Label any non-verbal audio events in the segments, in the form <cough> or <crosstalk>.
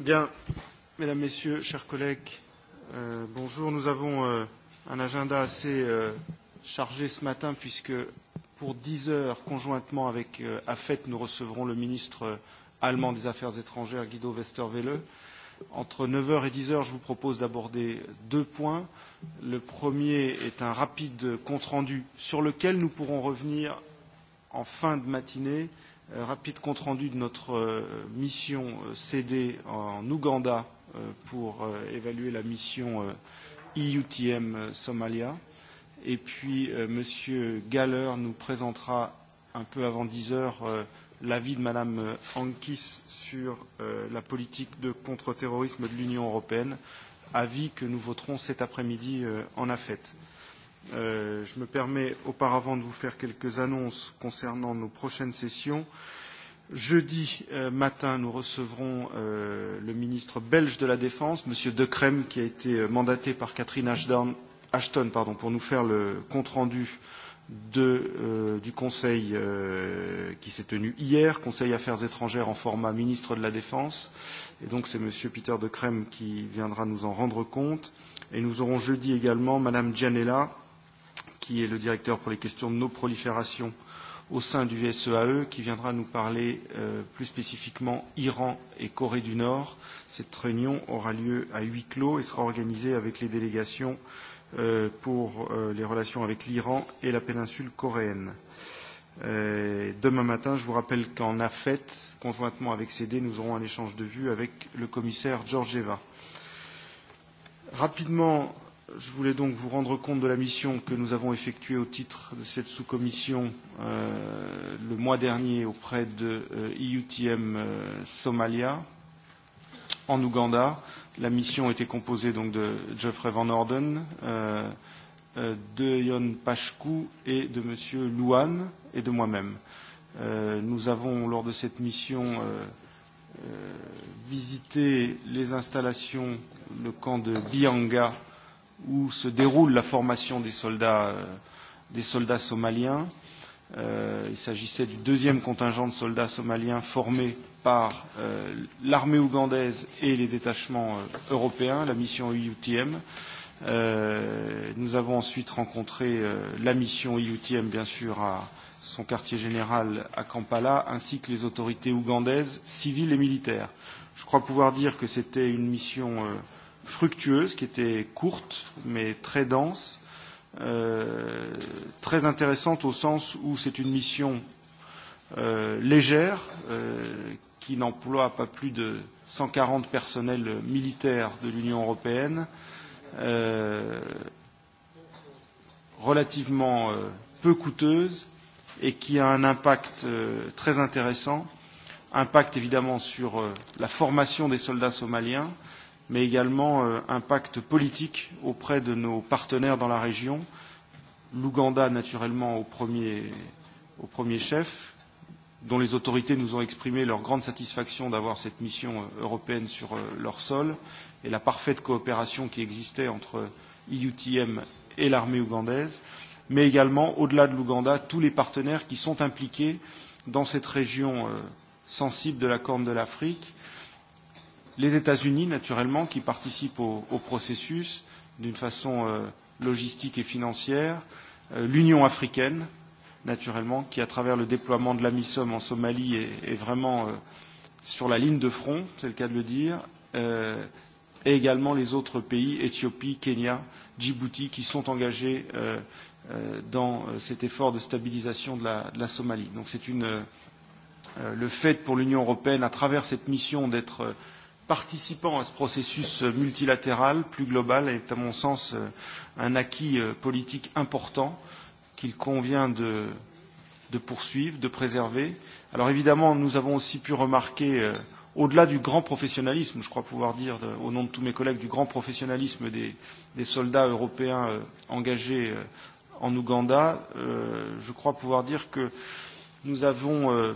Bien, mesdames, messieurs, chers collègues, euh, bonjour. Nous avons euh, un agenda assez euh, chargé ce matin puisque pour 10 heures, conjointement avec euh, AFET, nous recevrons le ministre euh, allemand des Affaires étrangères, Guido Westerwelle. Entre 9 heures et 10 heures, je vous propose d'aborder deux points. Le premier est un rapide compte-rendu sur lequel nous pourrons revenir en fin de matinée Euh, rapide compte rendu de notre euh, mission euh, CD en Ouganda pour évaluer la mission EUTM e Somalia. Et puis Monsieur Galler nous présentera un peu avant 10 heures l'avis de Madame Ankis sur la politique de contre-terrorisme de l'Union européenne, avis que nous voterons cet après-midi en AFET. Euh, je me permets auparavant de vous faire quelques annonces concernant nos prochaines sessions. Jeudi euh, matin, nous recevrons euh, le ministre belge de la Défense, M. De Crème, qui a été euh, mandaté par Catherine Ashton, Ashton pardon, pour nous faire le compte-rendu de, euh, du Conseil euh, qui s'est tenu hier, Conseil Affaires étrangères en format ministre de la Défense. Et donc c'est M. Peter De Crème qui viendra nous en rendre compte. Et nous aurons jeudi également Mme Gianella, qui est le directeur pour les questions de non-prolifération au sein du SEAE, e, qui viendra nous parler euh, plus spécifiquement Iran et Corée du Nord. Cette réunion aura lieu à huis clos et sera organisée avec les délégations euh, pour euh, les relations avec l'Iran et la péninsule coréenne. Euh, demain matin, je vous rappelle qu'en AFET, conjointement avec CD, nous aurons un échange de vues avec le commissaire Georgieva. Rapidement, Je voulais donc vous rendre compte de la mission que nous avons effectuée au titre de cette sous-commission euh, le mois dernier auprès de euh, IUTM e euh, Somalia en Ouganda. La mission était composée donc de Geoffrey Van Orden, euh, euh, de Yon Pachkou et de Monsieur Louane et de moi-même. Euh, nous avons, lors de cette mission, euh, euh, visité les installations, le camp de Bianga, où se déroule la formation des soldats, euh, des soldats somaliens. Euh, il s'agissait du deuxième contingent de soldats somaliens formés par euh, l'armée ougandaise et les détachements euh, européens, la mission EUTM. Euh, nous avons ensuite rencontré euh, la mission EUTM, bien sûr, à son quartier général à Kampala, ainsi que les autorités ougandaises, civiles et militaires. Je crois pouvoir dire que c'était une mission euh, fructueuse, qui était courte mais très dense, euh, très intéressante au sens où c'est une mission euh, légère euh, qui n'emploie pas plus de 140 personnels militaires de l'Union européenne, euh, relativement euh, peu coûteuse et qui a un impact euh, très intéressant, impact évidemment sur euh, la formation des soldats somaliens, mais également euh, un pacte politique auprès de nos partenaires dans la région, l'Ouganda naturellement au premier, au premier chef, dont les autorités nous ont exprimé leur grande satisfaction d'avoir cette mission euh, européenne sur euh, leur sol, et la parfaite coopération qui existait entre IUTM et l'armée ougandaise, mais également, au-delà de l'Ouganda, tous les partenaires qui sont impliqués dans cette région euh, sensible de la Corne de l'Afrique, les États-Unis, naturellement, qui participent au, au processus d'une façon euh, logistique et financière, euh, l'Union africaine, naturellement, qui, à travers le déploiement de la MISOM en Somalie, est, est vraiment euh, sur la ligne de front, c'est le cas de le dire, euh, et également les autres pays, Éthiopie, Kenya, Djibouti, qui sont engagés euh, euh dans euh, cet effort de stabilisation de la, de la Somalie. Donc c'est euh, le fait pour l'Union européenne, à travers cette mission, d'être euh, participant à ce processus euh, multilatéral plus global est, à mon sens, euh, un acquis euh, politique important qu'il convient de, de poursuivre, de préserver. Alors évidemment, nous avons aussi pu remarquer, au-delà du grand professionnalisme, je crois pouvoir dire au nom de tous mes collègues, du grand professionnalisme des, des soldats européens engagés en Ouganda, je crois pouvoir dire que nous avons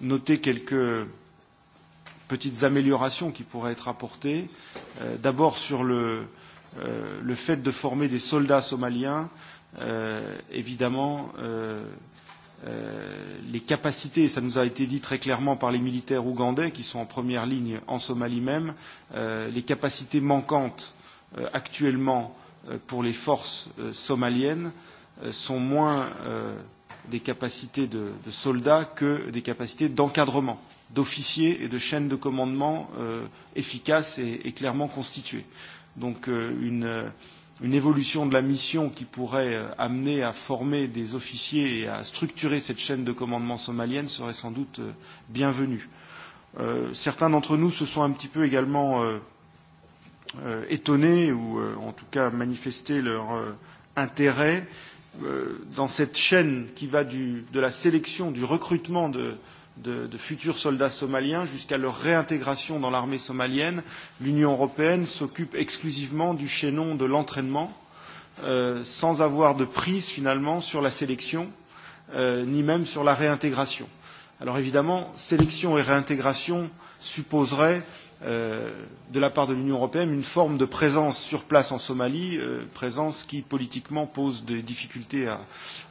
noté quelques petites améliorations qui pourraient être apportées. Euh, D'abord sur le, euh, le fait de former des soldats somaliens, euh, évidemment, euh, euh, les capacités, ça nous a été dit très clairement par les militaires ougandais qui sont en première ligne en Somalie même, euh, les capacités manquantes euh, actuellement euh, pour les forces euh, somaliennes euh, sont moins euh, des capacités de, de soldats que des capacités d'encadrement d'officiers et de chaînes de commandement euh, efficaces et, et clairement constituées. Donc euh, une, euh, une évolution de la mission qui pourrait euh, amener à former des officiers et à structurer cette chaîne de commandement somalienne serait sans doute euh, bienvenue. Euh, certains d'entre nous se sont un petit peu également euh, euh, étonnés ou euh, en tout cas manifesté leur euh, intérêt euh, dans cette chaîne qui va du, de la sélection, du recrutement de, euh, de, de futurs soldats somaliens jusqu'à leur réintégration dans l'armée somalienne, l'Union européenne s'occupe exclusivement du chaînon de l'entraînement, euh, sans avoir de prise finalement sur la sélection, euh, ni même sur la réintégration. Alors évidemment, sélection et réintégration supposeraient Euh, de la part de l'Union européenne une forme de présence sur place en Somalie, euh, présence qui politiquement pose des difficultés à,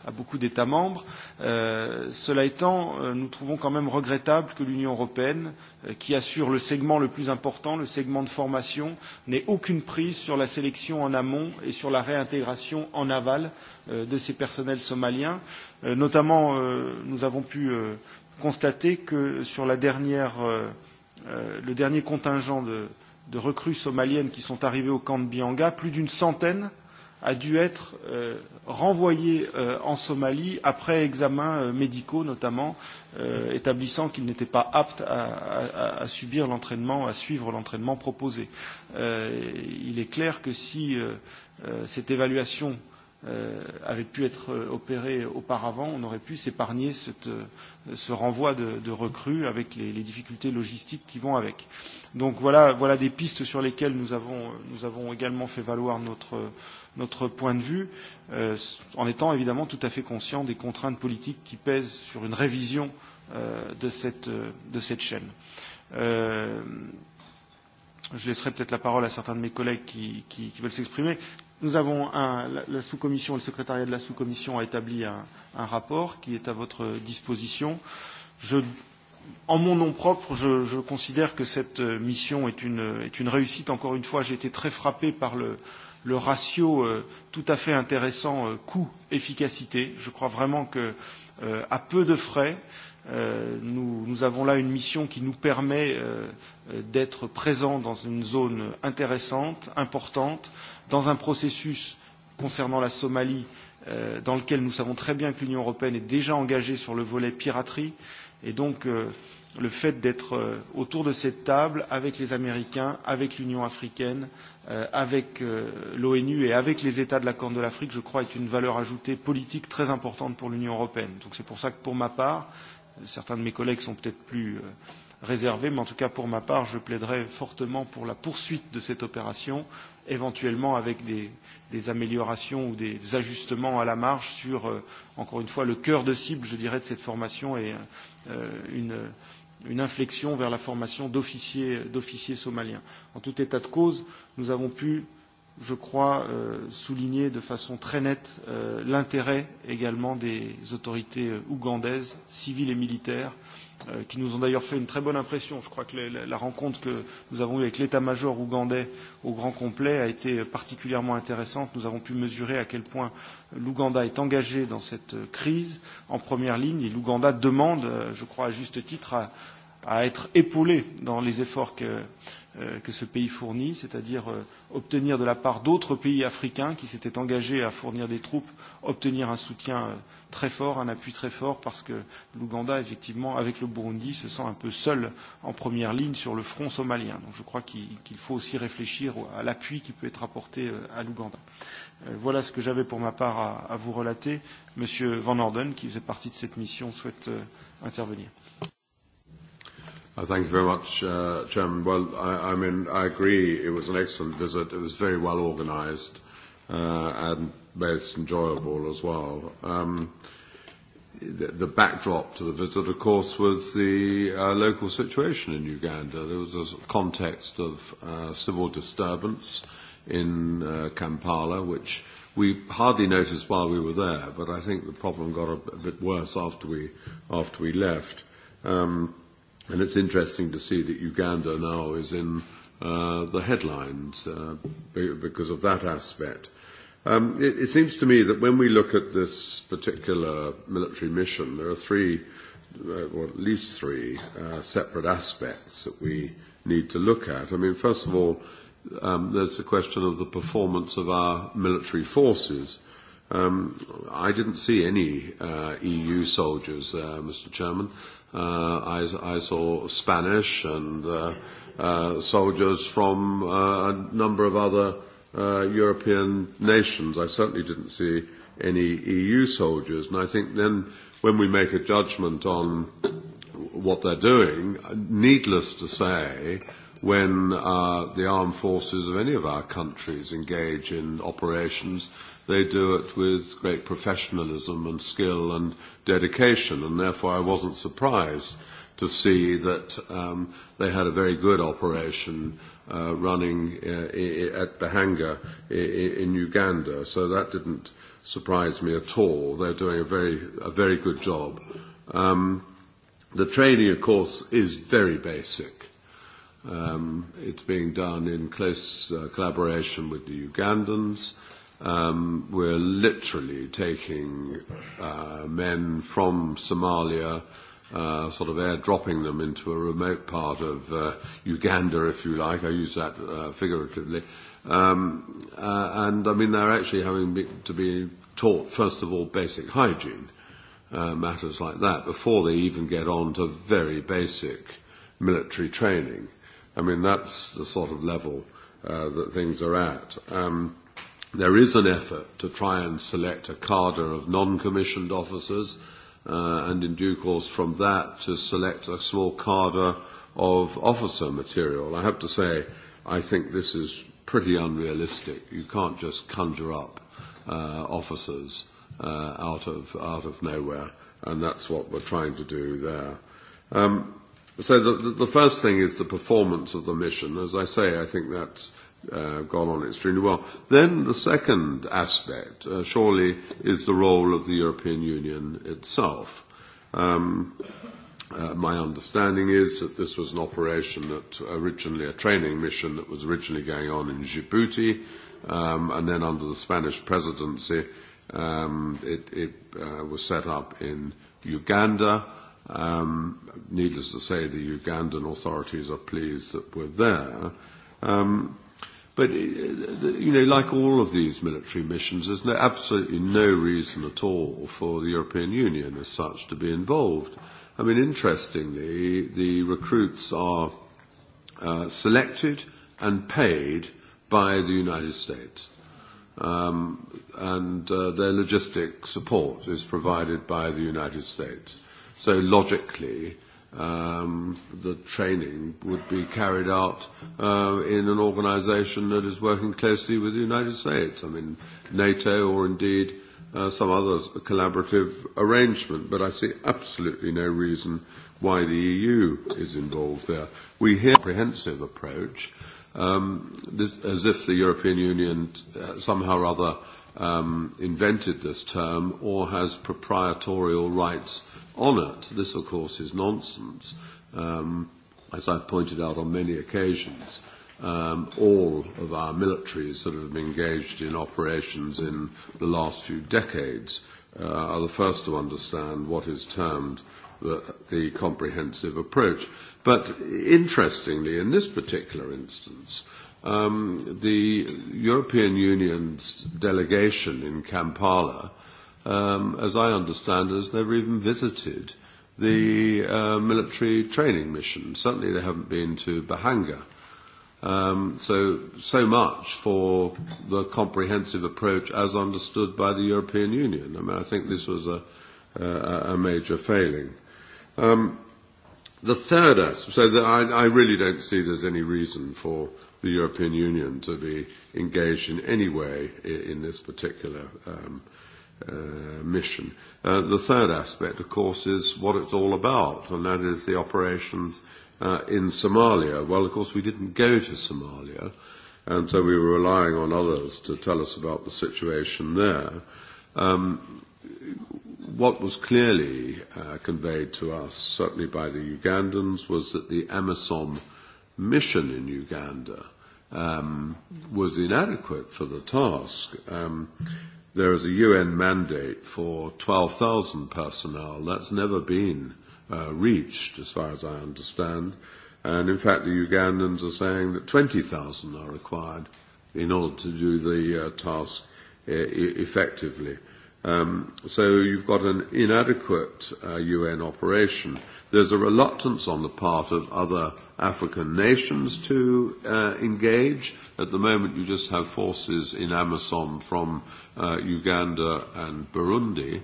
à beaucoup d'États membres. Euh, cela étant, euh, nous trouvons quand même regrettable que l'Union européenne, euh, qui assure le segment le plus important, le segment de formation, n'ait aucune prise sur la sélection en amont et sur la réintégration en aval euh, de ces personnels somaliens. Euh, notamment, euh, nous avons pu euh, constater que sur la dernière euh, Euh, le dernier contingent de, de recrues somaliennes qui sont arrivées au camp de Bianga, plus d'une centaine a dû être euh, renvoyé euh, en Somalie après examens euh, médicaux notamment, euh, établissant qu'il n'était pas apte à, à, à subir l'entraînement, à suivre l'entraînement proposé. Euh, il est clair que si euh, euh, cette évaluation euh, euh, avait pu être euh, opéré auparavant, on aurait pu s'épargner euh, ce renvoi de, de recrues avec les, les difficultés logistiques qui vont avec. Donc voilà, voilà des pistes sur lesquelles nous avons, euh, nous avons également fait valoir notre, notre point de vue, euh, en étant évidemment tout à fait conscient des contraintes politiques qui pèsent sur une révision euh, de, cette, de cette chaîne. Euh, je laisserai peut-être la parole à certains de mes collègues qui, qui, qui veulent s'exprimer. Nous avons un, la, sous-commission, le secrétariat de la sous-commission a établi un, un rapport qui est à votre disposition. Je, en mon nom propre, je, je considère que cette mission est une, est une réussite. Encore une fois, j'ai été très frappé par le, le ratio euh, tout à fait intéressant euh, coût-efficacité. Je crois vraiment que, euh, à peu de frais, euh, nous, nous avons là une mission qui nous permet euh, Euh, d'être présent dans une zone intéressante, importante, dans un processus concernant la Somalie euh, dans lequel nous savons très bien que l'Union européenne est déjà engagée sur le volet piraterie et donc euh, le fait d'être euh, autour de cette table avec les Américains, avec l'Union africaine, euh, avec euh, l'ONU et avec les États de la Corne de l'Afrique, je crois, est une valeur ajoutée politique très importante pour l'Union européenne. Donc c'est pour ça que pour ma part, certains de mes collègues sont peut-être plus euh, réservé, mais en tout cas pour ma part, je plaiderai fortement pour la poursuite de cette opération, éventuellement avec des, des améliorations ou des ajustements à la marge sur, euh, encore une fois, le cœur de cible, je dirais, de cette formation et euh, une, une inflexion vers la formation d'officiers somaliens. En tout état de cause, nous avons pu je crois, euh, souligner de façon très nette euh, l'intérêt également des autorités euh, ougandaises, civiles et militaires, Euh, qui nous ont d'ailleurs fait une très bonne impression. Je crois que les, la rencontre que nous avons eue avec l'état-major ougandais au grand complet a été particulièrement intéressante. Nous avons pu mesurer à quel point l'Ouganda est engagé dans cette crise en première ligne et l'Ouganda demande, euh, je crois à juste titre, à, à être épaulé dans les efforts que, euh, que ce pays fournit, c'est-à-dire obtenir de la part d'autres pays africains qui s'étaient engagés à fournir des troupes, obtenir un soutien très fort, un appui très fort, parce que l'Ouganda, effectivement, avec le Burundi, se sent un peu seul en première ligne sur le front somalien. Donc je crois qu'il qu faut aussi réfléchir à l'appui qui peut être apporté euh, à l'Ouganda. Euh, voilà ce que j'avais pour ma part à, à vous relater. Monsieur Van Orden, qui faisait partie de cette mission, souhaite euh, intervenir. Uh, thank you very much, uh, Chairman. Well, I, I mean, I agree. It was an excellent visit. It was very well organized. uh, and most enjoyable as well. Um, the, the backdrop to the visit, of course, was the uh, local situation in Uganda. There was a context of uh, civil disturbance in uh, Kampala, which we hardly noticed while we were there, but I think the problem got a, a bit worse after we, after we left. Um, and it's interesting to see that Uganda now is in uh, the headlines uh, because of that aspect. Um, it, it seems to me that when we look at this particular military mission, there are three, uh, or at least three, uh, separate aspects that we need to look at. I mean, first of all, um, there's the question of the performance of our military forces. Um, I didn't see any uh, EU soldiers there, Mr. Chairman. Uh, I, I saw Spanish and uh, uh, soldiers from uh, a number of other uh, European nations. I certainly didn't see any EU soldiers, and I think then when we make a judgment on what they're doing, needless to say, when uh, the armed forces of any of our countries engage in operations, they do it with great professionalism and skill and dedication, and therefore I wasn't surprised to see that um, they had a very good operation uh, running uh, at Bahanga in Uganda. So that didn't surprise me at all. They're doing a very, a very good job. Um, the training, of course, is very basic. Um, it's being done in close uh, collaboration with the Ugandans. Um, we're literally taking uh, men from Somalia uh, sort of airdropping them into a remote part of uh, Uganda, if you like. I use that uh, figuratively. Um, uh, and I mean, they're actually having be, to be taught, first of all, basic hygiene, uh, matters like that, before they even get on to very basic military training. I mean, that's the sort of level uh, that things are at. Um, there is an effort to try and select a cadre of non-commissioned officers. Mm-hmm uh, and in due course from that to select a small cadre of officer material. I have to say, I think this is pretty unrealistic. You can't just conjure up uh, officers uh, out, of, out of nowhere, and that's what we're trying to do there. Um, so the, the first thing is the performance of the mission. As I say, I think that's uh, gone on extremely well. Then the second aspect, uh, surely, is the role of the European Union itself. Um, uh, my understanding is that this was an operation that originally, a training mission that was originally going on in Djibouti, um, and then under the Spanish presidency, um, it, it uh, was set up in Uganda. Um, needless to say, the Ugandan authorities are pleased that we're there. Um, But, uh, you know, like all of these military missions, there's no, absolutely no reason at all for the European Union as such to be involved. I mean, interestingly, the recruits are uh, selected and paid by the United States. Um, and uh, their logistic support is provided by the United States. So logically, um, the training would be carried out uh, in an organization that is working closely with the United States. I mean, NATO or indeed uh, some other collaborative arrangement, but I see absolutely no reason why the EU is involved there. We hear a comprehensive approach, um, this, as if the European Union uh, somehow or other um, invented this term or has proprietorial rights on it. This, of course, is nonsense. Um, as I've pointed out on many occasions, um, all of our militaries that have been engaged in operations in the last few decades uh, are the first to understand what is termed the, the comprehensive approach. But interestingly, in this particular instance, um, the European Union's delegation in Kampala um, as I understand it, has never even visited the uh, military training mission. Certainly they haven't been to Bahanga. Um, so, so much for the comprehensive approach as understood by the European Union. I mean, I think this was a, uh, a major failing. Um, the third aspect, so that I, I really don't see there's any reason for the European Union to be engaged in any way in, in this particular um, uh, uh, mission. Uh, the third aspect, of course, is what it's all about, and that is the operations uh, in Somalia. Well, of course, we didn't go to Somalia, and so we were relying on others to tell us about the situation there. Um, what was clearly uh, conveyed to us, certainly by the Ugandans, was that the Amazon mission in Uganda um, was inadequate for the task. Um, there is a UN mandate for 12,000 personnel. That's never been uh, reached, as far as I understand. And in fact, the Ugandans are saying that 20,000 are required in order to do the uh, task uh, e effectively. Um, so you've got an inadequate uh, UN operation. There's a reluctance on the part of other African nations to uh, engage. At the moment, you just have forces in Amazon from uh, Uganda and Burundi.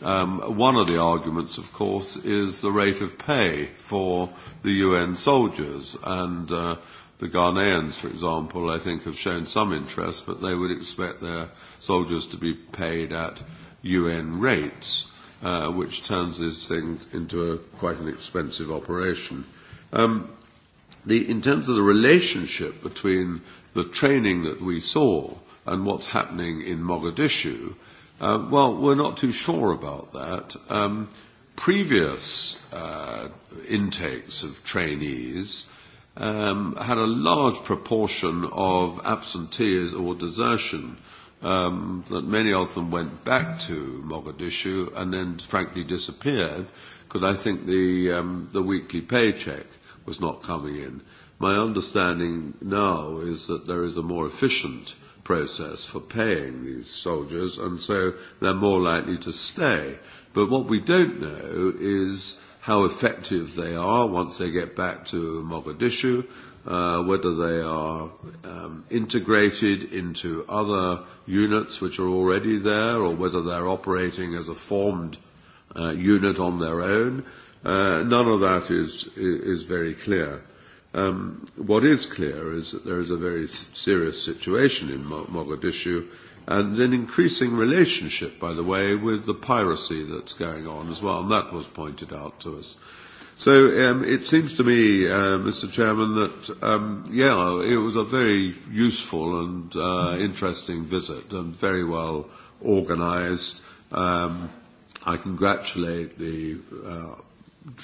Um, one of the arguments, of course, is the rate of pay for the UN soldiers. And uh, The Ghanaians, for example, I think have shown some interest, but they would expect their soldiers to be paid at UN rates, uh, which turns this thing into a, quite an expensive operation. Um, the, in terms of the relationship between the training that we saw and what's happening in Mogadishu, uh, well, we're not too sure about that. Um, previous uh, intakes of trainees um, had a large proportion of absentees or desertion um, that many of them went back to Mogadishu and then frankly disappeared because I think the, um, the weekly paycheck was not coming in. My understanding now is that there is a more efficient process for paying these soldiers and so they're more likely to stay. But what we don't know is how effective they are once they get back to Mogadishu, uh, whether they are um, integrated into other units which are already there, or whether they're operating as a formed uh, unit on their own. Uh, none of that is, is very clear. Um, what is clear is that there is a very serious situation in Mogadishu and an increasing relationship, by the way, with the piracy that's going on as well, and that was pointed out to us. So um, it seems to me, uh, Mr. Chairman, that, um, yeah, it was a very useful and uh, interesting visit and very well organized. Um, I congratulate the uh,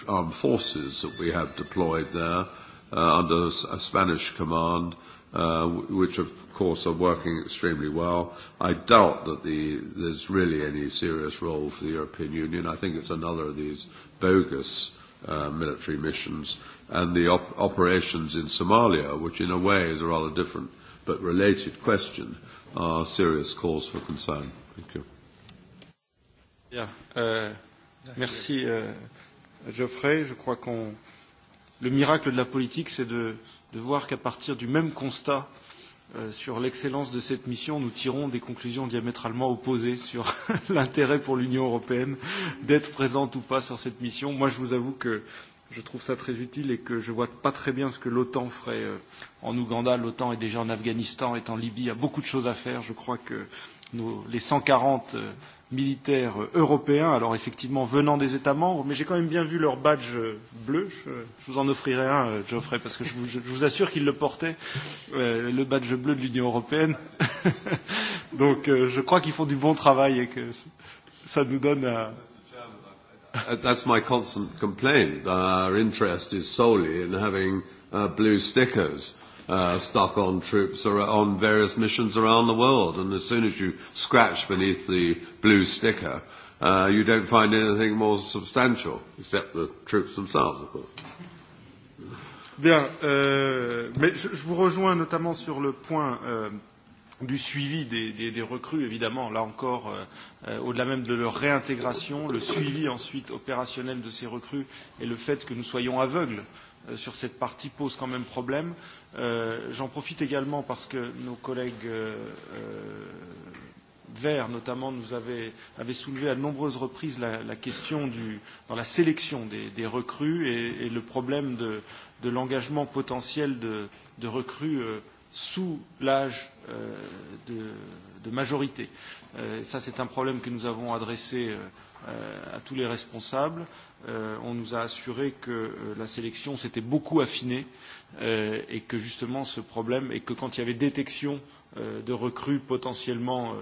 armed forces that we have deployed there uh, under a Spanish command, uh, which have course, are working extremely well. I doubt that the, there's really any serious role for the European Union. I think it's another of these bogus uh, military missions. And the op operations in Somalia, which in a way is a rather different but related question, are serious cause for concern. Thank you. Yeah, uh, merci, uh, Geoffrey. Je crois qu'on le miracle de la politique, c'est de, de voir qu'à partir du même constat, Euh, sur l'excellence de cette mission, nous tirons des conclusions diamétralement opposées sur <laughs> l'intérêt pour l'Union européenne d'être présente ou pas sur cette mission. Moi, je vous avoue que je trouve ça très utile et que je ne vois pas très bien ce que l'OTAN ferait euh, en Ouganda. L'OTAN est déjà en Afghanistan, est en Libye, il y a beaucoup de choses à faire. Je crois que nos, les 140 militaire européen, alors effectivement venant des États membres, mais j'ai quand même bien vu leur badge bleu. Je, vous en offrirai un, euh, Geoffrey, parce que je vous, je vous assure qu'ils le portaient, euh, le badge bleu de l'Union européenne. <laughs> Donc euh, je crois qu'ils font du bon travail et que ça nous donne à. That's my constant complaint. Our interest is solely in having uh, blue stickers uh, stuck on troops or on various missions around the world. And as soon as you scratch beneath the blue sticker, uh, you don't find anything more substantial, except the troops themselves, of course. Bien, euh, mais je, je vous rejoins notamment sur le point euh, du suivi des, des, des recrues, évidemment, là encore, euh, euh au-delà même de leur réintégration, le suivi ensuite opérationnel de ces recrues et le fait que nous soyons aveugles euh, sur cette partie pose quand même problème. Euh, j'en profite également parce que nos collègues euh, euh, verts, notamment, nous avaient, avaient soulevé à de nombreuses reprises la, la question du, dans la sélection des, des recrues et, et le problème de, de l'engagement potentiel de, de recrues euh, sous l'âge euh, de, de majorité. Euh, ça, c'est un problème que nous avons adressé euh, euh, à tous les responsables. Euh, on nous a assuré que euh, la sélection s'était beaucoup affinée euh, et que justement ce problème, et que quand il y avait détection euh, de recrues potentiellement euh,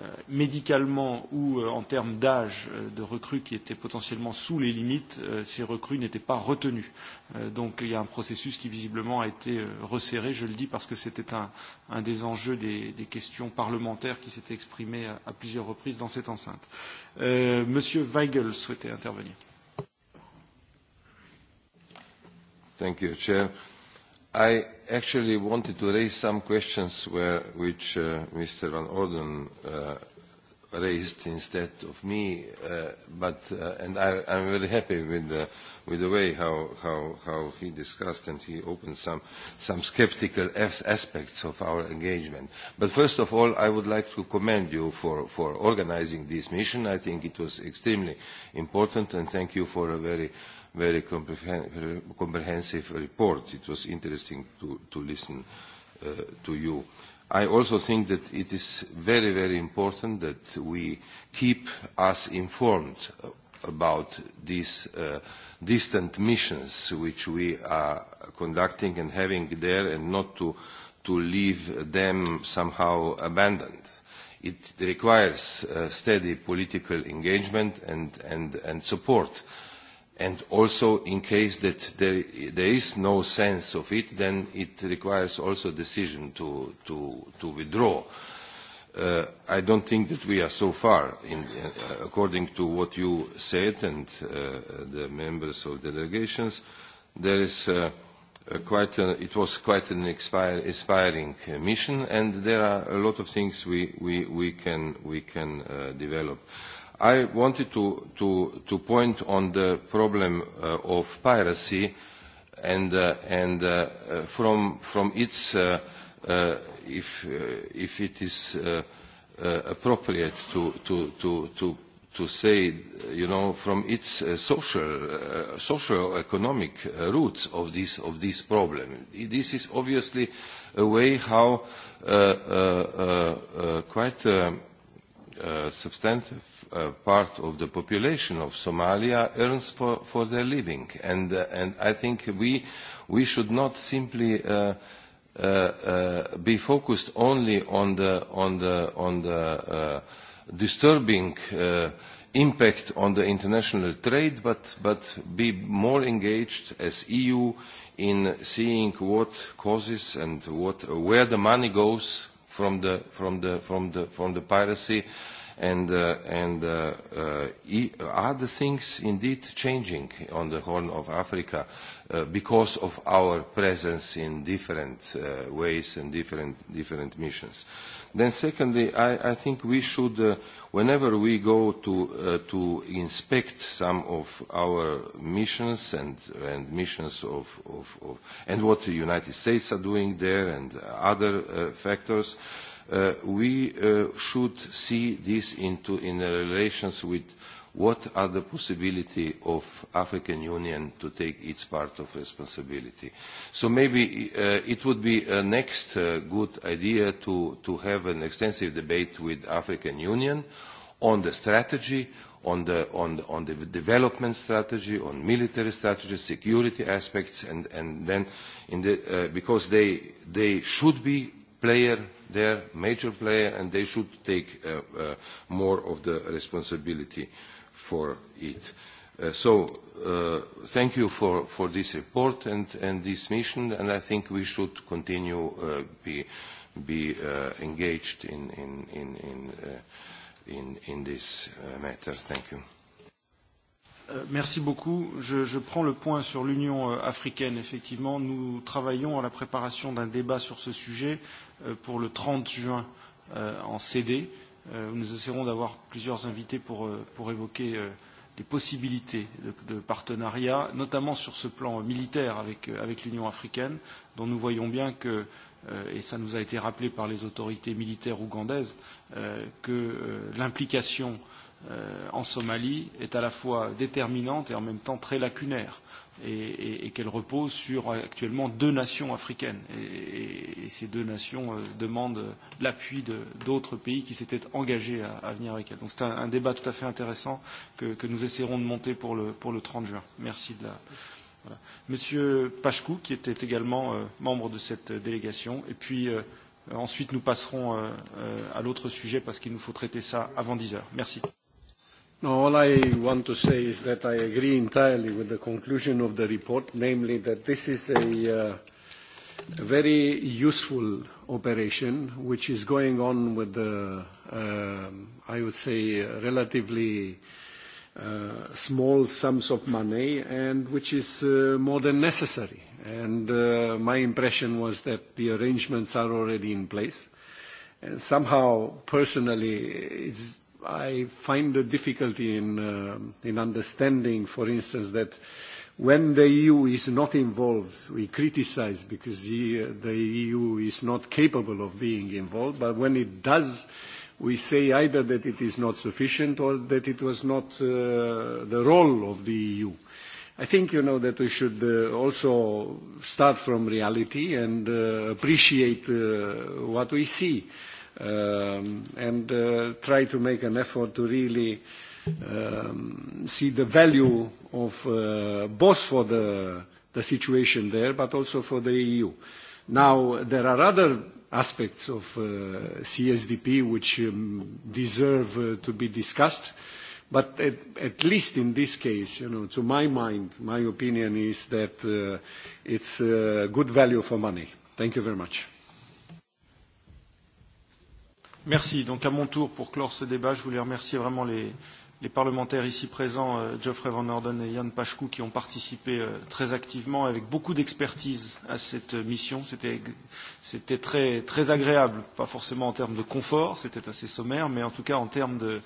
euh, médicalement ou euh, en termes d'âge euh, de recrues qui étaient potentiellement sous les limites, euh, ces recrues n'étaient pas retenues. Euh, donc il y a un processus qui visiblement a été euh, resserré, je le dis parce que c'était un, un des enjeux des, des questions parlementaires qui s'étaient exprimées à, à plusieurs reprises dans cette enceinte. Euh, Monsieur Weigel souhaitait intervenir. Thank you, Chair. I actually wanted to raise some questions where, which uh, Mr. Van Orden uh, raised instead of me, uh, but uh, and I, I'm very happy with the, with the way how, how, how he discussed and he opened some, some skeptical aspects of our engagement. But first of all, I would like to commend you for, for organizing this mission. I think it was extremely important, and thank you for a very very comprehensive report. It was interesting to, to listen uh, to you. I also think that it is very, very important that we keep us informed about these uh, distant missions which we are conducting and having there and not to, to leave them somehow abandoned. It requires uh, steady political engagement and, and, and support and also in case that there, there is no sense of it, then it requires also decision to, to, to withdraw. Uh, I don't think that we are so far, in, uh, according to what you said and uh, the members of the delegations, there is uh, uh, quite a, it was quite an expire, inspiring uh, mission and there are a lot of things we, we, we can, we can uh, develop. Uh, I wanted to, to, to point on the problem uh, of piracy and, uh, and uh, from, from its, uh, uh, if, uh, if it is uh, uh, appropriate to, to, to, to, to say, you know, from its uh, social, uh, socio-economic uh, roots of this, of this problem. This is obviously a way how uh, uh, uh, uh, quite uh, uh, substantive uh, part of the population of Somalia earns for, for their living. And, uh, and I think we, we should not simply uh, uh, uh, be focused only on the, on the, on the uh, disturbing uh, impact on the international trade, but, but be more engaged as EU in seeing what causes and what, where the money goes from the, from the, from the, from the piracy and, uh, and uh, uh, e, are the things indeed changing on the Horn of Africa uh, because of our presence in different uh, ways and different, different missions? Then secondly, I, I think we should, uh, whenever we go to, uh, to inspect some of our missions and, and missions of, of, of, and what the United States are doing there and other uh, factors, uh, uh, we uh, should see this into in relations with what are the possibility of African Union to take its part of responsibility. So maybe uh, it would be a uh, next uh, good idea to, to have an extensive debate with African Union on the strategy, on the, on the, on the development strategy, on military strategy, security aspects, and, and then in the, uh, because they, they should be player their major player and they should take uh, uh, more of the responsibility for it. Uh, so uh, thank you for, for this report and, and this mission and I think we should continue uh, be, be uh, engaged in, in, in, in, uh, in, in this uh, matter. Thank you. Euh, merci beaucoup. Je, je prends le point sur l'Union euh, africaine. Effectivement, nous travaillons à la préparation d'un débat sur ce sujet. Euh, pour le 30 juin euh, en CD. Euh, nous essaierons d'avoir plusieurs invités pour, pour évoquer les possibilités de, de partenariat, notamment sur ce plan militaire avec, avec l'Union africaine, dont nous voyons bien que, et ça nous a été rappelé par les autorités militaires ougandaises, que l'implication en Somalie est à la fois déterminante et en même temps très lacunaire et, et, et qu'elle repose sur actuellement deux nations africaines. Et, et, et ces deux nations euh, demandent l'appui d'autres de, pays qui s'étaient engagés à, à venir avec elles. Donc c'est un, un débat tout à fait intéressant que, que nous essaierons de monter pour le, pour le 30 juin. Merci de la. Voilà. Monsieur Pachkou, qui était également euh, membre de cette délégation, et puis euh, ensuite nous passerons euh, euh, à l'autre sujet parce qu'il nous faut traiter ça avant 10 heures. Merci. No, all I want to say is that I agree entirely with the conclusion of the report, namely that this is a, uh, a very useful operation which is going on with the, uh, I would say, relatively uh, small sums of money and which is uh, more than necessary. And uh, my impression was that the arrangements are already in place. And somehow, personally, it's I find a difficulty in, uh, in understanding, for instance, that when the EU is not involved, we criticize because the, uh, the EU is not capable of being involved, but when it does, we say either that it is not sufficient or that it was not uh, the role of the EU. I think, you know, that we should uh, also start from reality and uh, appreciate uh, what we see. Uh, um, and uh, try to make an effort to really um, see the value of uh, both for the, the situation there but also for the EU. Now, there are other aspects of uh, CSDP which um, deserve uh, to be discussed, but at, at least in this case, you know, to my mind, my opinion is that uh, it's uh, good value for money. Thank you very much. Merci. Donc à mon tour, pour clore ce débat, je voulais remercier vraiment les, les parlementaires ici présents, euh, Geoffrey Van Orden et Yann Pachkou, qui ont participé euh, très activement avec beaucoup d'expertise à cette euh, mission. C'était très, très agréable, pas forcément en termes de confort, c'était assez sommaire, mais en tout cas en termes euh,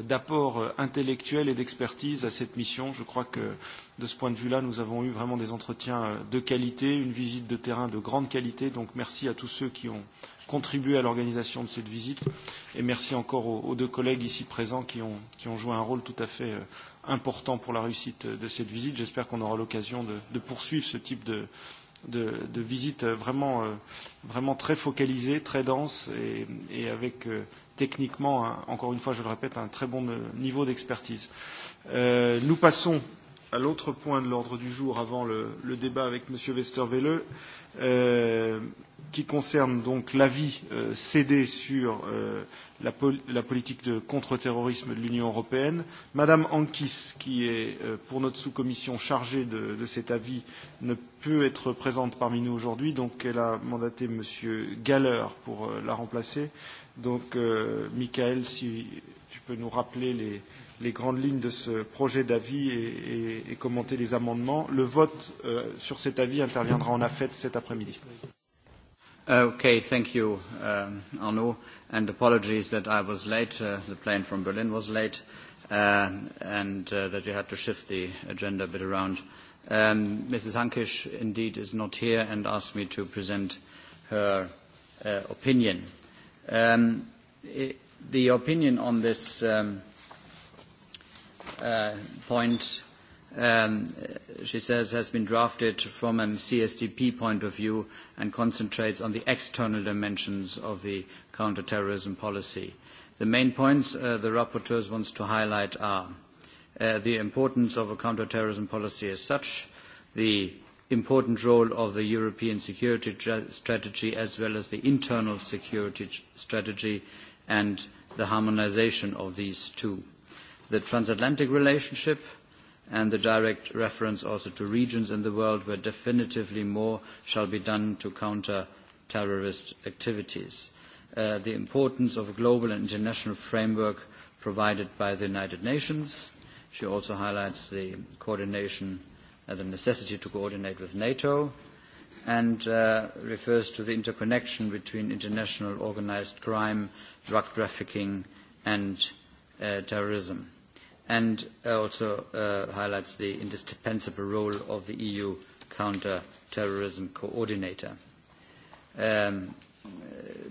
d'apport euh, intellectuel et d'expertise à cette mission. Je crois que de ce point de vue-là, nous avons eu vraiment des entretiens de qualité, une visite de terrain de grande qualité. Donc merci à tous ceux qui ont contribué à l'organisation de cette visite. Et merci encore aux, aux deux collègues ici présents qui ont, qui ont joué un rôle tout à fait euh, important pour la réussite de cette visite. J'espère qu'on aura l'occasion de, de poursuivre ce type de, de, de visite vraiment, euh, vraiment très focalisée, très dense et, et avec euh, techniquement, un, encore une fois, je le répète, un très bon euh, niveau d'expertise. Euh, nous passons à l'autre point de l'ordre du jour avant le, le débat avec M. Westervelle. Euh, qui concerne donc l'avis euh, cédé sur euh, la, pol la politique de contre-terrorisme de l'Union européenne. Madame Ankis, qui est euh, pour notre sous-commission chargée de, de cet avis, ne peut être présente parmi nous aujourd'hui, donc elle a mandaté Monsieur Galler pour euh, la remplacer. Donc, euh, Michael, si tu peux nous rappeler les, les grandes lignes de ce projet d'avis et, et, et commenter les amendements. Le vote euh, sur cet avis interviendra en AFET cet après-midi. Okay, thank you, um, Arnaud, and apologies that I was late. Uh, the plane from Berlin was late, uh, and uh, that you had to shift the agenda a bit around. Um, Mrs. Hankish, indeed, is not here and asked me to present her uh, opinion. Um, it, the opinion on this um, uh, point um, uh, she says, has been drafted from a CSDP point of view and concentrates on the external dimensions of the counterterrorism policy. The main points uh, the rapporteur wants to highlight are uh, the importance of a counterterrorism policy as such, the important role of the European security strategy as well as the internal security strategy and the harmonisation of these two. The transatlantic relationship, and the direct reference also to regions in the world where definitively more shall be done to counter terrorist activities. Uh, the importance of a global and international framework provided by the United Nations. She also highlights the coordination, uh, the necessity to coordinate with NATO, and uh, refers to the interconnection between international organized crime, drug trafficking, and uh, terrorism and uh, also uh, highlights the indispensable role of the EU counter-terrorism coordinator. Um, uh,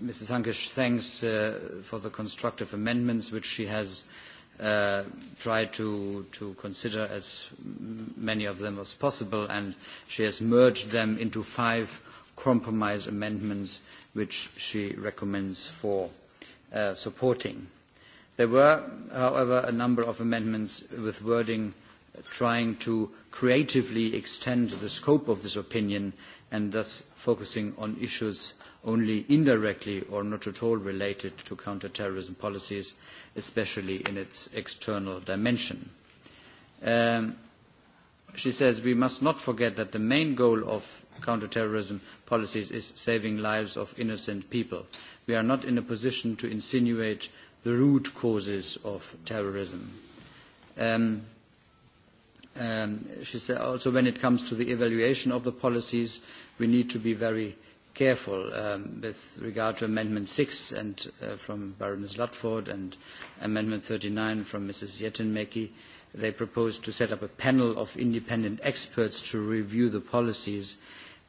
Mrs. Hankish thanks uh, for the constructive amendments which she has uh, tried to, to consider as many of them as possible and she has merged them into five compromise amendments which she recommends for uh, supporting. There were, however, a number of amendments with wording trying to creatively extend the scope of this opinion and thus focusing on issues only indirectly or not at all related to counterterrorism policies, especially in its external dimension. Um, she says we must not forget that the main goal of counterterrorism policies is saving lives of innocent people. We are not in a position to insinuate the root causes of terrorism. Um, um, she said also when it comes to the evaluation of the policies, we need to be very careful um, with regard to Amendment 6 and, uh, from Baroness Ludford and Amendment 39 from Mrs. Yetinmeki. They propose to set up a panel of independent experts to review the policies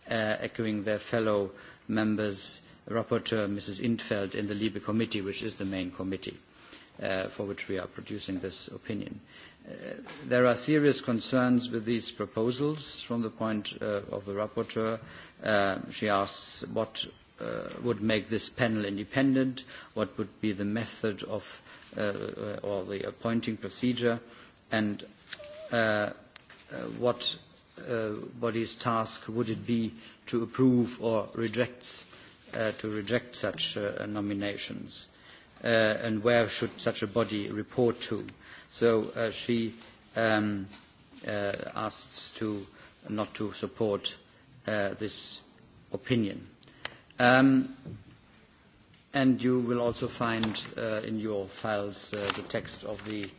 uh, echoing their fellow members' rapporteur, Mrs. Intfeld, in the Libe Committee, which is the main committee uh, for which we are producing this opinion. Uh, there are serious concerns with these proposals from the point uh, of the rapporteur. Uh, she asks what uh, would make this panel independent, what would be the method of uh, uh or the appointing procedure, and uh, uh, what uh, body's task would it be to approve or reject uh, to reject such uh, nominations uh, and where should such a body report to. So uh, she um, uh, asks to not to support uh, this opinion. Um, and you will also find uh, in your files uh, the text of the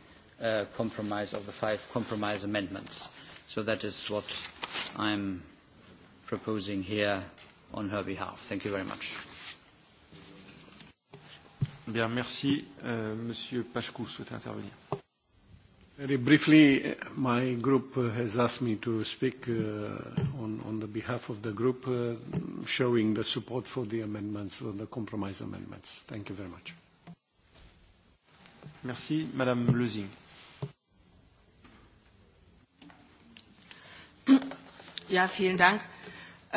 uh, compromise of the five compromise amendments. So that is what I'm proposing here on her behalf. Thank you very much. Bien, merci. Uh, Monsieur Pachkou souhaite intervenir. Very briefly, my group has asked me to speak uh, on, on the behalf of the group, uh, showing the support for the amendments, for the compromise amendments. Thank you very much. Merci, Madame Lezing. Ja, vielen Dank.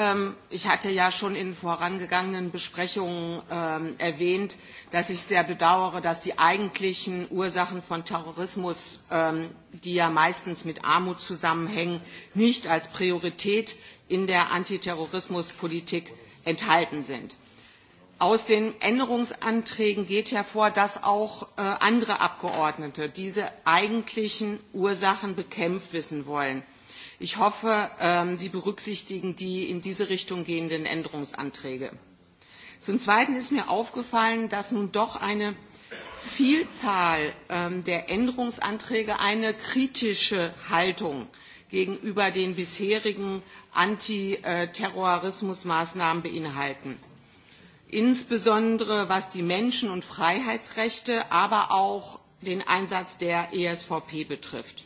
Ähm, ich hatte ja schon in vorangegangenen Besprechungen ähm, erwähnt, dass ich sehr bedauere, dass die eigentlichen Ursachen von Terrorismus, ähm, die ja meistens mit Armut zusammenhängen, nicht als Priorität in der Antiterrorismuspolitik enthalten sind. Aus den Änderungsanträgen geht hervor, dass auch äh, andere Abgeordnete diese eigentlichen Ursachen bekämpft wissen wollen. Ich hoffe, ähm, Sie berücksichtigen die in diese Richtung gehenden Änderungsanträge. Zum Zweiten ist mir aufgefallen, dass nun doch eine Vielzahl ähm, der Änderungsanträge eine kritische Haltung gegenüber den bisherigen Antiterrorismusmaßnahmen beinhalten. Insbesondere was die Menschen- und Freiheitsrechte, aber auch den Einsatz der ESVP betrifft.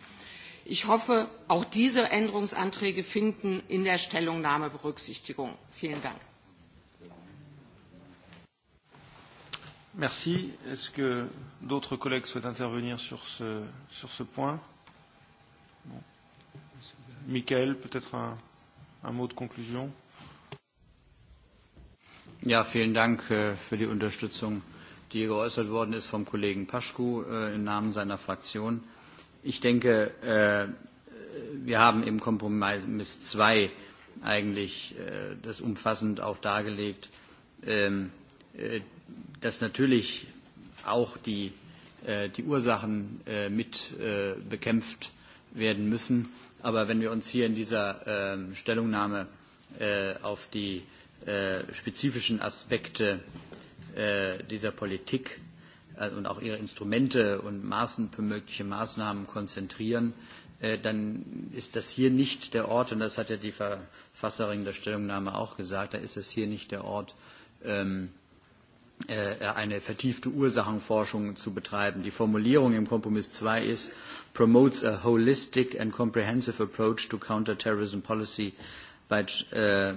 Ich hoffe, auch diese Änderungsanträge finden in der Stellungnahme Berücksichtigung. Vielen Dank. Merci. Est-ce que d'autres collègues souhaitent intervenir sur ce, sur ce point bon. Michael, peut-être un, un mot de conclusion Ja, vielen Dank äh, für die Unterstützung, die geäußert worden ist vom Kollegen Paschku äh, im Namen seiner Fraktion. Ich denke, äh, wir haben im Kompromiss 2 eigentlich äh, das umfassend auch dargelegt, ähm, äh, dass natürlich auch die, äh, die Ursachen äh, mit äh, bekämpft werden müssen. Aber wenn wir uns hier in dieser äh, Stellungnahme äh, auf die äh, spezifischen Aspekte äh, dieser Politik äh, Äh, und auch ihre Instrumente und Maßen, mögliche Maßnahmen konzentrieren, äh, dann ist das hier nicht der Ort, und das hat ja die Verfasserin der Stellungnahme auch gesagt, da ist es hier nicht der Ort, ähm, äh, eine vertiefte Ursachenforschung zu betreiben. Die Formulierung im Kompromiss 2 ist, promotes a holistic and comprehensive approach to counterterrorism policy äh,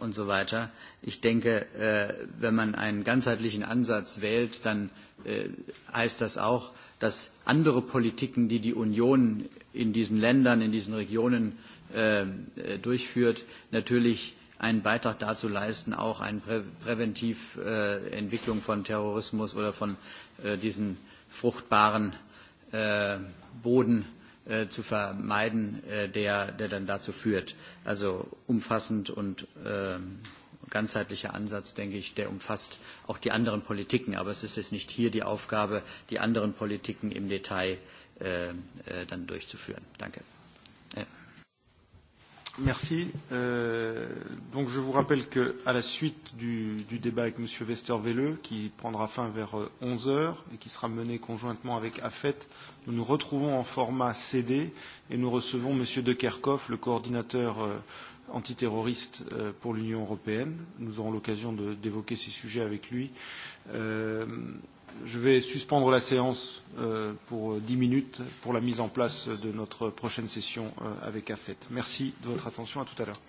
und so weiter. Ich denke, äh, wenn man einen ganzheitlichen Ansatz wählt, dann Äh, heißt das auch, dass andere Politiken, die die Union in diesen Ländern, in diesen Regionen ähm, äh, durchführt, natürlich einen Beitrag dazu leisten, auch eine Prä präventiv äh, Entwicklung von Terrorismus oder von äh, diesen fruchtbaren äh, Boden äh, zu vermeiden, äh, der, der dann dazu führt. Also umfassend und äh, ganzheitlicher Ansatz, denke ich, der umfasst auch die anderen Politiken. Aber es ist jetzt nicht hier die Aufgabe, die anderen Politiken im Detail äh, äh, dann durchzuführen. Danke. Ja. Merci. Euh, donc je vous rappelle qu'à la suite du, du débat avec M. Westervelleux, qui prendra fin vers 11 euh, heures et qui sera mené conjointement avec AFET, nous nous retrouvons en format CD et nous recevons M. De Kerkhoff, le coordinateur euh, antiterroriste euh, pour l'Union européenne. Nous aurons l'occasion d'évoquer ces sujets avec lui. Euh, je vais suspendre la séance euh, pour euh, dix minutes pour la mise en place de notre prochaine session euh, avec AFET. Merci de votre attention. À tout à l'heure.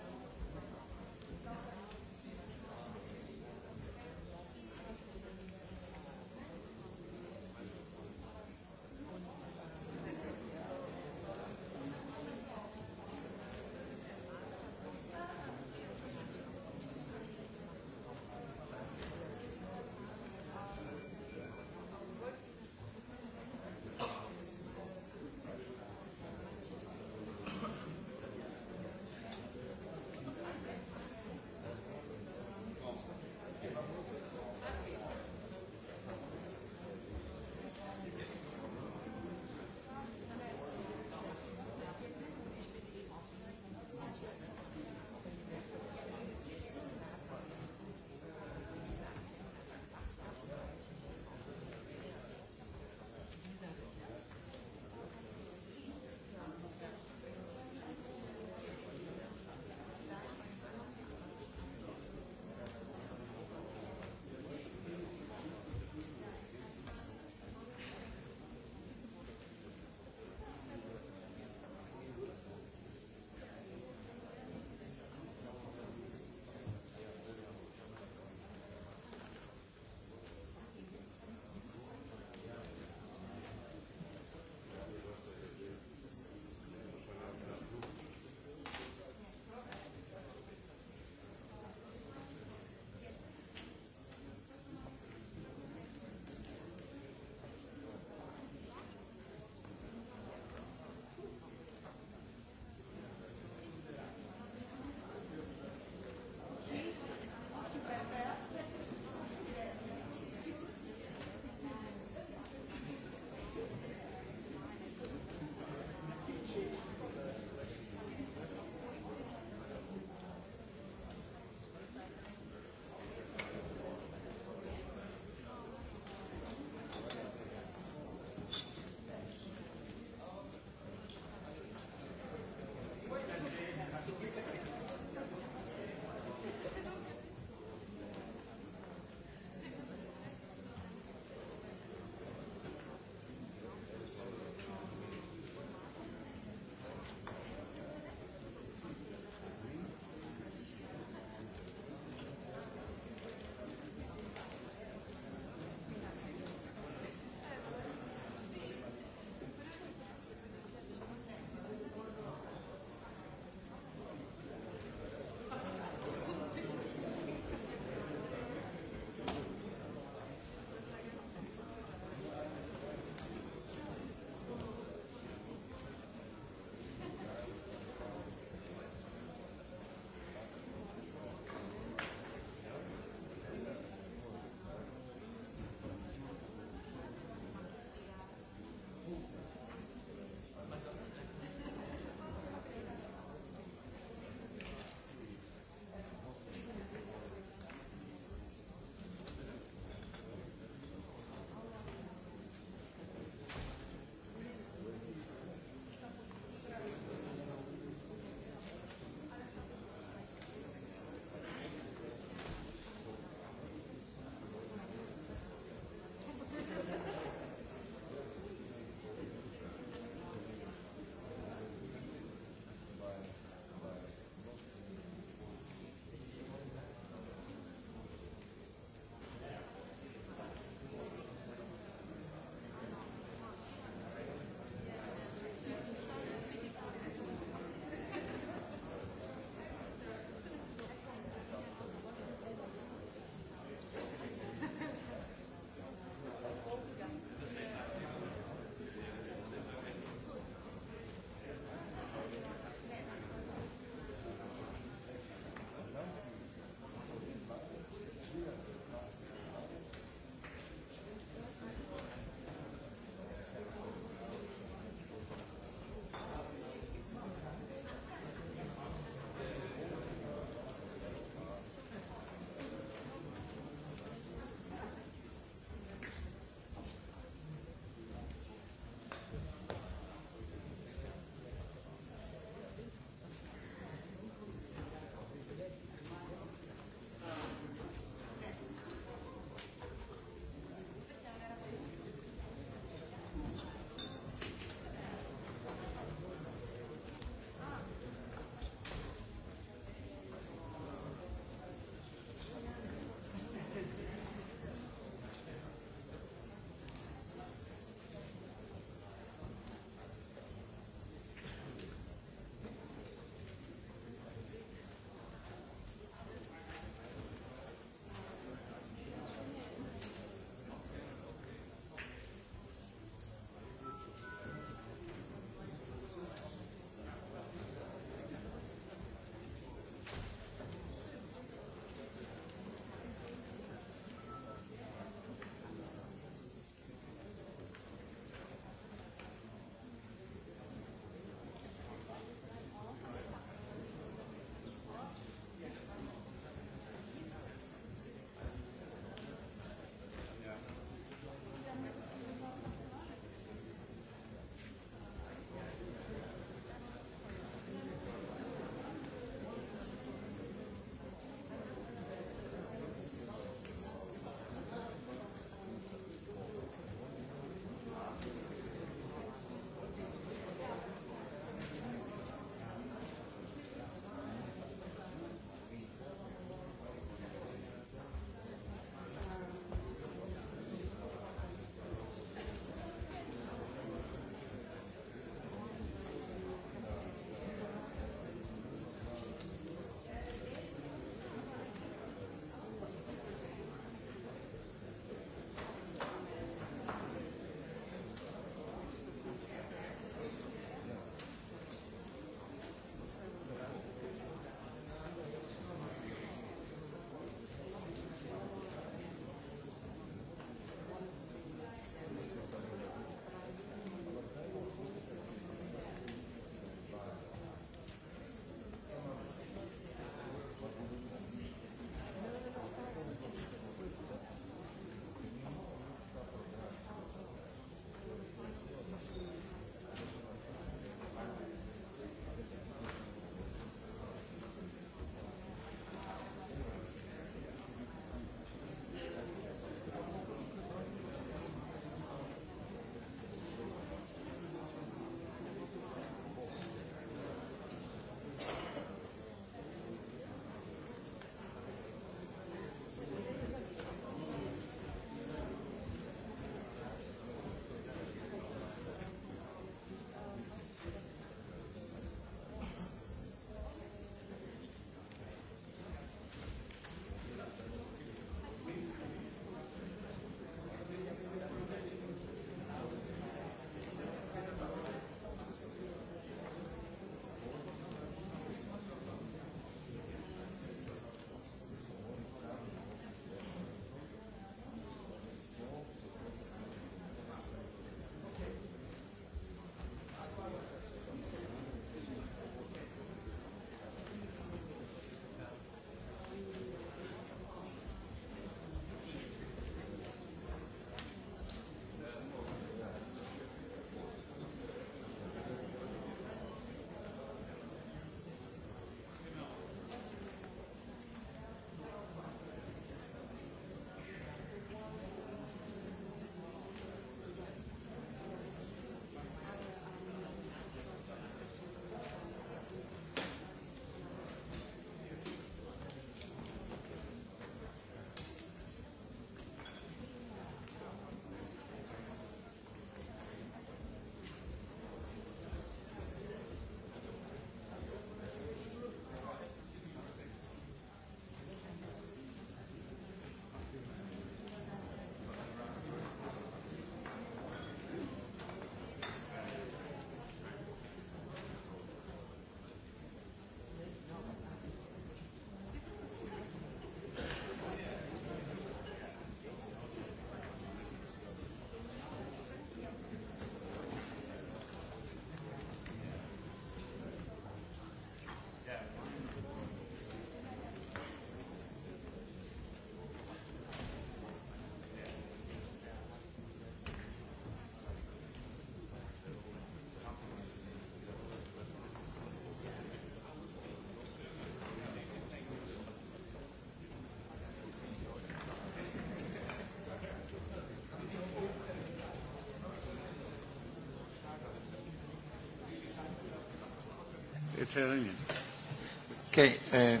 Ok, eh,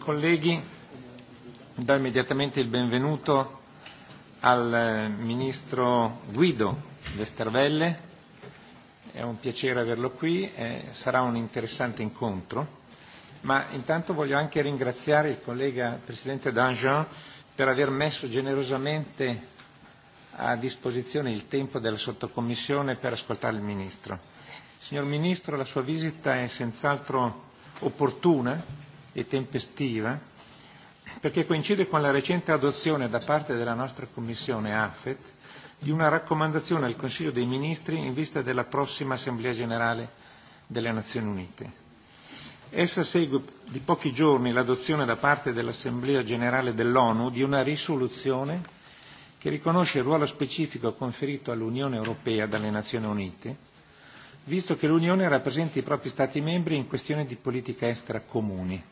colleghi, do immediatamente il benvenuto al eh, Ministro Guido Vestervelle. È un piacere averlo qui, eh, sarà un interessante incontro. Ma intanto voglio anche ringraziare il collega Presidente Danjean per aver messo generosamente a disposizione il tempo della sottocommissione per ascoltare il Ministro. Signor Ministro, la sua visita è senz'altro opportuna e tempestiva perché coincide con la recente adozione da parte della nostra Commissione AFET di una raccomandazione al Consiglio dei Ministri in vista della prossima Assemblea Generale delle Nazioni Unite. Essa segue di pochi giorni l'adozione da parte dell'Assemblea Generale dell'ONU di una risoluzione che riconosce il ruolo specifico conferito all'Unione Europea dalle Nazioni Unite visto che l'Unione rappresenta i propri Stati membri in questione di politica estera comuni.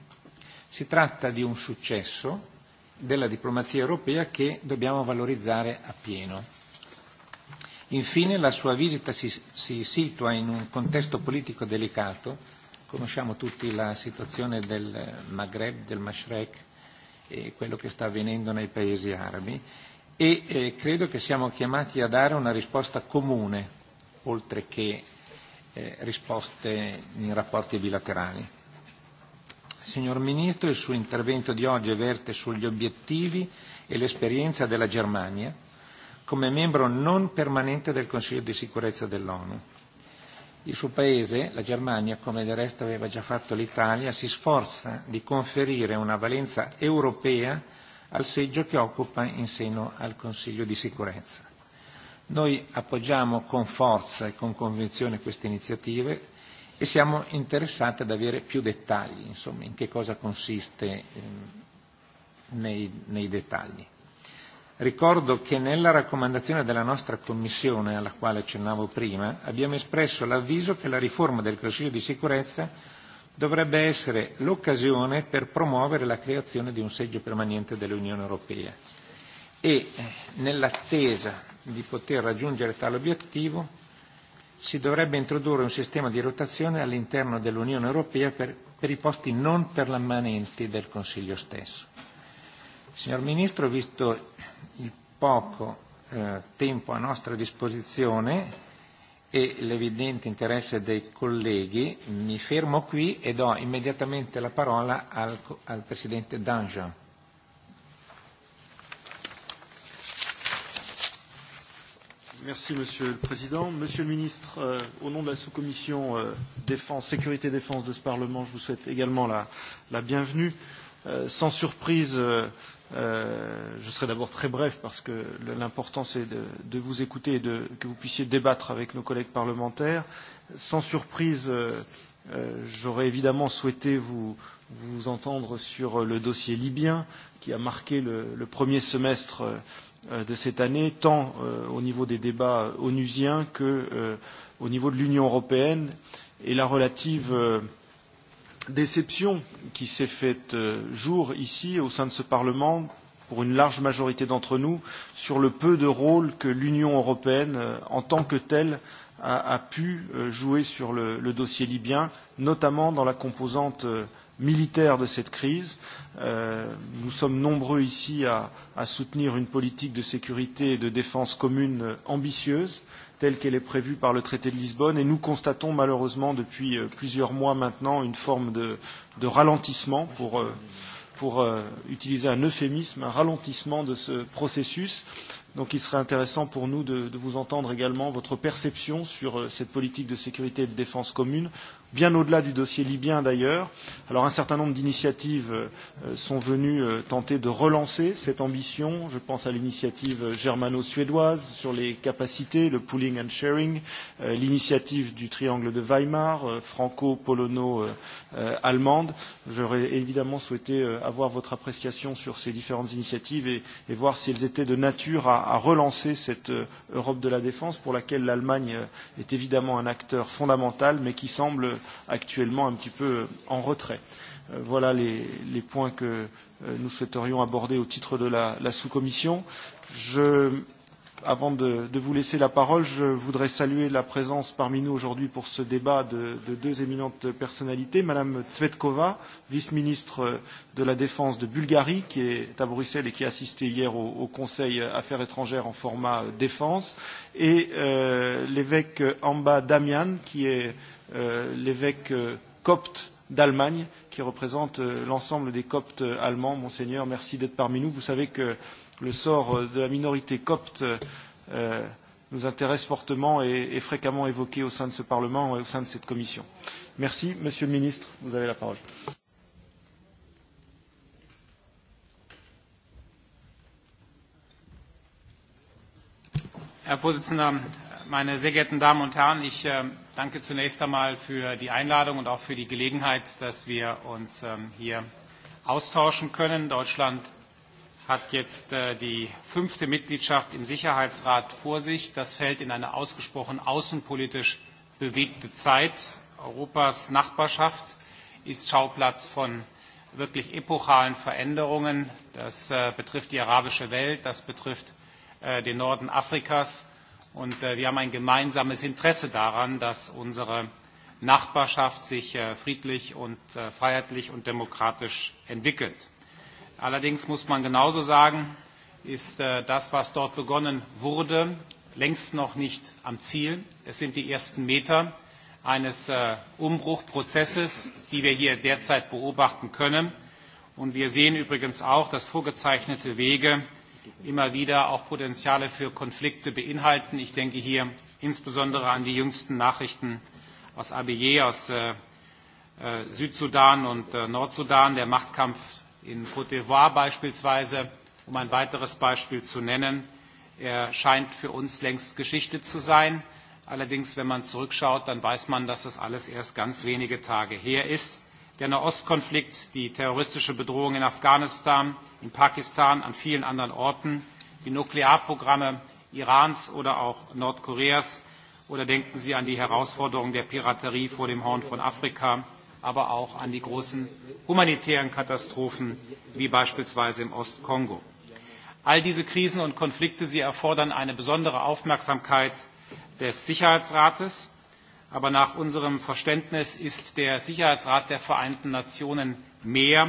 Si tratta di un successo della diplomazia europea che dobbiamo valorizzare appieno. Infine, la sua visita si, si situa in un contesto politico delicato. Conosciamo tutti la situazione del Maghreb, del Mashrek e quello che sta avvenendo nei paesi arabi e eh, credo che siamo chiamati a dare una risposta comune, oltre che eh, risposte in rapporti bilaterali. Signor Ministro, il suo intervento di oggi verte sugli obiettivi e l'esperienza della Germania come membro non permanente del Consiglio di sicurezza dell'ONU. Il suo Paese, la Germania, come del resto aveva già fatto l'Italia, si sforza di conferire una valenza europea al seggio che occupa in seno al Consiglio di sicurezza. Noi appoggiamo con forza e con convinzione queste iniziative e siamo interessati ad avere più dettagli, insomma, in che cosa consiste ehm, nei, nei dettagli. Ricordo che nella raccomandazione della nostra Commissione, alla quale accennavo prima, abbiamo espresso l'avviso che la riforma del Consiglio di sicurezza dovrebbe essere l'occasione per promuovere la creazione di un seggio permanente dell'Unione Europea e eh, nell'attesa di poter raggiungere tale obiettivo, si dovrebbe introdurre un sistema di rotazione all'interno dell'Unione Europea per, per i posti non permanenti del Consiglio stesso. Signor Ministro, visto il poco eh, tempo a nostra disposizione e l'evidente interesse dei colleghi, mi fermo qui e do immediatamente la parola al, al Presidente Danjean. Merci, Monsieur le Président. Monsieur le Ministre, euh, au nom de la sous-commission euh, défense, sécurité défense de ce Parlement, je vous souhaite également la, la bienvenue. Euh, sans surprise, euh, euh je serai d'abord très bref parce que l'important c'est de, de vous écouter et de, que vous puissiez débattre avec nos collègues parlementaires. Sans surprise, euh, euh, j'aurais évidemment souhaité vous, vous entendre sur le dossier libyen qui a marqué le, le premier semestre euh, Euh, de cette année, tant euh, au niveau des débats onusiens que euh, au niveau de l'Union européenne et la relative déception qui s'est faite jour ici au sein de ce Parlement pour une large majorité d'entre nous sur le peu de rôle que l'Union européenne en tant que telle a, a pu jouer sur le, le dossier libyen, notamment dans la composante militaire de cette crise. Euh, nous sommes nombreux ici à, à soutenir une politique de sécurité et de défense commune ambitieuse, telle qu'elle est prévue par le traité de Lisbonne, et nous constatons malheureusement depuis euh, plusieurs mois maintenant une forme de, de ralentissement pour. Euh, pour euh, utiliser un euphémisme, un ralentissement de ce processus. Donc il serait intéressant pour nous de, de vous entendre également votre perception sur euh, cette politique de sécurité et de défense commune, bien au-delà du dossier libyen d'ailleurs. Alors un certain nombre d'initiatives euh, sont venues euh, tenter de relancer cette ambition. Je pense à l'initiative euh, germano-suédoise sur les capacités, le pooling and sharing, l'initiative du triangle de Weimar, franco-polono-allemande. J'aurais évidemment souhaité avoir votre appréciation sur ces différentes initiatives et, et voir si elles étaient de nature à, à relancer cette Europe de la défense pour laquelle l'Allemagne est évidemment un acteur fondamental mais qui semble actuellement un petit peu euh, en retrait. Euh, voilà les, les points que euh, nous souhaiterions aborder au titre de la, la sous-commission. Je avant de, de vous laisser la parole, je voudrais saluer la présence parmi nous aujourd'hui pour ce débat de, de deux éminentes personnalités, Madame Tsvetkova, vice-ministre de la Défense de Bulgarie, qui est à Bruxelles et qui a assisté hier au, au Conseil Affaires étrangères en format défense, et euh, l'évêque Amba Damian, qui est Euh, l'évêque euh, copte d'Allemagne, qui représente euh, l'ensemble des coptes allemands. Monseigneur, merci d'être parmi nous. Vous savez que le sort de la minorité copte nous intéresse fortement et est fréquemment évoqué au sein de ce Parlement et au sein de cette commission. Merci, Monsieur le Ministre, vous avez la parole. Herr Vorsitzender, meine sehr geehrten Damen und Herren, ich äh, Danke zunächst einmal für die Einladung und auch für die Gelegenheit, dass wir uns ähm, hier austauschen können. Deutschland hat jetzt äh, die fünfte Mitgliedschaft im Sicherheitsrat vor sich. Das fällt in eine ausgesprochen außenpolitisch bewegte Zeit. Europas Nachbarschaft ist Schauplatz von wirklich epochalen Veränderungen. Das äh, betrifft die arabische Welt, das betrifft äh, den Norden Afrikas. Und äh, wir haben ein gemeinsames Interesse daran, dass unsere Nachbarschaft sich äh, friedlich und äh, freiheitlich und demokratisch entwickelt. Allerdings muss man genauso sagen, ist äh, das, was dort begonnen wurde, längst noch nicht am Ziel. Es sind die ersten Meter eines äh, Umbruchprozesses, die wir hier derzeit beobachten können. Und wir sehen übrigens auch, dass vorgezeichnete Wege immer wieder auch Potenziale für Konflikte beinhalten. Ich denke hier insbesondere an die jüngsten Nachrichten aus Abyei, aus äh, äh, Südsudan und äh, Nordsudan, der Machtkampf in Côte d'Ivoire beispielsweise, um ein weiteres Beispiel zu nennen. Er scheint für uns längst Geschichte zu sein. Allerdings, wenn man zurückschaut, dann weiß man, dass das alles erst ganz wenige Tage her ist der Nahostkonflikt, die terroristische Bedrohung in Afghanistan, in Pakistan, an vielen anderen Orten, die Nuklearprogramme Irans oder auch Nordkoreas oder denken Sie an die Herausforderung der Piraterie vor dem Horn von Afrika, aber auch an die großen humanitären Katastrophen wie beispielsweise im Ostkongo. All diese Krisen und Konflikte, sie erfordern eine besondere Aufmerksamkeit des Sicherheitsrates Aber nach unserem Verständnis ist der Sicherheitsrat der Vereinten Nationen mehr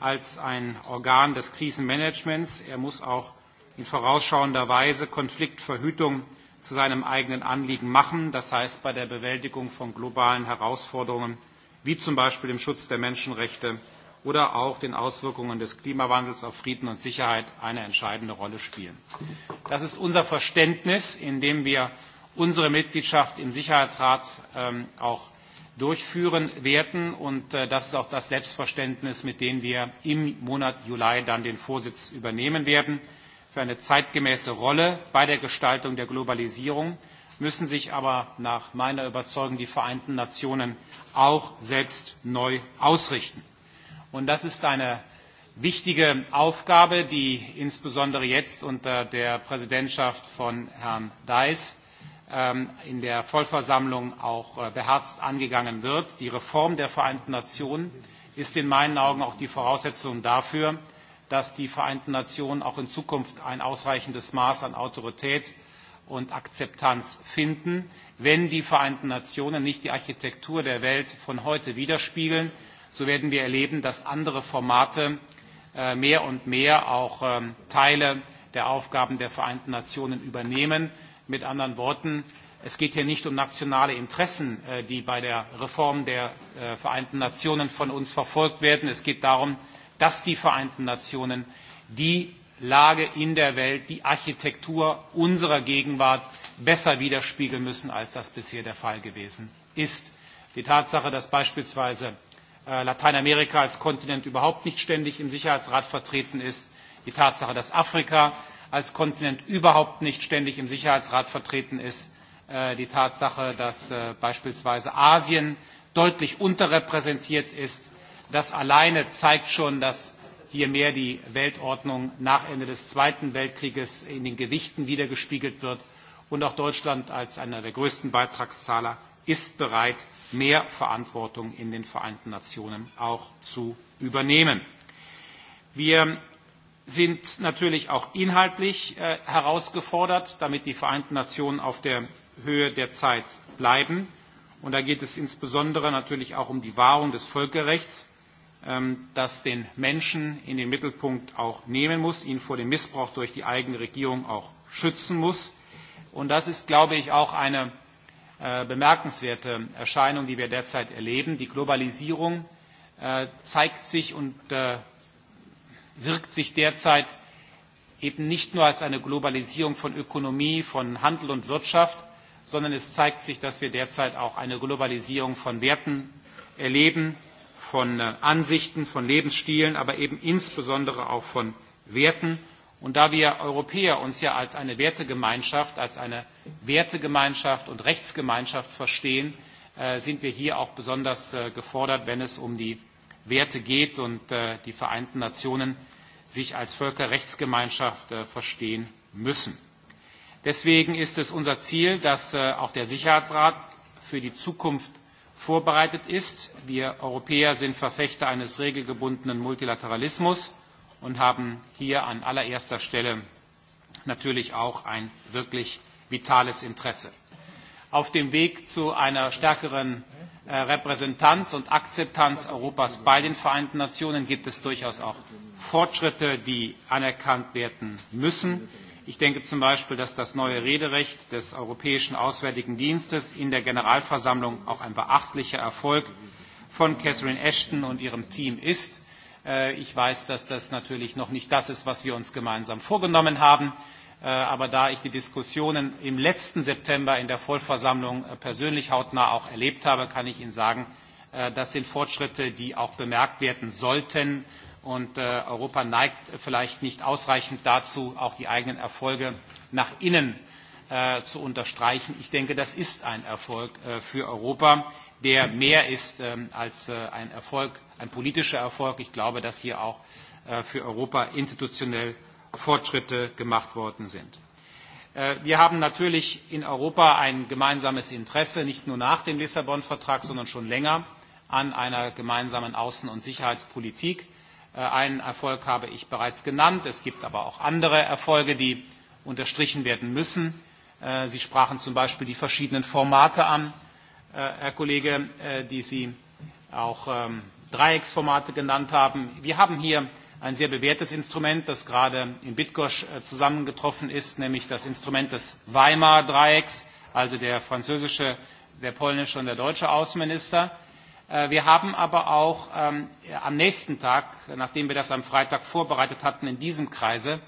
als ein Organ des Krisenmanagements. Er muss auch in vorausschauender Weise Konfliktverhütung zu seinem eigenen Anliegen machen, das heißt bei der Bewältigung von globalen Herausforderungen wie zum Beispiel dem Schutz der Menschenrechte oder auch den Auswirkungen des Klimawandels auf Frieden und Sicherheit eine entscheidende Rolle spielen. Das ist unser Verständnis, in dem wir unsere Mitgliedschaft im Sicherheitsrat ähm, auch durchführen werden. Und äh, das ist auch das Selbstverständnis, mit dem wir im Monat Juli dann den Vorsitz übernehmen werden. Für eine zeitgemäße Rolle bei der Gestaltung der Globalisierung müssen sich aber nach meiner Überzeugung die Vereinten Nationen auch selbst neu ausrichten. Und das ist eine wichtige Aufgabe, die insbesondere jetzt unter der Präsidentschaft von Herrn Deis Ähm, in der Vollversammlung auch äh, beherzt angegangen wird. Die Reform der Vereinten Nationen ist in meinen Augen auch die Voraussetzung dafür, dass die Vereinten Nationen auch in Zukunft ein ausreichendes Maß an Autorität und Akzeptanz finden, wenn die Vereinten Nationen nicht die Architektur der Welt von heute widerspiegeln, so werden wir erleben, dass andere Formate äh, mehr und mehr auch ähm, Teile der Aufgaben der Vereinten Nationen übernehmen. Mit anderen Worten, es geht hier nicht um nationale Interessen, äh, die bei der Reform der äh, Vereinten Nationen von uns verfolgt werden. Es geht darum, dass die Vereinten Nationen die Lage in der Welt, die Architektur unserer Gegenwart besser widerspiegeln müssen, als das bisher der Fall gewesen ist. Die Tatsache, dass beispielsweise äh, Lateinamerika als Kontinent überhaupt nicht ständig im Sicherheitsrat vertreten ist, die Tatsache, dass Afrika als Kontinent überhaupt nicht ständig im Sicherheitsrat vertreten ist, äh, die Tatsache, dass äh, beispielsweise Asien deutlich unterrepräsentiert ist, das alleine zeigt schon, dass hier mehr die Weltordnung nach Ende des Zweiten Weltkrieges in den Gewichten wiedergespiegelt wird. Und auch Deutschland als einer der größten Beitragszahler ist bereit, mehr Verantwortung in den Vereinten Nationen auch zu übernehmen. Wir sind natürlich auch inhaltlich äh, herausgefordert, damit die Vereinten Nationen auf der Höhe der Zeit bleiben. Und da geht es insbesondere natürlich auch um die Wahrung des Völkerrechts, ähm, das den Menschen in den Mittelpunkt auch nehmen muss, ihn vor dem Missbrauch durch die eigene Regierung auch schützen muss. Und das ist, glaube ich, auch eine äh, bemerkenswerte Erscheinung, die wir derzeit erleben. Die Globalisierung äh, zeigt sich und wirkt sich derzeit eben nicht nur als eine Globalisierung von Ökonomie, von Handel und Wirtschaft, sondern es zeigt sich, dass wir derzeit auch eine Globalisierung von Werten erleben, von äh, Ansichten, von Lebensstilen, aber eben insbesondere auch von Werten. Und da wir Europäer uns ja als eine Wertegemeinschaft, als eine Wertegemeinschaft und Rechtsgemeinschaft verstehen, äh, sind wir hier auch besonders äh, gefordert, wenn es um die Werte geht. Und die Vereinten Nationen sich als Völkerrechtsgemeinschaft äh, verstehen müssen. Deswegen ist es unser Ziel, dass äh, auch der Sicherheitsrat für die Zukunft vorbereitet ist. Wir Europäer sind Verfechter eines regelgebundenen Multilateralismus und haben hier an allererster Stelle natürlich auch ein wirklich vitales Interesse. Auf dem Weg zu einer stärkeren äh, Repräsentanz und Akzeptanz Europas bei den Vereinten Nationen gibt es durchaus auch Fortschritte, die anerkannt werden müssen. Ich denke zum Beispiel, dass das neue Rederecht des Europäischen Auswärtigen Dienstes in der Generalversammlung auch ein beachtlicher Erfolg von Catherine Ashton und ihrem Team ist. Äh, ich weiß, dass das natürlich noch nicht das ist, was wir uns gemeinsam vorgenommen haben. Äh, aber da ich die Diskussionen im letzten September in der Vollversammlung äh, persönlich hautnah auch erlebt habe, kann ich Ihnen sagen, das sind Fortschritte, die auch bemerkt werden sollten. Und äh, Europa neigt vielleicht nicht ausreichend dazu, auch die eigenen Erfolge nach innen äh, zu unterstreichen. Ich denke, das ist ein Erfolg äh, für Europa, der mehr ist ähm, als ein Erfolg, ein politischer Erfolg. Ich glaube, dass hier auch für Europa institutionell Fortschritte gemacht worden sind. Wir haben natürlich in Europa ein gemeinsames Interesse, nicht nur nach dem Lissabon-Vertrag, sondern schon länger an einer gemeinsamen Außen- und Sicherheitspolitik. Äh, einen Erfolg habe ich bereits genannt. Es gibt aber auch andere Erfolge, die unterstrichen werden müssen. Äh, Sie sprachen zum Beispiel die verschiedenen Formate an, äh, Herr Kollege, die Sie auch ähm, Dreiecksformate genannt haben. Wir haben hier ein sehr bewährtes Instrument, das gerade in Bitgosch zusammengetroffen ist, nämlich das Instrument des Weimar Dreiecks, also der französische, der polnische und der deutsche Außenminister. Äh, wir haben aber auch ähm, am nächsten Tag, nachdem wir das am Freitag vorbereitet hatten, in diesem Kreise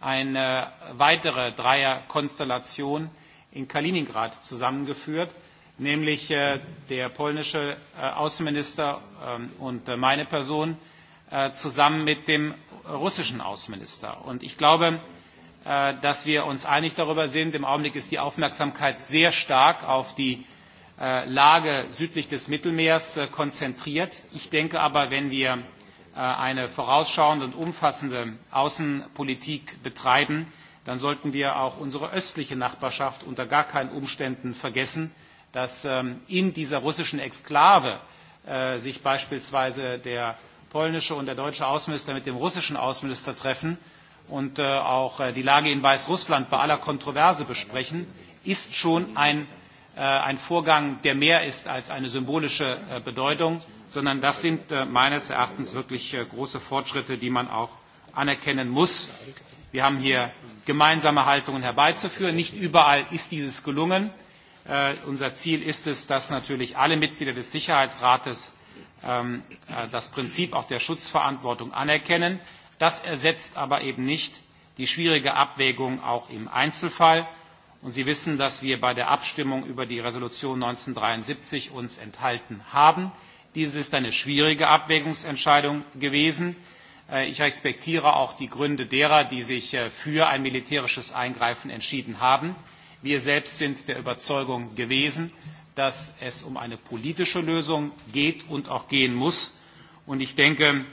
eine weitere Dreierkonstellation in Kaliningrad zusammengeführt, nämlich äh, der polnische äh, Außenminister ähm, äh, und meine Person äh, zusammen mit dem russischen Außenminister. Und ich glaube, äh, dass wir uns einig darüber sind. Im Augenblick ist die Aufmerksamkeit sehr stark auf die Äh, Lage südlich des Mittelmeers äh, konzentriert. Ich denke aber, wenn wir äh, eine vorausschauende und umfassende Außenpolitik betreiben, dann sollten wir auch unsere östliche Nachbarschaft unter gar keinen Umständen vergessen, dass ähm, in dieser russischen Exklave sich beispielsweise der polnische und der deutsche Außenminister mit dem russischen Außenminister treffen und auch die Lage in Weißrussland bei aller Kontroverse besprechen, ist schon ein Äh, ein Vorgang, der mehr ist als eine symbolische äh, Bedeutung, sondern das sind äh, meines Erachtens wirklich große Fortschritte, die man auch anerkennen muss. Wir haben hier gemeinsame Haltungen herbeizuführen. Nicht überall ist dieses gelungen. Unser Ziel ist es, dass natürlich alle Mitglieder des Sicherheitsrates ähm, das Prinzip auch der Schutzverantwortung anerkennen. Das ersetzt aber eben nicht die schwierige Abwägung auch im Einzelfall. Und Sie wissen, dass wir bei der Abstimmung über die Resolution 1973 uns enthalten haben. Dies ist eine schwierige Abwägungsentscheidung gewesen. Äh, ich respektiere auch die Gründe derer, die sich äh, für ein militärisches Eingreifen entschieden haben. Wir selbst sind der Überzeugung gewesen, dass es um eine politische Lösung geht und auch gehen muss. Und ich denke,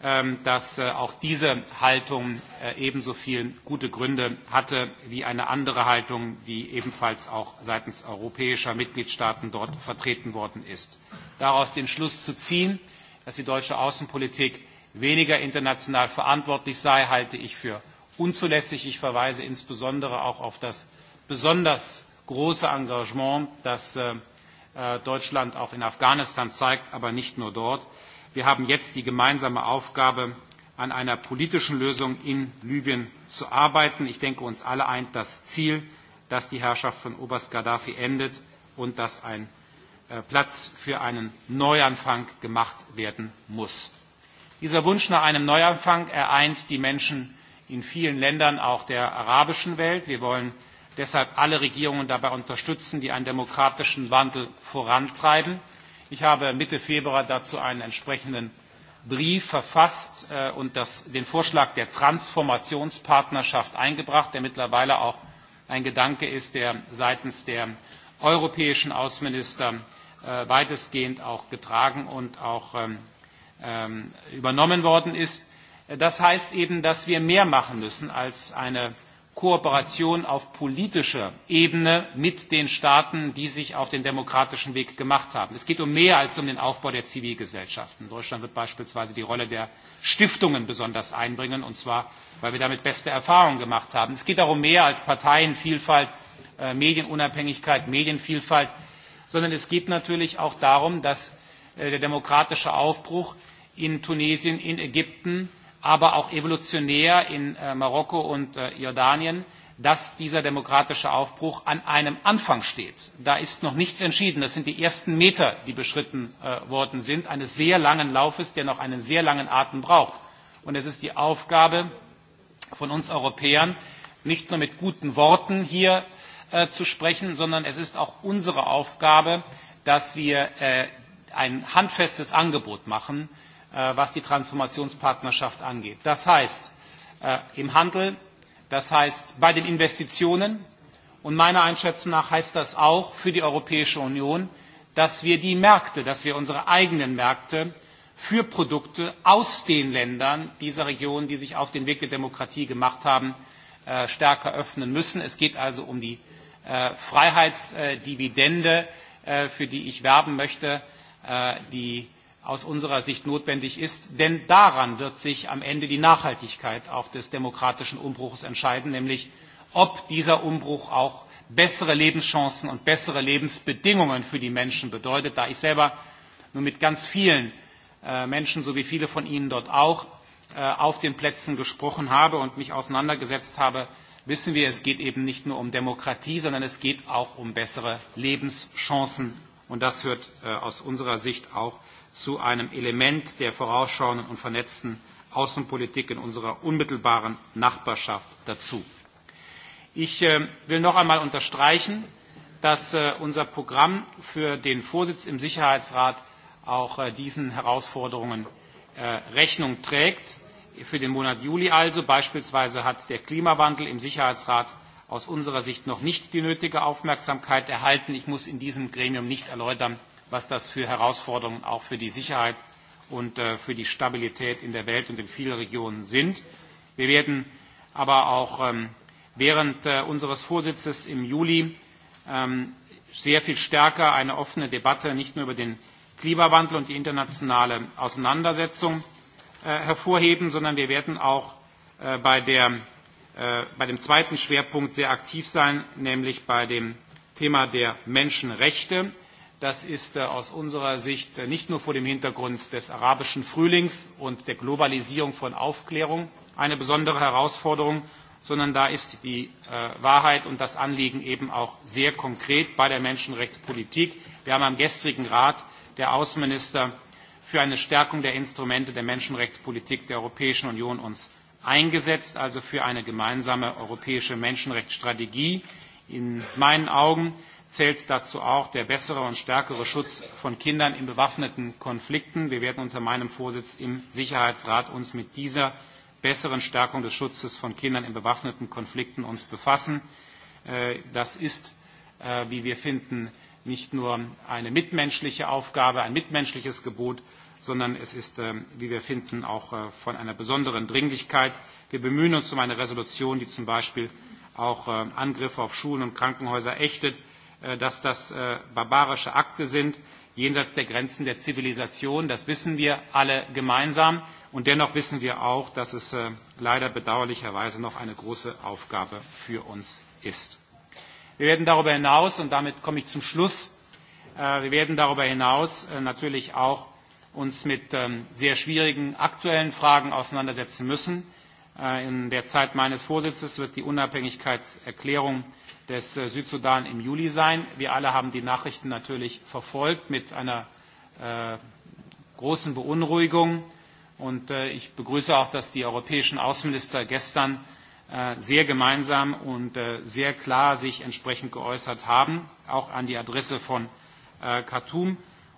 Ähm, dass äh, auch diese Haltung äh, ebenso viele gute Gründe hatte wie eine andere Haltung, die ebenfalls auch seitens europäischer Mitgliedstaaten dort vertreten worden ist. Daraus den Schluss zu ziehen, dass die deutsche Außenpolitik weniger international verantwortlich sei, halte ich für unzulässig. Ich verweise insbesondere auch auf das besonders große Engagement, das äh, Deutschland auch in Afghanistan zeigt, aber nicht nur dort. Wir haben jetzt die gemeinsame Aufgabe, an einer politischen Lösung in Libyen zu arbeiten. Ich denke, uns alle eint das Ziel, dass die Herrschaft von Oberst Gaddafi endet und dass ein äh, Platz für einen Neuanfang gemacht werden muss. Dieser Wunsch nach einem Neuanfang ereint die Menschen in vielen Ländern auch der arabischen Welt. Wir wollen deshalb alle Regierungen dabei unterstützen, die einen demokratischen Wandel vorantreiben. Ich habe Mitte Februar dazu einen entsprechenden Brief verfasst äh, und das, den Vorschlag der Transformationspartnerschaft eingebracht, der mittlerweile auch ein Gedanke ist, der seitens der europäischen Außenminister äh, weitestgehend auch getragen und auch ähm, ähm, übernommen worden ist. Äh, das heißt eben, dass wir mehr machen müssen als eine Kooperation auf politischer Ebene mit den Staaten, die sich auf den demokratischen Weg gemacht haben. Es geht um mehr als um den Aufbau der Zivilgesellschaften. Deutschland wird beispielsweise die Rolle der Stiftungen besonders einbringen, und zwar, weil wir damit beste Erfahrungen gemacht haben. Es geht darum mehr als Parteienvielfalt, äh, Medienunabhängigkeit, Medienvielfalt, sondern es geht natürlich auch darum, dass äh, der demokratische Aufbruch in Tunesien, in Ägypten, aber auch evolutionär in äh, Marokko und äh, Jordanien, dass dieser demokratische Aufbruch an einem Anfang steht. Da ist noch nichts entschieden. Das sind die ersten Meter, die beschritten äh, worden sind, eines sehr langen Laufes, der noch einen sehr langen Atem braucht. Und es ist die Aufgabe von uns Europäern, nicht nur mit guten Worten hier äh, zu sprechen, sondern es ist auch unsere Aufgabe, dass wir äh, ein handfestes Angebot machen, Äh, was die Transformationspartnerschaft angeht. Das heißt äh, im Handel, das heißt bei den Investitionen und meiner Einschätzung nach heißt das auch für die Europäische Union, dass wir die Märkte, dass wir unsere eigenen Märkte für Produkte aus den Ländern dieser Region, die sich auf den Weg der Demokratie gemacht haben, äh, stärker öffnen müssen. Es geht also um die Freiheitsdividende, für die ich werben möchte, die aus unserer Sicht notwendig ist, denn daran wird sich am Ende die Nachhaltigkeit auch des demokratischen Umbruchs entscheiden, nämlich ob dieser Umbruch auch bessere Lebenschancen und bessere Lebensbedingungen für die Menschen bedeutet. Da ich selber nun mit ganz vielen äh, Menschen, so wie viele von Ihnen dort auch, äh, auf den Plätzen gesprochen habe und mich auseinandergesetzt habe, wissen wir, es geht eben nicht nur um Demokratie, sondern es geht auch um bessere Lebenschancen. Und das hört äh, aus unserer Sicht auch zu einem Element der vorausschauenden und vernetzten Außenpolitik in unserer unmittelbaren Nachbarschaft dazu. Ich äh, will noch einmal unterstreichen, dass äh, unser Programm für den Vorsitz im Sicherheitsrat auch äh, diesen Herausforderungen äh, Rechnung trägt. Für den Monat Juli also beispielsweise hat der Klimawandel im Sicherheitsrat aus unserer Sicht noch nicht die nötige Aufmerksamkeit erhalten. Ich muss in diesem Gremium nicht erläutern, was das für Herausforderungen auch für die Sicherheit und äh, für die Stabilität in der Welt und in vielen Regionen sind. Wir werden aber auch ähm, während äh, unseres Vorsitzes im Juli ähm, sehr viel stärker eine offene Debatte nicht nur über den Klimawandel und die internationale Auseinandersetzung äh, hervorheben, sondern wir werden auch bei, der, bei dem zweiten Schwerpunkt sehr aktiv sein, nämlich bei dem Thema der Menschenrechte. Das ist äh, aus unserer Sicht äh, nicht nur vor dem Hintergrund des arabischen Frühlings und der Globalisierung von Aufklärung eine besondere Herausforderung, sondern da ist die äh, Wahrheit und das Anliegen eben auch sehr konkret bei der Menschenrechtspolitik. Wir haben am gestrigen Rat der Außenminister für eine Stärkung der Instrumente der Menschenrechtspolitik der Europäischen Union uns eingesetzt, also für eine gemeinsame europäische Menschenrechtsstrategie. In meinen Augen zählt dazu auch der bessere und stärkere Schutz von Kindern in bewaffneten Konflikten. Wir werden unter meinem Vorsitz im Sicherheitsrat uns mit dieser besseren Stärkung des Schutzes von Kindern in bewaffneten Konflikten uns befassen. Äh, das ist, äh, wie wir finden, nicht nur eine mitmenschliche Aufgabe, ein mitmenschliches Gebot, sondern es ist, äh, wie wir finden, auch von einer besonderen Dringlichkeit. Wir bemühen uns um eine Resolution, die zum Beispiel auch Angriffe auf Schulen und Krankenhäuser ächtet Äh, dass das äh, barbarische Akte sind, jenseits der Grenzen der Zivilisation. Das wissen wir alle gemeinsam. Und dennoch wissen wir auch, dass es äh, leider bedauerlicherweise noch eine große Aufgabe für uns ist. Wir werden darüber hinaus, und damit komme ich zum Schluss, wir werden darüber hinaus natürlich auch uns mit ähm, sehr schwierigen aktuellen Fragen auseinandersetzen müssen. In der Zeit meines Vorsitzes wird die Unabhängigkeitserklärung des äh, Südsudan im Juli sein. Wir alle haben die Nachrichten natürlich verfolgt mit einer äh, großen Beunruhigung. Und äh, ich begrüße auch, dass die europäischen Außenminister gestern äh, sehr gemeinsam und äh, sehr klar sich entsprechend geäußert haben, auch an die Adresse von äh, Khartoum.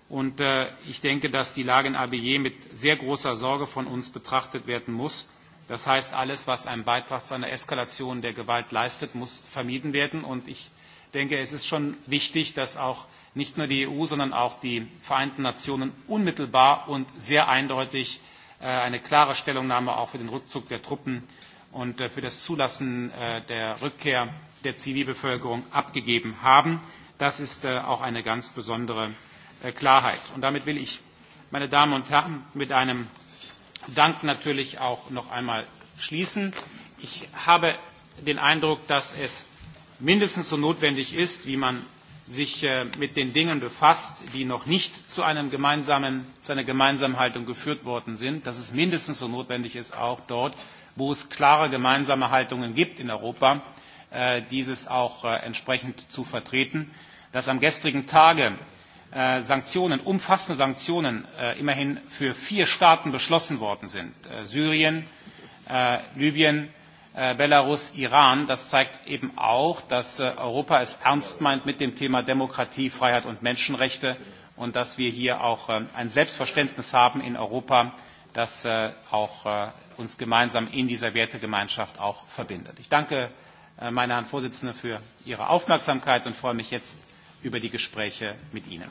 Und äh, ich denke, dass die Lage in Abyei mit sehr großer Sorge von uns betrachtet werden muss. Das heißt, alles, was einen Beitrag zu einer Eskalation der Gewalt leistet, muss vermieden werden. Und ich denke, es ist schon wichtig, dass auch nicht nur die EU, sondern auch die Vereinten Nationen unmittelbar und sehr eindeutig äh, eine klare Stellungnahme auch für den Rückzug der Truppen und äh, für das Zulassen äh, der Rückkehr der Zivilbevölkerung abgegeben haben. Das ist auch eine ganz besondere Klarheit. Und damit will ich, meine Damen und Herren, mit einem Dank natürlich auch noch einmal schließen. Ich habe den Eindruck, dass es mindestens so notwendig ist, wie man sich äh, mit den Dingen befasst, die noch nicht zu, einem gemeinsamen, zu einer gemeinsamen Haltung geführt worden sind, dass es mindestens so notwendig ist, auch dort, wo es klare gemeinsame Haltungen gibt in Europa, äh, dieses auch äh, entsprechend zu vertreten. Dass am gestrigen Tage Äh, Sanktionen, umfassende Sanktionen äh, immerhin für vier Staaten beschlossen worden sind. Äh, Syrien, Libyen, Belarus, Iran. Das zeigt eben auch, dass Europa es ernst meint mit dem Thema Demokratie, Freiheit und Menschenrechte und dass wir hier auch ein Selbstverständnis haben in Europa, das auch uns gemeinsam in dieser Wertegemeinschaft auch verbindet. Ich danke meine Herren Vorsitzende für Ihre Aufmerksamkeit und freue mich jetzt über die Gespräche mit Ihnen.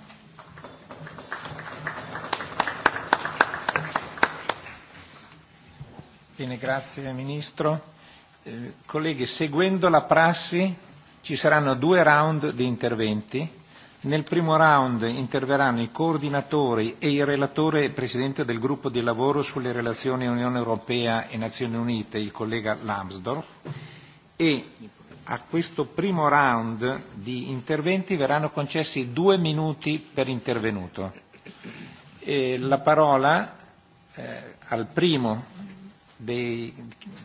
Bene, grazie Ministro. Eh, colleghi, seguendo la prassi ci saranno due round di interventi. Nel primo round interverranno i coordinatori e il relatore e presidente del gruppo di lavoro sulle relazioni Unione Europea e Nazioni Unite, il collega Lambsdorff, e a questo primo round di interventi verranno concessi due minuti per intervenuto. E la parola eh, al primo dei,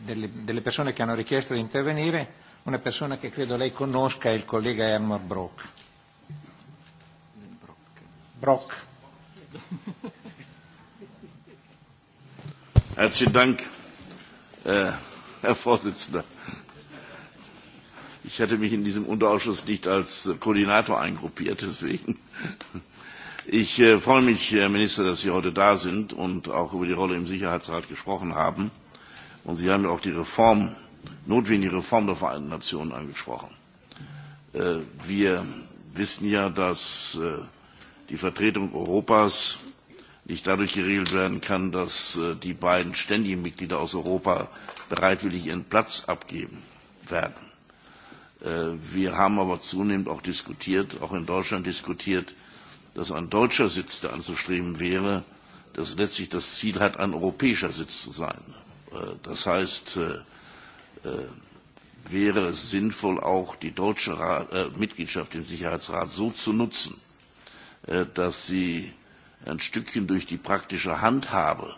delle, delle persone che hanno richiesto di intervenire, una persona che credo lei conosca, è il collega Elmar Brock. Brock. Grazie, eh, Herr Vorsitzender. Ich hatte mich in diesem Unterausschuss nicht als äh, Koordinator eingruppiert, deswegen. <laughs> Ich äh, freue mich, Herr Minister, dass Sie heute da sind und auch über die Rolle im Sicherheitsrat gesprochen haben. Und Sie haben ja auch die Reform, notwendige Reform der Vereinten Nationen angesprochen. Äh, wir wissen ja, dass äh, die Vertretung Europas nicht dadurch geregelt werden kann, dass äh, die beiden ständigen Mitglieder aus Europa bereitwillig ihren Platz abgeben werden. Äh, wir haben aber zunehmend auch diskutiert, auch in Deutschland diskutiert, dass ein deutscher Sitz, der anzustreben wäre, das letztlich das Ziel hat, ein europäischer Sitz zu sein. Äh, das heißt, äh, wäre es sinnvoll, auch die deutsche Rat, äh, Mitgliedschaft im Sicherheitsrat so zu nutzen, dass sie ein Stückchen durch die praktische Handhabe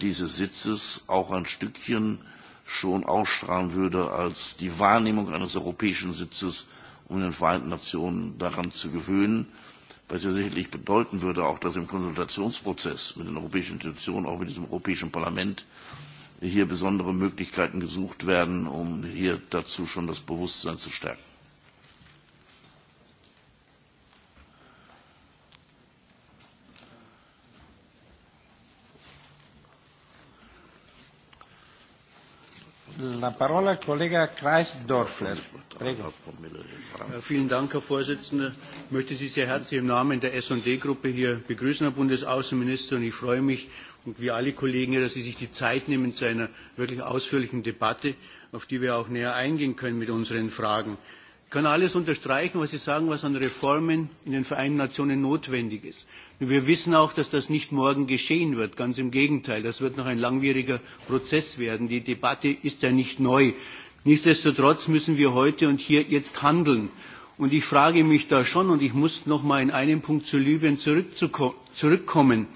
dieses Sitzes auch ein Stückchen schon ausstrahlen würde als die Wahrnehmung eines europäischen Sitzes, um den Vereinten Nationen daran zu gewöhnen, was ja sicherlich bedeuten würde, auch dass im Konsultationsprozess mit den europäischen Institutionen, auch mit diesem Europäischen Parlament, hier besondere Möglichkeiten gesucht werden, um hier dazu schon das Bewusstsein zu stärken. La parola collega Prego. Vielen Dank, Herr Vorsitzender. Ich möchte Sie sehr herzlich im Namen der S&D-Gruppe hier begrüßen, Herr Bundesaußenminister, und ich freue mich und wie alle Kollegen hier, dass Sie sich die Zeit nehmen zu einer wirklich ausführlichen Debatte, auf die wir auch näher eingehen können mit unseren Fragen. Ich kann alles unterstreichen, was Sie sagen, was an Reformen in den Vereinten Nationen notwendig ist. Wir wissen auch, dass das nicht morgen geschehen wird. Ganz im Gegenteil, das wird noch ein langwieriger Prozess werden. Die Debatte ist ja nicht neu. Nichtsdestotrotz müssen wir heute und hier jetzt handeln. Und ich frage mich da schon, und ich muss noch mal in einem Punkt zu Libyen zurückkommen.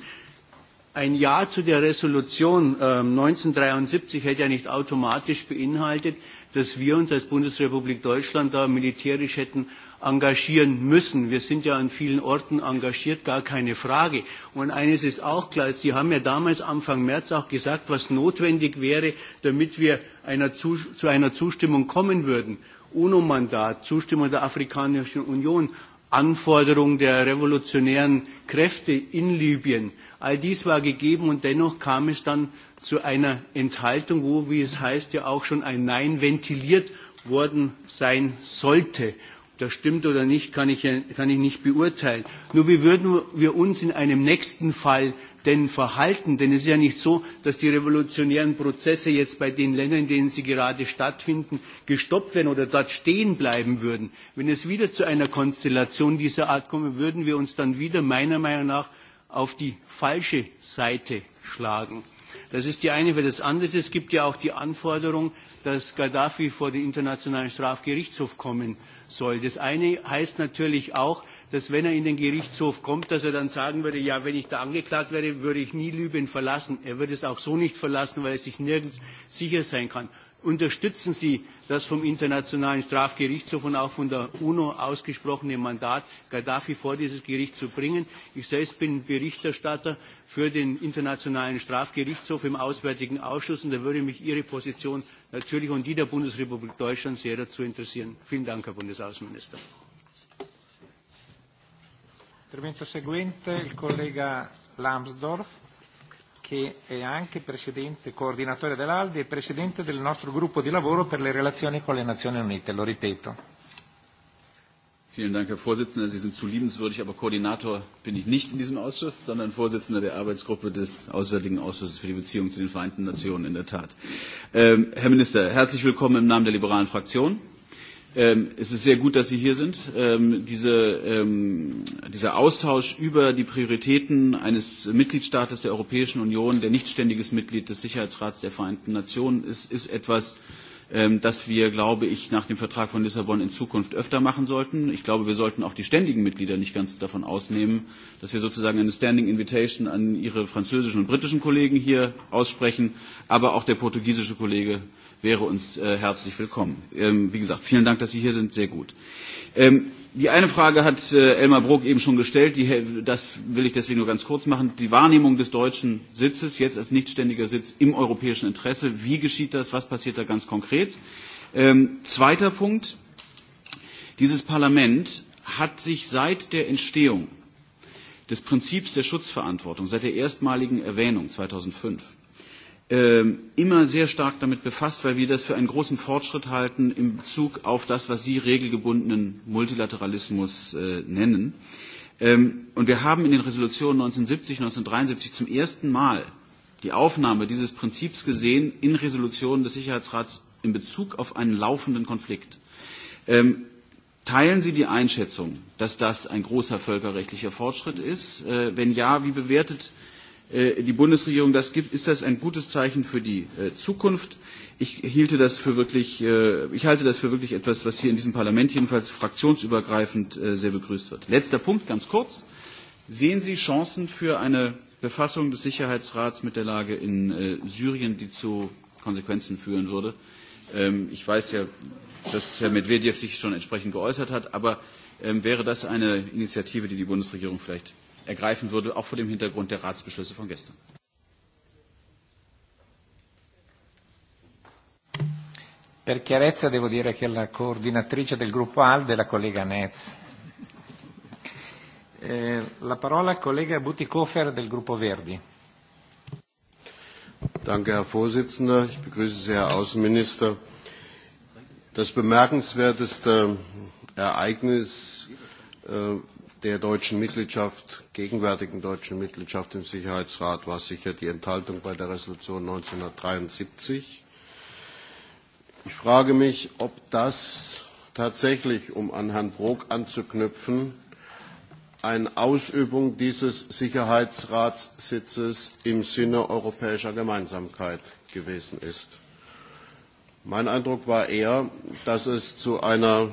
Ein Ja zu der Resolution äh, 1973 hätte ja nicht automatisch beinhaltet, dass wir uns als Bundesrepublik Deutschland da militärisch hätten engagieren müssen. Wir sind ja an vielen Orten engagiert, gar keine Frage. Und eines ist auch klar, Sie haben ja damals Anfang März auch gesagt, was notwendig wäre, damit wir einer zu, zu einer Zustimmung kommen würden. UNO-Mandat, Zustimmung der Afrikanischen Union, Anforderung der revolutionären Kräfte in Libyen. All dies war gegeben und dennoch kam es dann zu einer Enthaltung, wo, wie es heißt, ja auch schon ein Nein ventiliert worden sein sollte das stimmt oder nicht, kann ich, kann ich nicht beurteilen. Nur wie würden wir uns in einem nächsten Fall denn verhalten? Denn es ist ja nicht so, dass die revolutionären Prozesse jetzt bei den Ländern, in denen sie gerade stattfinden, gestoppt werden oder dort stehen bleiben würden. Wenn es wieder zu einer Konstellation dieser Art komme, würden wir uns dann wieder meiner Meinung nach auf die falsche Seite schlagen. Das ist die eine. Für das andere, es gibt ja auch die Anforderung, dass Gaddafi vor den Internationalen Strafgerichtshof kommen soll. Das eine heißt natürlich auch, dass wenn er in den Gerichtshof kommt, dass er dann sagen würde, ja, wenn ich da angeklagt werde, würde ich nie Libyen verlassen. Er würde es auch so nicht verlassen, weil er sich nirgends sicher sein kann. Unterstützen Sie das vom Internationalen Strafgerichtshof und auch von der UNO ausgesprochene Mandat, Gaddafi vor dieses Gericht zu bringen. Ich selbst bin Berichterstatter für den Internationalen Strafgerichtshof im Auswärtigen Ausschuss und da würde mich Ihre Position natürlich und die der Bundesrepublik Deutschland sehr dazu interessieren. Vielen Dank, Herr Bundesaußenminister. Intervento seguente, il collega Lambsdorff, che è anche presidente, coordinatore dell'Aldi e presidente del nostro gruppo di lavoro per le relazioni con le Nazioni Unite, lo ripeto. Vielen Dank, Herr Vorsitzender. Sie sind zu liebenswürdig, aber Koordinator bin ich nicht in diesem Ausschuss, sondern Vorsitzender der Arbeitsgruppe des Auswärtigen Ausschusses für die Beziehungen zu den Vereinten Nationen in der Tat. Ähm, Herr Minister, herzlich willkommen im Namen der liberalen Fraktion. Ähm, es ist sehr gut, dass Sie hier sind. Ähm, diese, ähm, dieser Austausch über die Prioritäten eines Mitgliedstaates der Europäischen Union, der nichtständiges Mitglied des Sicherheitsrats der Vereinten Nationen ist, ist etwas, Ähm, das wir, glaube ich, nach dem Vertrag von Lissabon in Zukunft öfter machen sollten. Ich glaube, wir sollten auch die ständigen Mitglieder nicht ganz davon ausnehmen, dass wir sozusagen eine Standing Invitation an Ihre französischen und britischen Kollegen hier aussprechen, aber auch der portugiesische Kollege wäre uns äh, herzlich willkommen. Ähm, wie gesagt, vielen Dank, dass Sie hier sind, sehr gut. Ähm, Die eine Frage hat äh, Elmar Bruck eben schon gestellt, die, das will ich deswegen nur ganz kurz machen. Die Wahrnehmung des deutschen Sitzes jetzt als nichtständiger Sitz im europäischen Interesse, wie geschieht das, was passiert da ganz konkret? Ähm, zweiter Punkt, dieses Parlament hat sich seit der Entstehung des Prinzips der Schutzverantwortung, seit der erstmaligen Erwähnung 2005, Ähm, immer sehr stark damit befasst, weil wir das für einen großen Fortschritt halten in Bezug auf das, was Sie regelgebundenen Multilateralismus äh, nennen. Ähm, und wir haben in den Resolutionen 1970, 1973 zum ersten Mal die Aufnahme dieses Prinzips gesehen in Resolutionen des Sicherheitsrats in Bezug auf einen laufenden Konflikt. Ähm, teilen Sie die Einschätzung, dass das ein großer völkerrechtlicher Fortschritt ist? Äh, wenn ja, wie bewertet äh, Äh, die Bundesregierung das gibt, ist das ein gutes Zeichen für die äh, Zukunft. Ich, hielte das für wirklich, äh, ich halte das für wirklich etwas, was hier in diesem Parlament jedenfalls fraktionsübergreifend sehr begrüßt wird. Letzter Punkt, ganz kurz. Sehen Sie Chancen für eine Befassung des Sicherheitsrats mit der Lage in Syrien, die zu Konsequenzen führen würde? Ähm, ich weiß ja, dass Herr Medvedev sich schon entsprechend geäußert hat, aber ähm, wäre das eine Initiative, die die Bundesregierung vielleicht ergreifen würde, auch vor dem Hintergrund der Ratsbeschlüsse von gestern. Per chiarezza devo dire che la coordinatrice del gruppo ALDE è la collega Netz. Eh, la parola al collega Butikofer del gruppo Verdi. Danke, Herr Vorsitzender. Ich begrüße Sie, Herr Außenminister. Das bemerkenswerteste Ereignis äh, der deutschen Mitgliedschaft, gegenwärtigen deutschen Mitgliedschaft im Sicherheitsrat war sicher die Enthaltung bei der Resolution 1973. Ich frage mich, ob das tatsächlich, um an Herrn Brok anzuknüpfen, eine Ausübung dieses Sicherheitsratssitzes im Sinne europäischer Gemeinsamkeit gewesen ist. Mein Eindruck war eher, dass es zu einer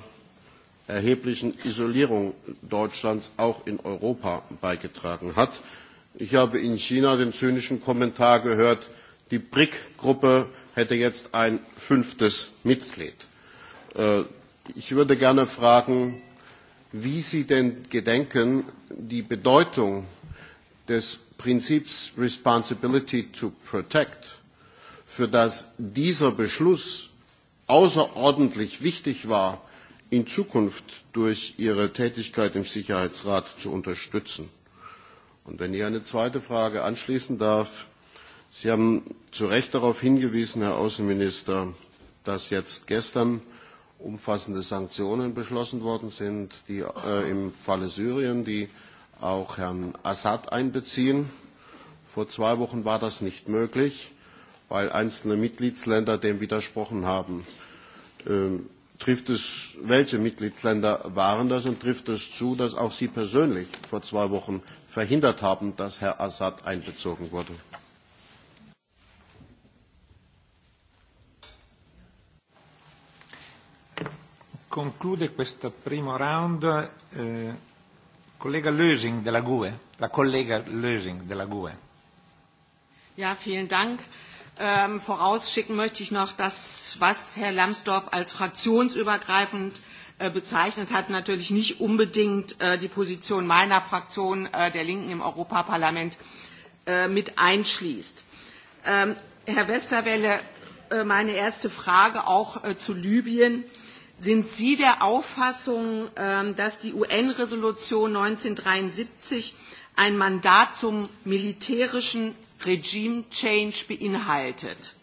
erheblichen Isolierung Deutschlands auch in Europa beigetragen hat. Ich habe in China den zynischen Kommentar gehört, die BRIC-Gruppe hätte jetzt ein fünftes Mitglied. Äh, ich würde gerne fragen, wie Sie denn gedenken, die Bedeutung des Prinzips Responsibility to Protect, für das dieser Beschluss außerordentlich wichtig war in Zukunft durch Ihre Tätigkeit im Sicherheitsrat zu unterstützen? Und wenn ich eine zweite Frage anschließen darf, Sie haben zu Recht darauf hingewiesen, Herr Außenminister, dass jetzt gestern umfassende Sanktionen beschlossen worden sind, die äh, im Falle Syrien, die auch Herrn Assad einbeziehen. Vor zwei Wochen war das nicht möglich, weil einzelne Mitgliedsländer dem widersprochen haben. Ähm, trifft es, welche Mitgliedsländer waren das und trifft es zu, dass auch Sie persönlich vor zwei Wochen verhindert haben, dass Herr Assad einbezogen wurde? Conclude questo primo round eh, collega Lösing della GUE, la collega Lösing della GUE. Ja, vielen Dank. Ähm, vorausschicken möchte ich noch dass, was Herr Lambsdorff als fraktionsübergreifend äh, bezeichnet hat, natürlich nicht unbedingt äh, die Position meiner Fraktion äh, der Linken im Europaparlament äh, mit einschließt. Ähm, Herr Westerwelle, äh, meine erste Frage auch äh, zu Libyen. Sind Sie der Auffassung, äh, dass die UN-Resolution 1973 ein Mandat zum militärischen Regime Change beinhaltet,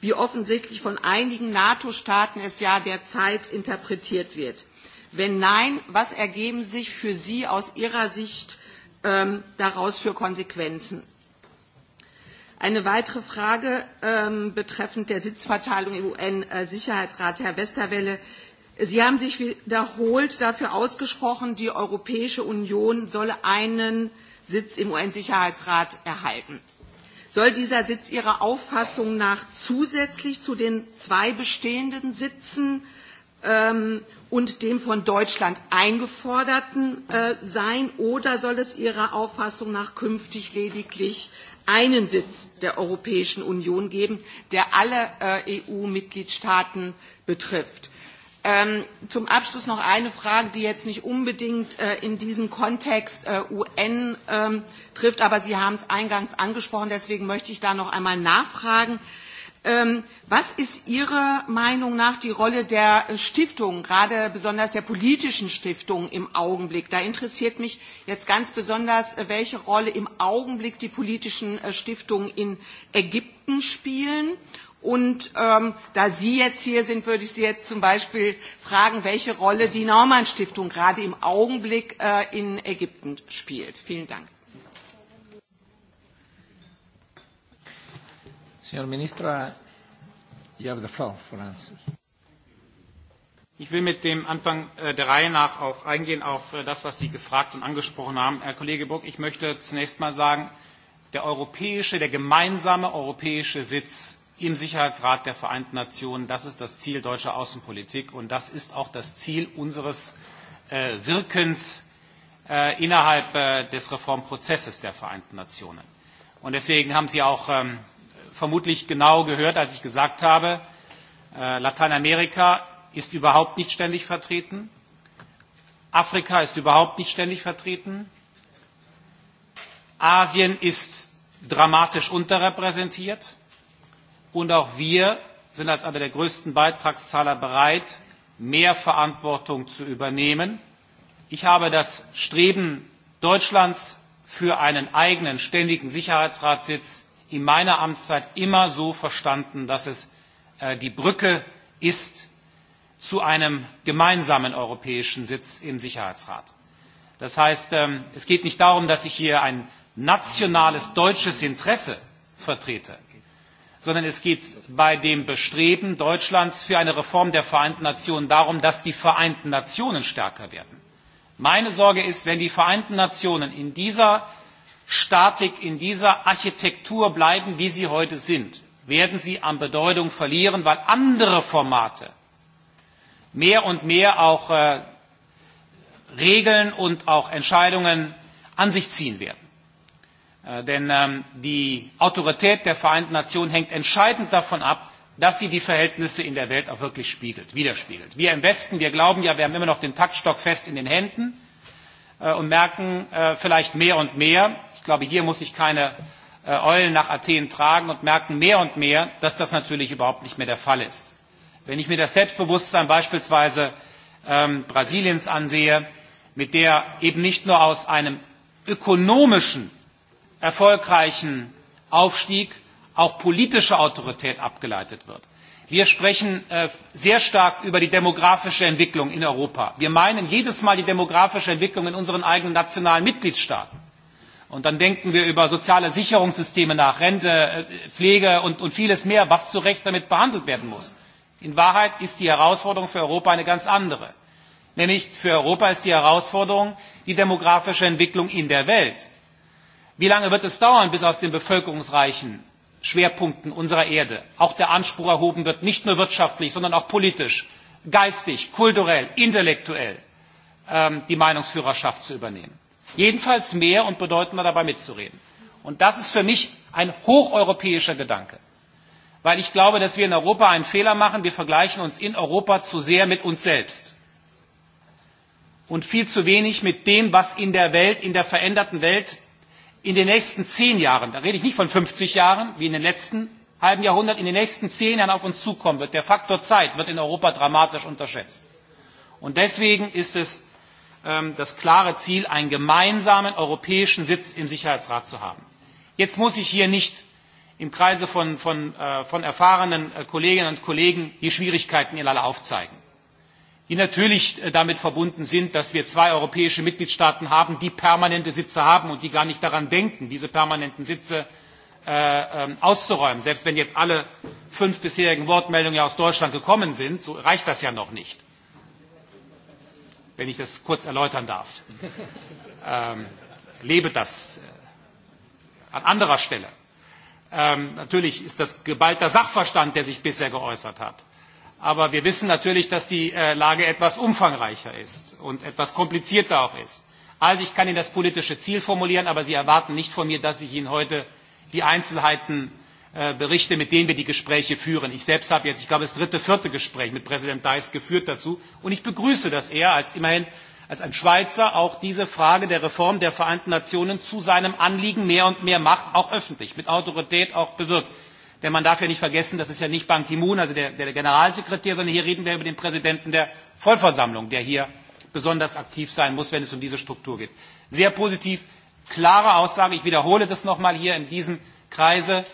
wie offensichtlich von einigen NATO-Staaten es ja derzeit interpretiert wird. Wenn nein, was ergeben sich für Sie aus Ihrer Sicht ähm, daraus für Konsequenzen? Eine weitere Frage ähm, betreffend der Sitzverteilung im UN-Sicherheitsrat, Herr Westerwelle. Sie haben sich wiederholt dafür ausgesprochen, die Europäische Union solle einen Sitz im UN-Sicherheitsrat erhalten. Soll dieser Sitz Ihrer Auffassung nach zusätzlich zu den zwei bestehenden Sitzen ähm, und dem von Deutschland eingeforderten äh, sein oder soll es Ihrer Auffassung nach künftig lediglich einen Sitz der Europäischen Union geben, der alle äh, EU-Mitgliedstaaten betrifft? Ähm, zum Abschluss noch eine Frage, die jetzt nicht unbedingt äh, in diesem Kontext äh, UN ähm, trifft, aber Sie haben es eingangs angesprochen, deswegen möchte ich da noch einmal nachfragen. Ähm, was ist Ihrer Meinung nach die Rolle der Stiftungen, gerade besonders der politischen Stiftungen im Augenblick? Da interessiert mich jetzt ganz besonders, äh, welche Rolle im Augenblick die politischen äh, Stiftungen in Ägypten spielen Und ähm, da Sie jetzt hier sind, würde ich Sie jetzt zum Beispiel fragen, welche Rolle die Naumann Stiftung gerade im Augenblick äh, in Ägypten spielt. Vielen Dank. Herr Minister, you have the floor for answers. Ich will mit dem Anfang äh, der Reihe nach auch eingehen auf äh, das, was Sie gefragt und angesprochen haben. Herr Kollege Burg, ich möchte zunächst mal sagen, der europäische, der gemeinsame europäische Sitz im Sicherheitsrat der Vereinten Nationen. Das ist das Ziel deutscher Außenpolitik und das ist auch das Ziel unseres äh, Wirkens äh, innerhalb äh, des Reformprozesses der Vereinten Nationen. Und deswegen haben Sie auch ähm, vermutlich genau gehört, als ich gesagt habe, äh, Lateinamerika ist überhaupt nicht ständig vertreten. Afrika ist überhaupt nicht ständig vertreten. Asien ist dramatisch unterrepräsentiert. Und auch wir sind als einer der größten Beitragszahler bereit, mehr Verantwortung zu übernehmen. Ich habe das Streben Deutschlands für einen eigenen ständigen Sicherheitsratssitz in meiner Amtszeit immer so verstanden, dass es äh, die Brücke ist zu einem gemeinsamen europäischen Sitz im Sicherheitsrat. Das heißt, ähm, es geht nicht darum, dass ich hier ein nationales deutsches Interesse vertrete sondern es geht bei dem Bestreben Deutschlands für eine Reform der Vereinten Nationen darum, dass die Vereinten Nationen stärker werden. Meine Sorge ist, wenn die Vereinten Nationen in dieser Statik, in dieser Architektur bleiben, wie sie heute sind, werden sie an Bedeutung verlieren, weil andere Formate mehr und mehr auch äh, Regeln und auch Entscheidungen an sich ziehen werden. Äh, denn ähm, die Autorität der Vereinten Nationen hängt entscheidend davon ab, dass sie die Verhältnisse in der Welt auch wirklich spiegelt, widerspiegelt. Wir im Westen, wir glauben ja, wir haben immer noch den Taktstock fest in den Händen äh, und merken äh, vielleicht mehr und mehr, ich glaube, hier muss ich keine äh, Eulen nach Athen tragen und merken mehr und mehr, dass das natürlich überhaupt nicht mehr der Fall ist. Wenn ich mir das Selbstbewusstsein beispielsweise ähm, Brasiliens ansehe, mit der eben nicht nur aus einem ökonomischen erfolgreichen Aufstieg auch politische Autorität abgeleitet wird. Wir sprechen äh, sehr stark über die demografische Entwicklung in Europa. Wir meinen jedes Mal die demografische Entwicklung in unseren eigenen nationalen Mitgliedstaaten. Und dann denken wir über soziale Sicherungssysteme nach, Rente, äh, Pflege und, und vieles mehr, was zu Recht damit behandelt werden muss. In Wahrheit ist die Herausforderung für Europa eine ganz andere. Nämlich für Europa ist die Herausforderung die demografische Entwicklung in der Welt. Wie lange wird es dauern, bis aus den bevölkerungsreichen Schwerpunkten unserer Erde auch der Anspruch erhoben wird, nicht nur wirtschaftlich, sondern auch politisch, geistig, kulturell, intellektuell ähm, die Meinungsführerschaft zu übernehmen? Jedenfalls mehr und bedeutender dabei mitzureden. Und das ist für mich ein hocheuropäischer Gedanke. Weil ich glaube, dass wir in Europa einen Fehler machen. Wir vergleichen uns in Europa zu sehr mit uns selbst. Und viel zu wenig mit dem, was in der Welt, in der veränderten Welt in den nächsten zehn Jahren, da rede ich nicht von 50 Jahren, wie in den letzten halben Jahrhundert, in den nächsten zehn Jahren auf uns zukommen wird. Der Faktor Zeit wird in Europa dramatisch unterschätzt. Und deswegen ist es ähm, das klare Ziel, einen gemeinsamen europäischen Sitz im Sicherheitsrat zu haben. Jetzt muss ich hier nicht im Kreise von, von, äh, von erfahrenen äh, Kolleginnen und Kollegen die Schwierigkeiten in alle aufzeigen die natürlich äh, damit verbunden sind, dass wir zwei europäische Mitgliedstaaten haben, die permanente Sitze haben und die gar nicht daran denken, diese permanenten Sitze äh, ähm, auszuräumen. Selbst wenn jetzt alle fünf bisherigen Wortmeldungen aus Deutschland gekommen sind, so reicht das ja noch nicht. Wenn ich das kurz erläutern darf. <laughs> Ähm, lebe das äh, an anderer Stelle. Ähm, natürlich ist das geballter Sachverstand, der sich bisher geäußert hat. Aber wir wissen natürlich, dass die äh, Lage etwas umfangreicher ist und etwas komplizierter auch ist. Also ich kann Ihnen das politische Ziel formulieren, aber Sie erwarten nicht von mir, dass ich Ihnen heute die Einzelheiten äh, berichte, mit denen wir die Gespräche führen. Ich selbst habe jetzt, ich glaube, das dritte, vierte Gespräch mit Präsident Deis geführt dazu. Und ich begrüße, dass er als immerhin als ein Schweizer auch diese Frage der Reform der Vereinten Nationen zu seinem Anliegen mehr und mehr macht, auch öffentlich, mit Autorität auch bewirkt. Denn man darf ja nicht vergessen, das ist ja nicht Ban Ki-moon, also der, der Generalsekretär, sondern hier reden wir über den Präsidenten der Vollversammlung, der hier besonders aktiv sein muss, wenn es um diese Struktur geht. Sehr positiv, klare Aussage. Ich wiederhole das nochmal hier in diesem Kreise.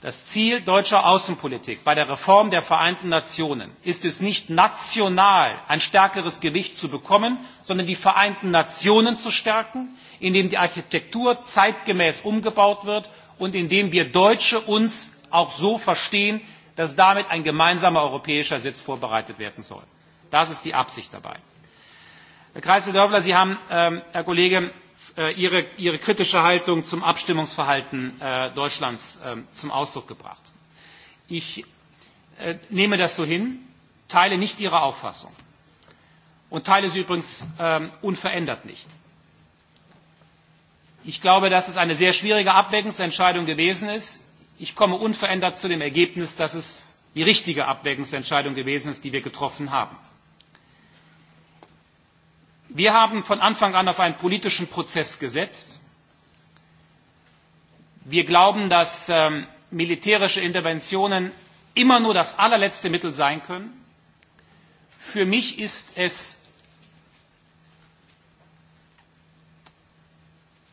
Das Ziel deutscher Außenpolitik bei der Reform der Vereinten Nationen ist es nicht national ein stärkeres Gewicht zu bekommen, sondern die Vereinten Nationen zu stärken, indem die Architektur zeitgemäß umgebaut wird und indem wir Deutsche uns auch so verstehen, dass damit ein gemeinsamer europäischer Sitz vorbereitet werden soll. Das ist die Absicht dabei. Herr Kreisel-Dörfler, Sie haben, ähm, Herr Kollege, äh, Ihre, Ihre kritische Haltung zum Abstimmungsverhalten äh, Deutschlands äh, zum Ausdruck gebracht. Ich äh, nehme das so hin, teile nicht Ihre Auffassung und teile sie übrigens ähm, unverändert nicht. Ich glaube, dass es eine sehr schwierige Abwägungsentscheidung gewesen ist, Ich komme unverändert zu dem Ergebnis, dass es die richtige Abwägungsentscheidung gewesen ist, die wir getroffen haben. Wir haben von Anfang an auf einen politischen Prozess gesetzt. Wir glauben, dass ähm, militärische Interventionen immer nur das allerletzte Mittel sein können. Für mich ist es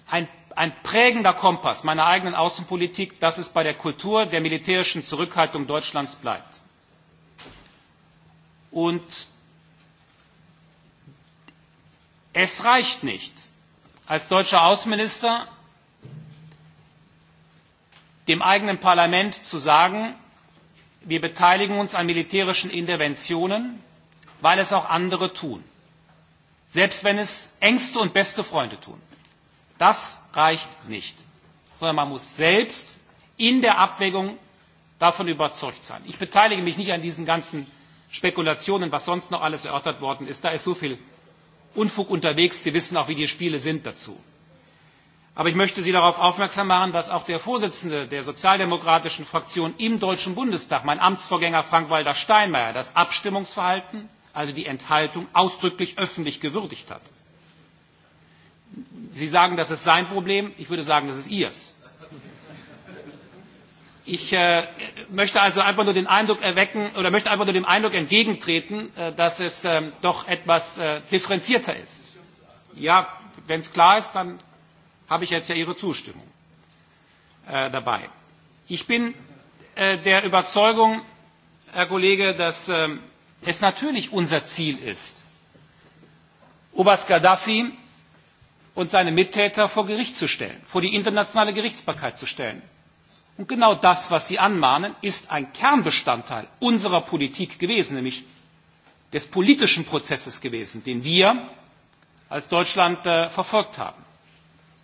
ein ein prägender Kompass meiner eigenen Außenpolitik, dass es bei der Kultur der militärischen Zurückhaltung Deutschlands bleibt. Und es reicht nicht, als deutscher Außenminister dem eigenen Parlament zu sagen, wir beteiligen uns an militärischen Interventionen, weil es auch andere tun, selbst wenn es engste und beste Freunde tun. Das reicht nicht, sondern man muss selbst in der Abwägung davon überzeugt sein. Ich beteilige mich nicht an diesen ganzen Spekulationen, was sonst noch alles erörtert worden ist. Da ist so viel Unfug unterwegs. Sie wissen auch, wie die Spiele sind dazu. Aber ich möchte Sie darauf aufmerksam machen, dass auch der Vorsitzende der sozialdemokratischen Fraktion im Deutschen Bundestag, mein Amtsvorgänger Frank-Walter Steinmeier, das Abstimmungsverhalten, also die Enthaltung, ausdrücklich öffentlich gewürdigt hat. Sie sagen, das ist sein Problem. Ich würde sagen, das ist Ihres. Ich äh, möchte also einfach nur den Eindruck erwecken oder möchte einfach nur dem Eindruck entgegentreten, äh, dass es äh, doch etwas äh, differenzierter ist. Ja, wenn es klar ist, dann habe ich jetzt ja Ihre Zustimmung äh, dabei. Ich bin äh, der Überzeugung, Herr Kollege, dass äh, es natürlich unser Ziel ist, Oberst Gaddafi und seine Mittäter vor Gericht zu stellen, vor die internationale Gerichtsbarkeit zu stellen. Und genau das, was Sie anmahnen, ist ein Kernbestandteil unserer Politik gewesen, nämlich des politischen Prozesses gewesen, den wir als Deutschland äh, verfolgt haben.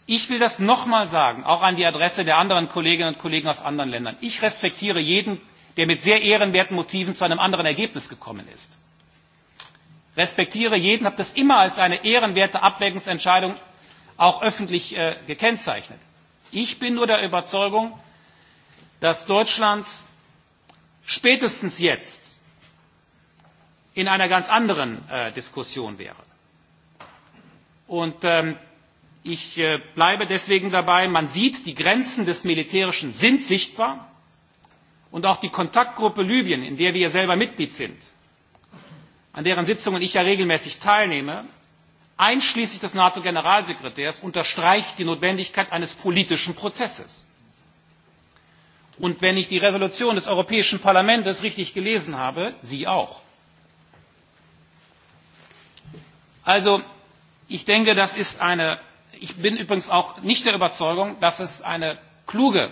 Ich will das nochmal sagen, auch an die Adresse der anderen Kolleginnen und Kollegen aus anderen Ländern. Ich respektiere jeden, der mit sehr ehrenwerten Motiven zu einem anderen Ergebnis gekommen ist. Respektiere jeden, habe das immer als eine ehrenwerte Abwägungsentscheidung auch öffentlich äh, gekennzeichnet. Ich bin nur der Überzeugung, dass Deutschland spätestens jetzt in einer ganz anderen äh, Diskussion wäre. Und ähm, ich äh, bleibe deswegen dabei, man sieht, die Grenzen des Militärischen sind sichtbar und auch die Kontaktgruppe Libyen, in der wir selber Mitglied sind, an deren Sitzungen ich ja regelmäßig teilnehme, einschließlich des NATO-Generalsekretärs, unterstreicht die Notwendigkeit eines politischen Prozesses. Und wenn ich die Resolution des Europäischen Parlaments richtig gelesen habe, Sie auch. Also, ich denke, das ist eine, ich bin übrigens auch nicht der Überzeugung, dass es eine kluge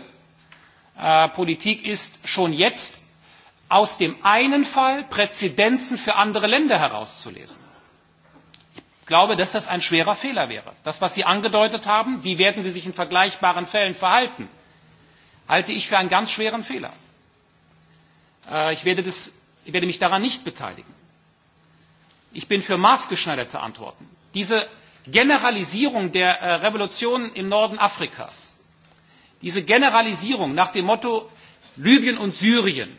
äh, Politik ist, schon jetzt aus dem einen Fall Präzedenzen für andere Länder herauszulesen glaube, dass das ein schwerer Fehler wäre. Das, was Sie angedeutet haben, wie werden Sie sich in vergleichbaren Fällen verhalten, halte ich für einen ganz schweren Fehler. Äh, ich, werde das, ich werde mich daran nicht beteiligen. Ich bin für maßgeschneiderte Antworten. Diese Generalisierung der äh, Revolution im Norden Afrikas, diese Generalisierung nach dem Motto Libyen und Syrien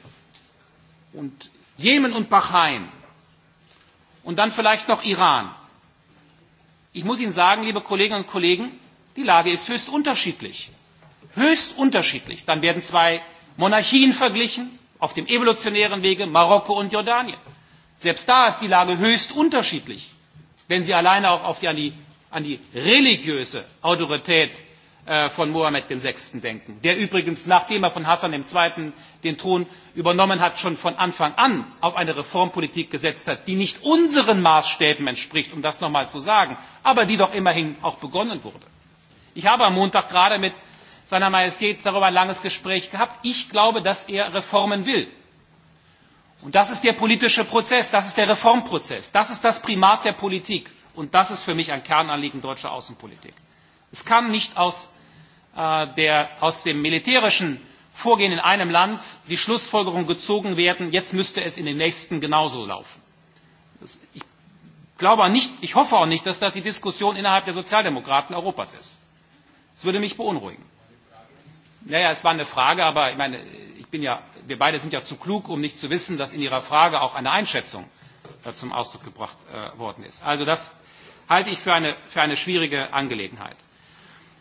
und Jemen und Bahrain und dann vielleicht noch Iran, Ich muss Ihnen sagen, liebe Kolleginnen und Kollegen, die Lage ist höchst unterschiedlich. Höchst unterschiedlich. Dann werden zwei Monarchien verglichen, auf dem evolutionären Wege Marokko und Jordanien. Selbst da ist die Lage höchst unterschiedlich, wenn Sie alleine auch auf die, an, die, an die religiöse Autorität Äh, von Mohammed Sechsten denken, der übrigens, nachdem er von Hassan II. den Thron übernommen hat, schon von Anfang an auf eine Reformpolitik gesetzt hat, die nicht unseren Maßstäben entspricht, um das nochmal zu sagen, aber die doch immerhin auch begonnen wurde. Ich habe am Montag gerade mit seiner Majestät darüber ein langes Gespräch gehabt. Ich glaube, dass er Reformen will. Und das ist der politische Prozess, das ist der Reformprozess, das ist das Primat der Politik. Und das ist für mich ein Kernanliegen deutscher Außenpolitik. Es kann nicht aus Äh, der, aus dem militärischen Vorgehen in einem Land die Schlussfolgerung gezogen werden, jetzt müsste es in den nächsten genauso laufen. Das, ich glaube auch nicht, ich hoffe auch nicht, dass das die Diskussion innerhalb der Sozialdemokraten Europas ist. Das würde mich beunruhigen. Naja, es war eine Frage, aber ich meine, ich bin ja, wir beide sind ja zu klug, um nicht zu wissen, dass in Ihrer Frage auch eine Einschätzung äh, zum Ausdruck gebracht äh, worden ist. Also das halte ich für eine, für eine schwierige Angelegenheit.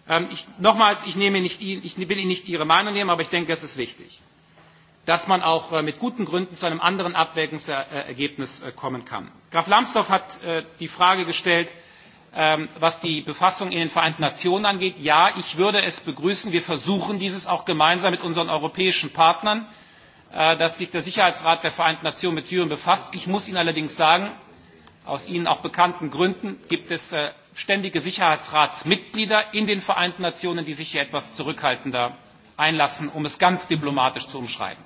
Ähm, ich, nochmals, ich, nehme nicht, ich will Ihnen nicht Ihre Meinung nehmen, aber ich denke, es ist wichtig, dass man auch äh, mit guten Gründen zu einem anderen Abwägungsergebnis äh, kommen kann. Graf Lambsdorff hat äh, die Frage gestellt, äh, was die Befassung in den Vereinten Nationen angeht. Ja, ich würde es begrüßen. Wir versuchen dieses auch gemeinsam mit unseren europäischen Partnern, äh, dass sich der Sicherheitsrat der Vereinten Nationen mit Syrien befasst. Ich muss Ihnen allerdings sagen, aus Ihnen auch bekannten Gründen gibt es äh, ständige Sicherheitsratsmitglieder in den Vereinten Nationen, die sich hier etwas zurückhaltender einlassen, um es ganz diplomatisch zu umschreiben.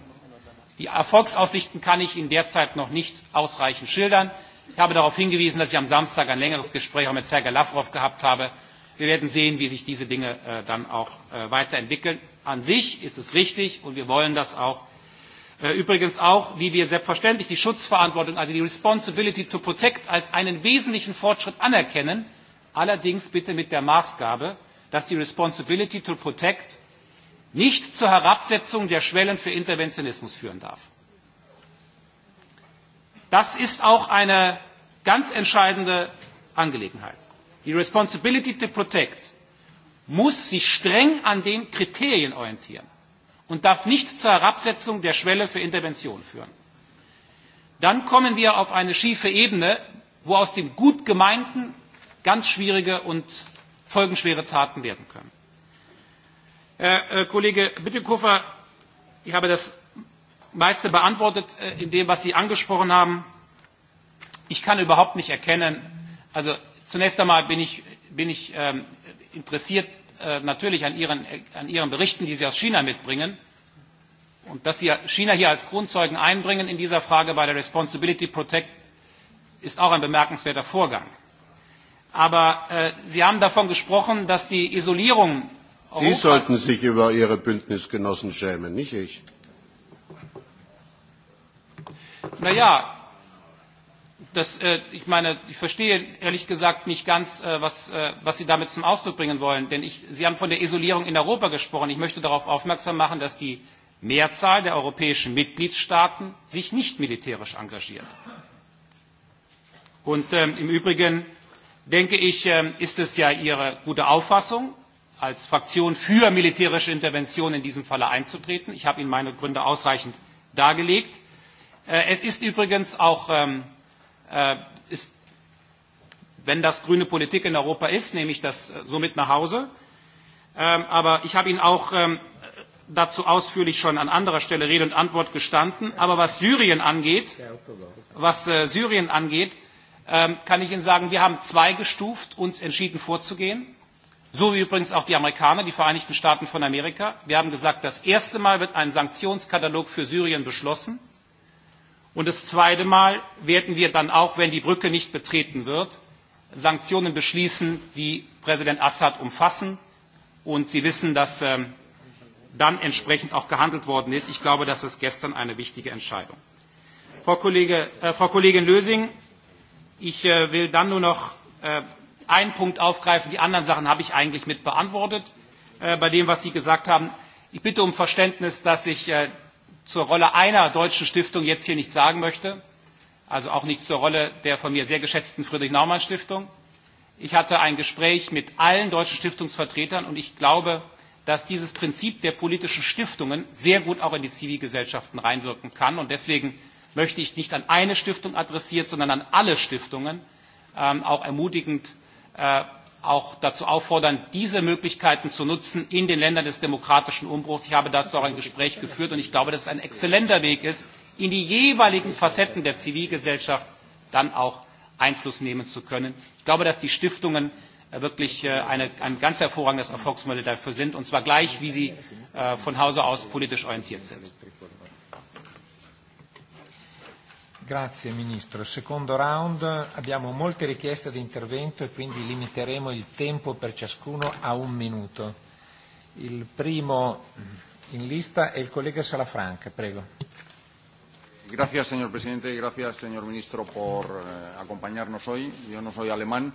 Die Erfolgsaussichten kann ich Ihnen derzeit noch nicht ausreichend schildern. Ich habe darauf hingewiesen, dass ich am Samstag ein längeres Gespräch auch mit Sergei Lavrov gehabt habe. Wir werden sehen, wie sich diese Dinge äh, dann auch äh, weiterentwickeln. An sich ist es richtig und wir wollen das auch. Äh, übrigens auch, wie wir selbstverständlich die Schutzverantwortung, also die Responsibility to Protect als einen wesentlichen Fortschritt anerkennen, allerdings bitte mit der Maßgabe, dass die Responsibility to Protect nicht zur Herabsetzung der Schwellen für Interventionismus führen darf. Das ist auch eine ganz entscheidende Angelegenheit. Die Responsibility to Protect muss sich streng an den Kriterien orientieren und darf nicht zur Herabsetzung der Schwelle für Intervention führen. Dann kommen wir auf eine schiefe Ebene, wo aus dem gut gemeinten ganz schwierige und folgenschwere Taten werden können. Herr äh, äh, Kollege Bittekofer, ich habe das meiste beantwortet äh, in dem, was Sie angesprochen haben. Ich kann überhaupt nicht erkennen, also zunächst einmal bin ich, bin ich ähm, interessiert natürlich an Ihren, an Ihren Berichten, die Sie aus China mitbringen. Und dass Sie China hier als Grundzeugen einbringen in dieser Frage bei der Responsibility Protect, ist auch ein bemerkenswerter Vorgang. Aber äh, Sie haben davon gesprochen, dass die Isolierung. Europas Sie sollten sich über Ihre Bündnisgenossen schämen, nicht ich. Naja, das, äh, ich meine, ich verstehe ehrlich gesagt nicht ganz, äh, was, äh, was Sie damit zum Ausdruck bringen wollen. Denn ich, Sie haben von der Isolierung in Europa gesprochen. Ich möchte darauf aufmerksam machen, dass die Mehrzahl der europäischen Mitgliedstaaten sich nicht militärisch engagiert. Und ähm, im Übrigen denke ich, ähm, ist es ja Ihre gute Auffassung, als Fraktion für militärische Intervention in diesem Falle einzutreten. Ich habe Ihnen meine Gründe ausreichend dargelegt. Äh, es ist übrigens auch, ähm, äh, ist, wenn das grüne Politik in Europa ist, nehme ich das äh, somit nach Hause. Ähm, aber ich habe Ihnen auch dazu ausführlich schon an anderer Stelle Rede und Antwort gestanden. Aber was Syrien angeht, was Syrien angeht, ähm, kann ich Ihnen sagen, wir haben zweigestuft uns entschieden vorzugehen. So wie übrigens auch die Amerikaner, die Vereinigten Staaten von Amerika. Wir haben gesagt, das erste Mal wird ein Sanktionskatalog für Syrien beschlossen. Und das zweite Mal werden wir dann auch, wenn die Brücke nicht betreten wird, Sanktionen beschließen, die Präsident Assad umfassen. Und Sie wissen, dass ähm, dann entsprechend auch gehandelt worden ist. Ich glaube, das ist gestern eine wichtige Entscheidung. Frau, Kollege, äh, Frau Kollegin Lösing Ich äh, will dann nur noch äh, einen Punkt aufgreifen. Die anderen Sachen habe ich eigentlich mit beantwortet äh, bei dem, was Sie gesagt haben. Ich bitte um Verständnis, dass ich äh, zur Rolle einer deutschen Stiftung jetzt hier nichts sagen möchte, also auch nicht zur Rolle der von mir sehr geschätzten Friedrich-Naumann-Stiftung. Ich hatte ein Gespräch mit allen deutschen Stiftungsvertretern und ich glaube, dass dieses Prinzip der politischen Stiftungen sehr gut auch in die Zivilgesellschaften reinwirken kann. Und deswegen möchte ich nicht an eine Stiftung adressiert, sondern an alle Stiftungen ähm, auch ermutigend äh, auch dazu auffordern, diese Möglichkeiten zu nutzen in den Ländern des demokratischen Umbruchs. Ich habe dazu auch ein Gespräch geführt und ich glaube, dass es ein exzellenter Weg ist, in die jeweiligen Facetten der Zivilgesellschaft dann auch Einfluss nehmen zu können. Ich glaube, dass die Stiftungen äh, wirklich äh, eine, ein ganz hervorragendes Erfolgsmodell dafür sind, und zwar gleich, wie sie äh, von Hause aus politisch orientiert sind. Grazie Ministro. Secondo round abbiamo molte richieste di intervento e quindi limiteremo il tempo per ciascuno a un minuto. Il primo in lista è il collega Salafranca. Prego. Gracias, señor presidente. Gracias, señor ministro, por eh, acompañarnos hoy. Yo no soy alemán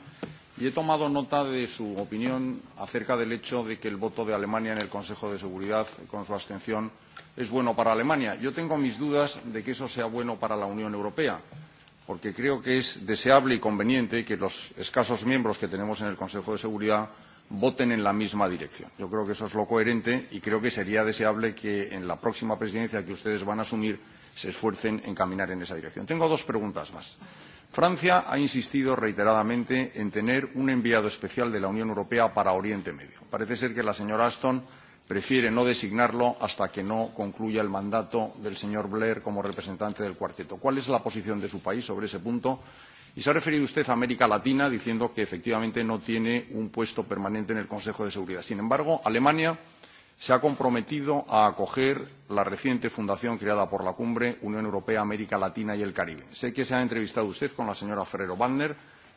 y he tomado nota de su opinión acerca del hecho de que el voto de Alemania en el Consejo de Seguridad, con su abstención, es bueno para Alemania. Yo tengo mis dudas de que eso sea bueno para la Unión Europea, porque creo que es deseable y conveniente que los escasos miembros que tenemos en el Consejo de Seguridad voten en la misma dirección. Yo creo que eso es lo coherente y creo que sería deseable que en la próxima presidencia que ustedes van a asumir se esfuercen en caminar en esa dirección. Tengo dos preguntas más. Francia ha insistido reiteradamente en tener un enviado especial de la Unión Europea para Oriente Medio. Parece ser que la señora Ashton prefiere no designarlo hasta que no concluya el mandato del señor Blair como representante del cuarteto. ¿Cuál es la posición de su país sobre ese punto? Y se ha referido usted a América Latina diciendo que efectivamente no tiene un puesto permanente en el Consejo de Seguridad. Sin embargo, Alemania se ha comprometido a acoger la reciente fundación creada por la cumbre Unión Europea, América Latina y el Caribe. Sé que se ha entrevistado usted con la señora Ferrero Wagner,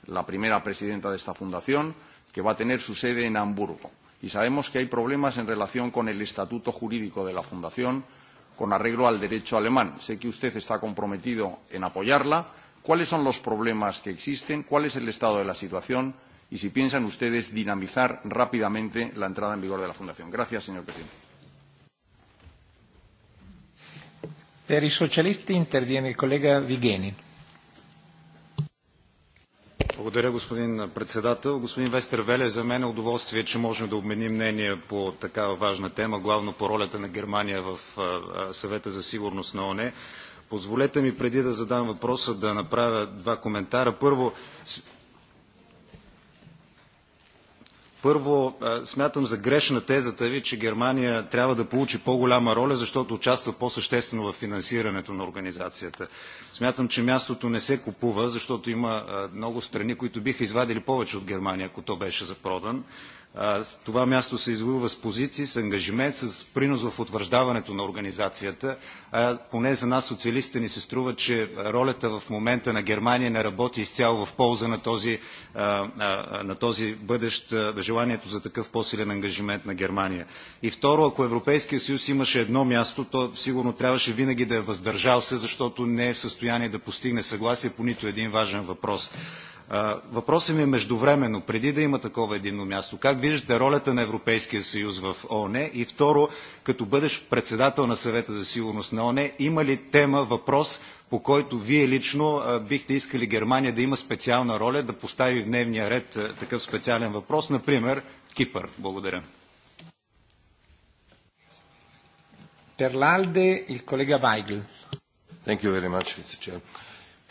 la primera presidenta de esta fundación, que va a tener su sede en Hamburgo y sabemos que hay problemas en relación con el estatuto jurídico de la Fundación con arreglo al derecho alemán. Sé que usted está comprometido en apoyarla. ¿Cuáles son los problemas que existen? ¿Cuál es el estado de la situación? Y si piensan ustedes dinamizar rápidamente la entrada en vigor de la Fundación. Gracias, señor presidente. Per i socialisti interviene il collega Vigenin. Благодаря, господин председател. Господин Вестер Веле, за мен е удоволствие, че можем да обменим мнение по такава важна тема, главно по ролята на Германия в Съвета за сигурност на ОНЕ. Позволете ми преди да задам въпроса да направя два коментара. Първо, Първо, смятам за грешна тезата ви, че Германия трябва да получи по-голяма роля, защото участва по-съществено в финансирането на организацията. Смятам, че мястото не се купува, защото има много страни, които биха извадили повече от Германия, ако то беше запродан. продан това място се извоюва с позиции, с ангажимент, с принос в утвърждаването на организацията. Поне за нас, социалистите, ни се струва, че ролята в момента на Германия не работи изцяло в полза на този, на този бъдещ желанието за такъв по-силен ангажимент на Германия. И второ, ако Европейския съюз имаше едно място, то сигурно трябваше винаги да е въздържал се, защото не е в състояние да постигне съгласие по нито един важен въпрос. Въпросът ми е междувременно, преди да има такова единно място, как виждате ролята на Европейския съюз в ООН и второ, като бъдеш председател на съвета за сигурност на ООН, има ли тема, въпрос, по който вие лично бихте искали Германия да има специална роля, да постави в дневния ред такъв специален въпрос, например Кипър? Благодаря. Per l'Alde il collega Weigl. Thank you very much, Mr. Chair.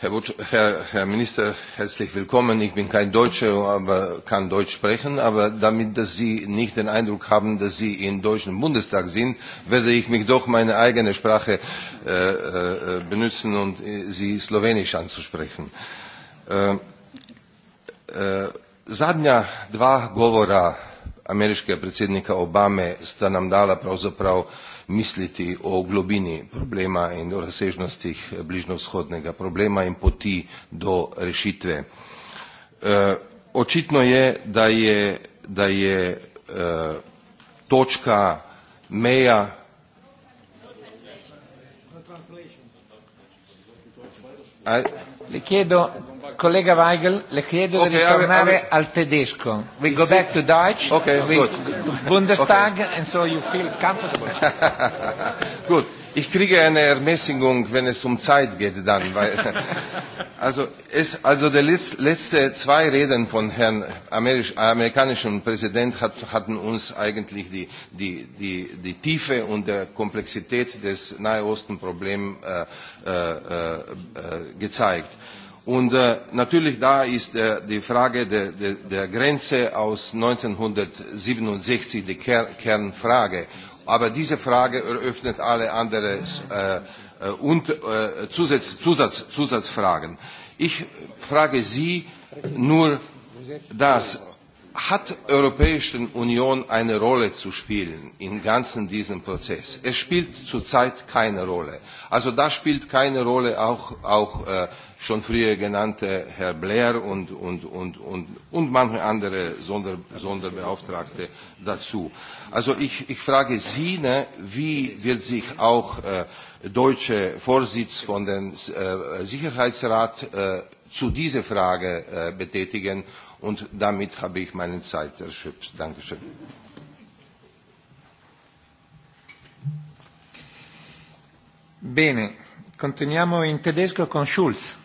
Herr, Herr, Herr Minister, herzlich willkommen. Ich bin kein Deutscher, aber kann Deutsch sprechen. Aber damit, dass Sie nicht den Eindruck haben, dass Sie im Deutschen Bundestag sind, werde ich mich doch meine eigene Sprache äh, äh benutzen und äh, Sie Slowenisch anzusprechen. Äh, zadnja dva govora ameriškega predsjednika Obame sta nam dala pravzaprav prav misliti o globini problema in o razsežnostih bližnjovzhodnega problema in poti do rešitve. E, očitno je, da je, da je e, točka meja Le chiedo, collega Weigel, le chiedo okay, di ritornare I, I, al tedesco. We go back to Deutsch, okay, we good. Bundestag, okay. and so you feel comfortable. good. <laughs> ich kriege eine Ermäßigung, wenn es um Zeit geht dann. Weil, <laughs> also, es, also die letzte zwei Reden von Herrn Amerisch, amerikanischen Präsident hat, hatten uns eigentlich die, die, die, die Tiefe und der Komplexität des Nahe Osten Problems äh, äh, äh, äh, gezeigt. Äh, Und äh, natürlich da ist äh, die Frage der, der, der Grenze aus 1967 die Ker Kernfrage. Aber diese Frage eröffnet alle anderen äh, äh, äh, Zusatz, Zusatz, Zusatzfragen. Ich frage Sie nur das. Hat die Europäische Union eine Rolle zu spielen im ganzen diesem Prozess? Es spielt zurzeit keine Rolle. Also da spielt keine Rolle auch, auch äh, schon früher genannte Herr Blair und, und, und, und, und manche andere Sonder, Sonderbeauftragte dazu. Also ich, ich frage Sie, ne, wie wird sich auch äh, deutsche Vorsitz von dem äh, Sicherheitsrat äh, zu dieser Frage äh, betätigen und damit habe ich meine Zeit erschöpft. Dankeschön. Bene, continuiamo in tedesco con Schulz.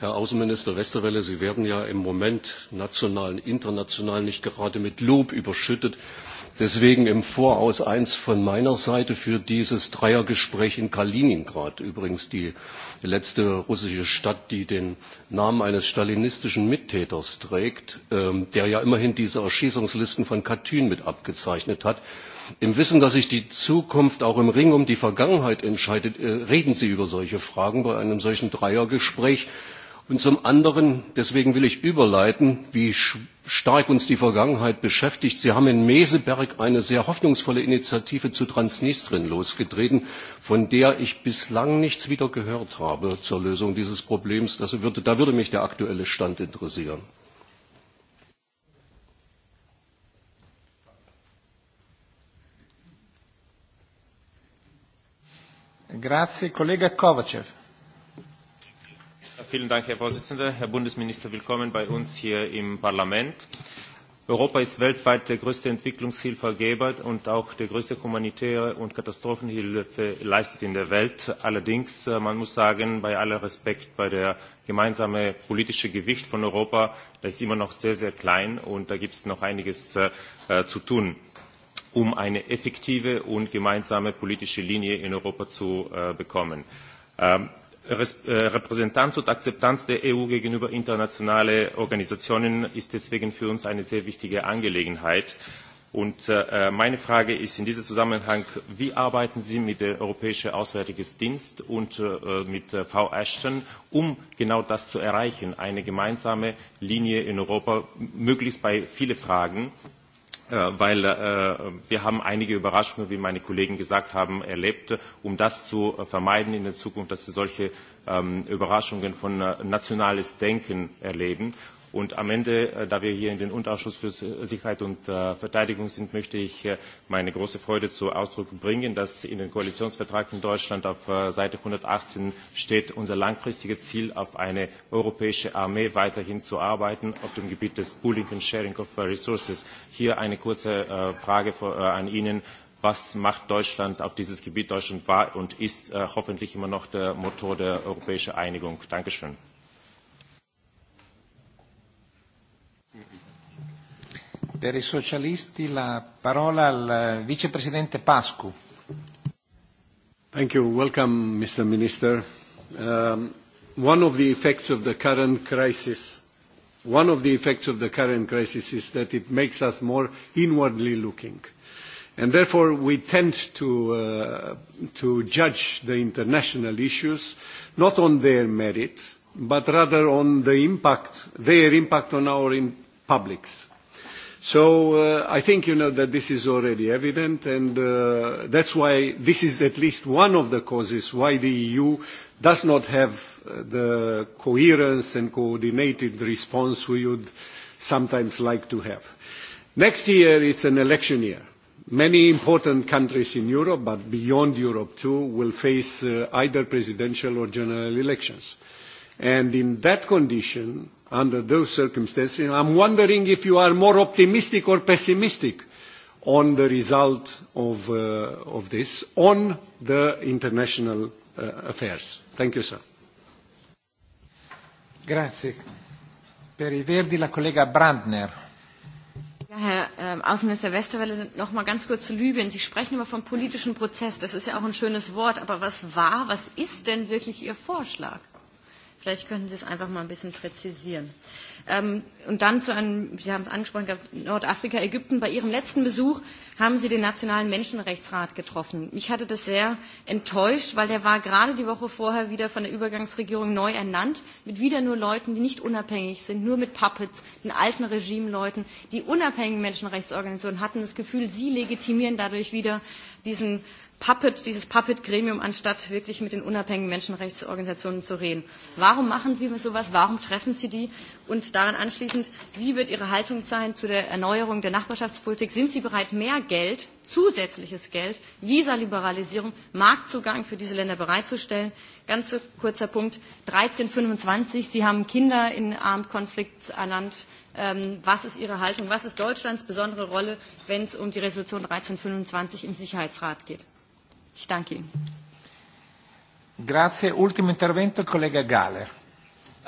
Herr Außenminister Westerwelle, Sie werden ja im Moment national und international nicht gerade mit Lob überschüttet. Deswegen im Voraus eins von meiner Seite für dieses Dreiergespräch in Kaliningrad, übrigens die letzte russische Stadt, die den Namen eines stalinistischen Mittäters trägt, ähm, der ja immerhin diese Erschießungslisten von Katyn mit abgezeichnet hat. Im Wissen, dass sich die Zukunft auch im Ring um die Vergangenheit entscheidet, äh, reden Sie über solche Fragen bei einem solchen Dreiergespräch. Und zum anderen, deswegen will ich überleiten, wie stark uns die Vergangenheit beschäftigt. Sie haben in Meseberg eine sehr hoffnungsvolle Initiative zu Transnistrien losgetreten, von der ich bislang nichts wieder gehört habe zur Lösung dieses Problems. Das würde, da würde mich der aktuelle Stand interessieren. Grazie, Kollege Kovacev. Vielen Dank, Herr Vorsitzender. Herr Bundesminister, willkommen bei uns hier im Parlament. Europa ist weltweit der größte Entwicklungshilfegeber und auch der größte humanitäre und Katastrophenhilfe leistet in der Welt. Allerdings, äh, man muss sagen, bei aller Respekt, bei der gemeinsame politische Gewicht von Europa, das ist immer noch sehr, sehr klein und da gibt es noch einiges äh, äh zu tun um eine effektive und gemeinsame politische Linie in Europa zu äh, bekommen. Ähm, äh, Repräsentanz und Akzeptanz der EU gegenüber internationalen Organisationen ist deswegen für uns eine sehr wichtige Angelegenheit. Und äh, meine Frage ist in diesem Zusammenhang, wie arbeiten Sie mit dem Europäischen Auswärtigen Dienst und äh, mit äh, Frau Ashton, um genau das zu erreichen, eine gemeinsame Linie in Europa, möglichst bei vielen Fragen, Äh, weil äh, wir haben einige Überraschungen, wie meine Kollegen gesagt haben, erlebt, um das zu äh, vermeiden in der Zukunft, dass wir solche ähm, Überraschungen von nationales Denken erleben. Und am Ende, äh, da wir hier in den Unterausschuss für Sicherheit und äh, Verteidigung sind, möchte ich äh, meine große Freude zu Ausdruck bringen, dass in den Koalitionsvertrag in Deutschland auf Seite 118 steht, unser langfristiges Ziel auf eine europäische Armee weiterhin zu arbeiten auf dem Gebiet des Pooling and Sharing of Resources. Hier eine kurze Frage an Ihnen. Was macht Deutschland auf dieses Gebiet? Deutschland war und ist hoffentlich immer noch der Motor der europäischen Einigung. Dankeschön. Per i socialisti la parola al vicepresidente Pascu. Thank you. Welcome, Mr. Minister. Um, one of the effects of the current crisis One of the effects of the current crisis is that it makes us more inwardly looking. And therefore, we tend to, uh, to judge the international issues not on their merit, but rather on the impact, their impact on our in publics. So uh, I think you know that this is already evident and uh, that's why this is at least one of the causes why the EU does not have uh, the coherence and coordinated response we would sometimes like to have. Next year it's an election year. Many important countries in Europe, but beyond Europe too, will face uh, either presidential or general elections. And in that condition, under those circumstances. I'm wondering if you are more optimistic or pessimistic on the result of, uh, of this on the international uh, affairs. Thank you, sir. Grazie. Per i Verdi la collega Brandner. Ja, Herr ähm, Außenminister Westerwelle, noch mal ganz kurz zu Libyen. Sie sprechen immer vom politischen Prozess. Das ist ja auch ein schönes Wort. Aber was war, was ist denn wirklich Ihr Vorschlag? Vielleicht könnten Sie es einfach mal ein bisschen präzisieren. Ähm, und dann zu einem, Sie haben es angesprochen, Nordafrika, Ägypten. Bei Ihrem letzten Besuch haben Sie den Nationalen Menschenrechtsrat getroffen. Mich hatte das sehr enttäuscht, weil der war gerade die Woche vorher wieder von der Übergangsregierung neu ernannt, mit wieder nur Leuten, die nicht unabhängig sind, nur mit Puppets, den alten Regimeleuten. Die unabhängigen Menschenrechtsorganisationen hatten das Gefühl, sie legitimieren dadurch wieder diesen Puppet, dieses Puppet-Gremium, anstatt wirklich mit den unabhängigen Menschenrechtsorganisationen zu reden. Warum machen Sie sowas? Warum treffen Sie die? Und daran anschließend, wie wird Ihre Haltung sein zu der Erneuerung der Nachbarschaftspolitik? Sind Sie bereit, mehr Geld, zusätzliches Geld, Visa-Liberalisierung, Marktzugang für diese Länder bereitzustellen? Ganz kurzer Punkt, 1325, Sie haben Kinder in Armed Conflicts ernannt. Ähm, was ist Ihre Haltung? Was ist Deutschlands besondere Rolle, wenn es um die Resolution 1325 im Sicherheitsrat geht? Ich danke Grazie. Ultimo intervento, Kollege Gahler.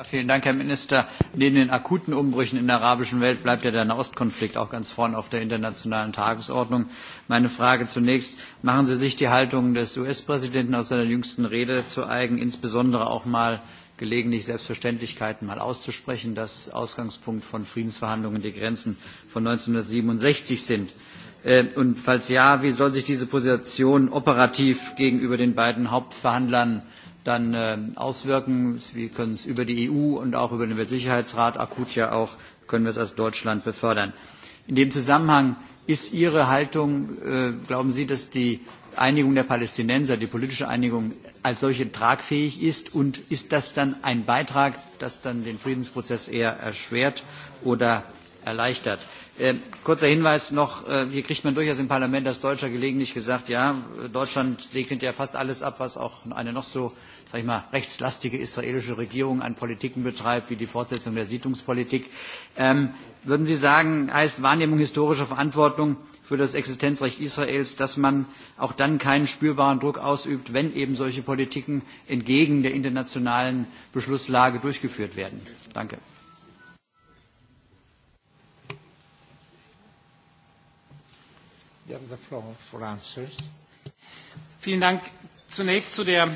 vielen Dank, Herr Minister. Neben den akuten Umbrüchen in der arabischen Welt bleibt ja der Nahostkonflikt auch ganz vorn auf der internationalen Tagesordnung. Meine Frage zunächst, machen Sie sich die Haltung des US-Präsidenten aus seiner jüngsten Rede zu eigen, insbesondere auch mal gelegentlich Selbstverständlichkeiten mal auszusprechen, dass Ausgangspunkt von Friedensverhandlungen die Grenzen von 1967 sind? Ähm, und falls ja, wie soll sich diese Position operativ gegenüber den beiden Hauptverhandlern dann ähm, auswirken? Wir können es über die EU und auch über den Weltsicherheitsrat, akut ja auch, können wir es als Deutschland befördern. In dem Zusammenhang ist Ihre Haltung, äh, glauben Sie, dass die Einigung der Palästinenser, die politische Einigung als solche tragfähig ist und ist das dann ein Beitrag, das dann den Friedensprozess eher erschwert oder erleichtert? Ähm, kurzer Hinweis noch, äh, hier kriegt man durchaus im Parlament als Deutscher gelegentlich gesagt, ja, Deutschland segnet ja fast alles ab, was auch eine noch so, sag ich mal, rechtslastige israelische Regierung an Politiken betreibt, wie die Fortsetzung der Siedlungspolitik. Ähm, würden Sie sagen, heißt Wahrnehmung historischer Verantwortung für das Existenzrecht Israels, dass man auch dann keinen spürbaren Druck ausübt, wenn eben solche Politiken entgegen der internationalen Beschlusslage durchgeführt werden? Danke. You have the floor for answers. Vielen Dank. Zunächst zu der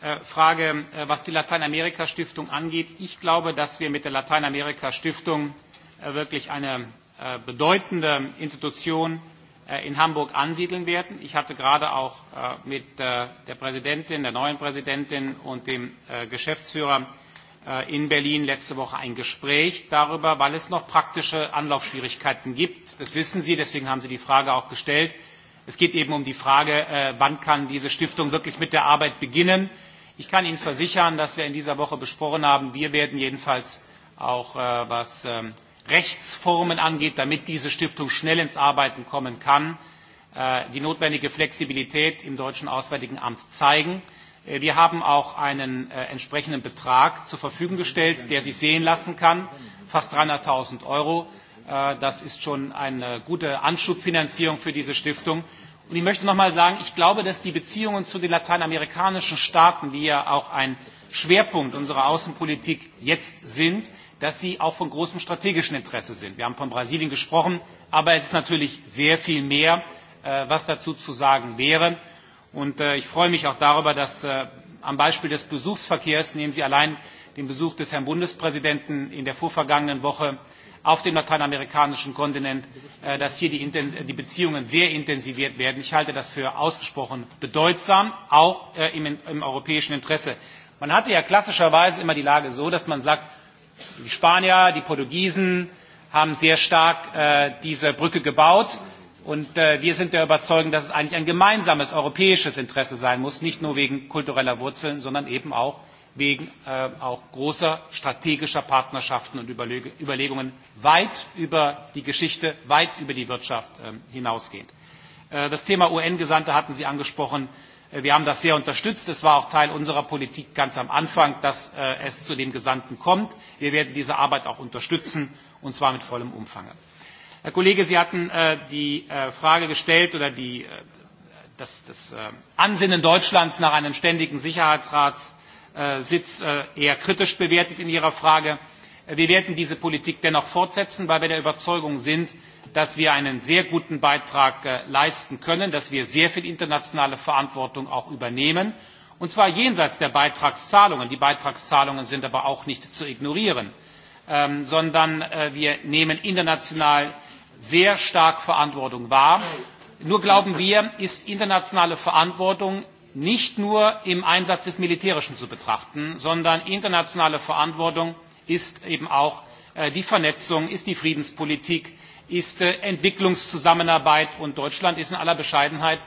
äh, Frage, äh, was die Lateinamerika-Stiftung angeht. Ich glaube, dass wir mit der Lateinamerika-Stiftung äh, wirklich eine bedeutende Institution in Hamburg ansiedeln werden. Ich hatte gerade auch mit der Präsidentin, der neuen Präsidentin und dem Geschäftsführer Äh, in Berlin letzte Woche ein Gespräch darüber, weil es noch praktische Anlaufschwierigkeiten gibt. Das wissen Sie, deswegen haben Sie die Frage auch gestellt. Es geht eben um die Frage, äh, wann kann diese Stiftung wirklich mit der Arbeit beginnen. Ich kann Ihnen versichern, dass wir in dieser Woche besprochen haben, wir werden jedenfalls auch äh, was ähm, Rechtsformen angeht, damit diese Stiftung schnell ins Arbeiten kommen kann, die notwendige Flexibilität im deutschen Auswärtigen Amt zeigen. Äh, wir haben auch einen äh, entsprechenden Betrag zur Verfügung gestellt, der sich sehen lassen kann, fast 300.000 Euro. Äh, das ist schon eine gute Anschubfinanzierung für diese Stiftung. Und ich möchte noch mal sagen, ich glaube, dass die Beziehungen zu den lateinamerikanischen Staaten, die ja auch ein Schwerpunkt unserer Außenpolitik jetzt sind, dass sie auch von großem strategischen Interesse sind. Wir haben von Brasilien gesprochen, aber es ist natürlich sehr viel mehr, äh, was dazu zu sagen wäre. Und äh, ich freue mich auch darüber, dass äh, am Beispiel des Besuchsverkehrs, nehmen Sie allein den Besuch des Herrn Bundespräsidenten in der vorvergangenen Woche auf dem lateinamerikanischen Kontinent, äh, dass hier die, die Beziehungen sehr intensiviert werden. Ich halte das für ausgesprochen bedeutsam, auch äh, im, im europäischen Interesse. Man hatte ja klassischerweise immer die Lage so, dass man sagt, die Spanier, die Portugiesen haben sehr stark äh, diese Brücke gebaut. Und äh, wir sind der Überzeugung, dass es eigentlich ein gemeinsames europäisches Interesse sein muss, nicht nur wegen kultureller Wurzeln, sondern eben auch wegen äh, auch großer strategischer Partnerschaften und Überleg Überlegungen weit über die Geschichte, weit über die Wirtschaft äh, hinausgehend. Äh, das Thema UN-Gesandte hatten Sie angesprochen. Äh, wir haben das sehr unterstützt. Es war auch Teil unserer Politik ganz am Anfang, dass äh, es zu dem Gesandten kommt. Wir werden diese Arbeit auch unterstützen, und zwar mit vollem Umfang. Herr Kollege, Sie hatten äh, die äh, Frage gestellt oder die, äh, das, das äh, Ansinnen Deutschlands nach einem ständigen Sicherheitsratssitz äh, eher kritisch bewertet in Ihrer Frage. Äh, wir werden diese Politik dennoch fortsetzen, weil wir der Überzeugung sind, dass wir einen sehr guten Beitrag äh, leisten können, dass wir sehr viel internationale Verantwortung auch übernehmen, und zwar jenseits der Beitragszahlungen. Die Beitragszahlungen sind aber auch nicht zu ignorieren, ähm, sondern äh, wir nehmen international sehr stark Verantwortung wahr. Nur glauben wir, ist internationale Verantwortung nicht nur im Einsatz des Militärischen zu betrachten, sondern internationale Verantwortung ist eben auch äh, die Vernetzung, ist die Friedenspolitik, ist äh, Entwicklungszusammenarbeit und Deutschland ist in aller Bescheidenheit,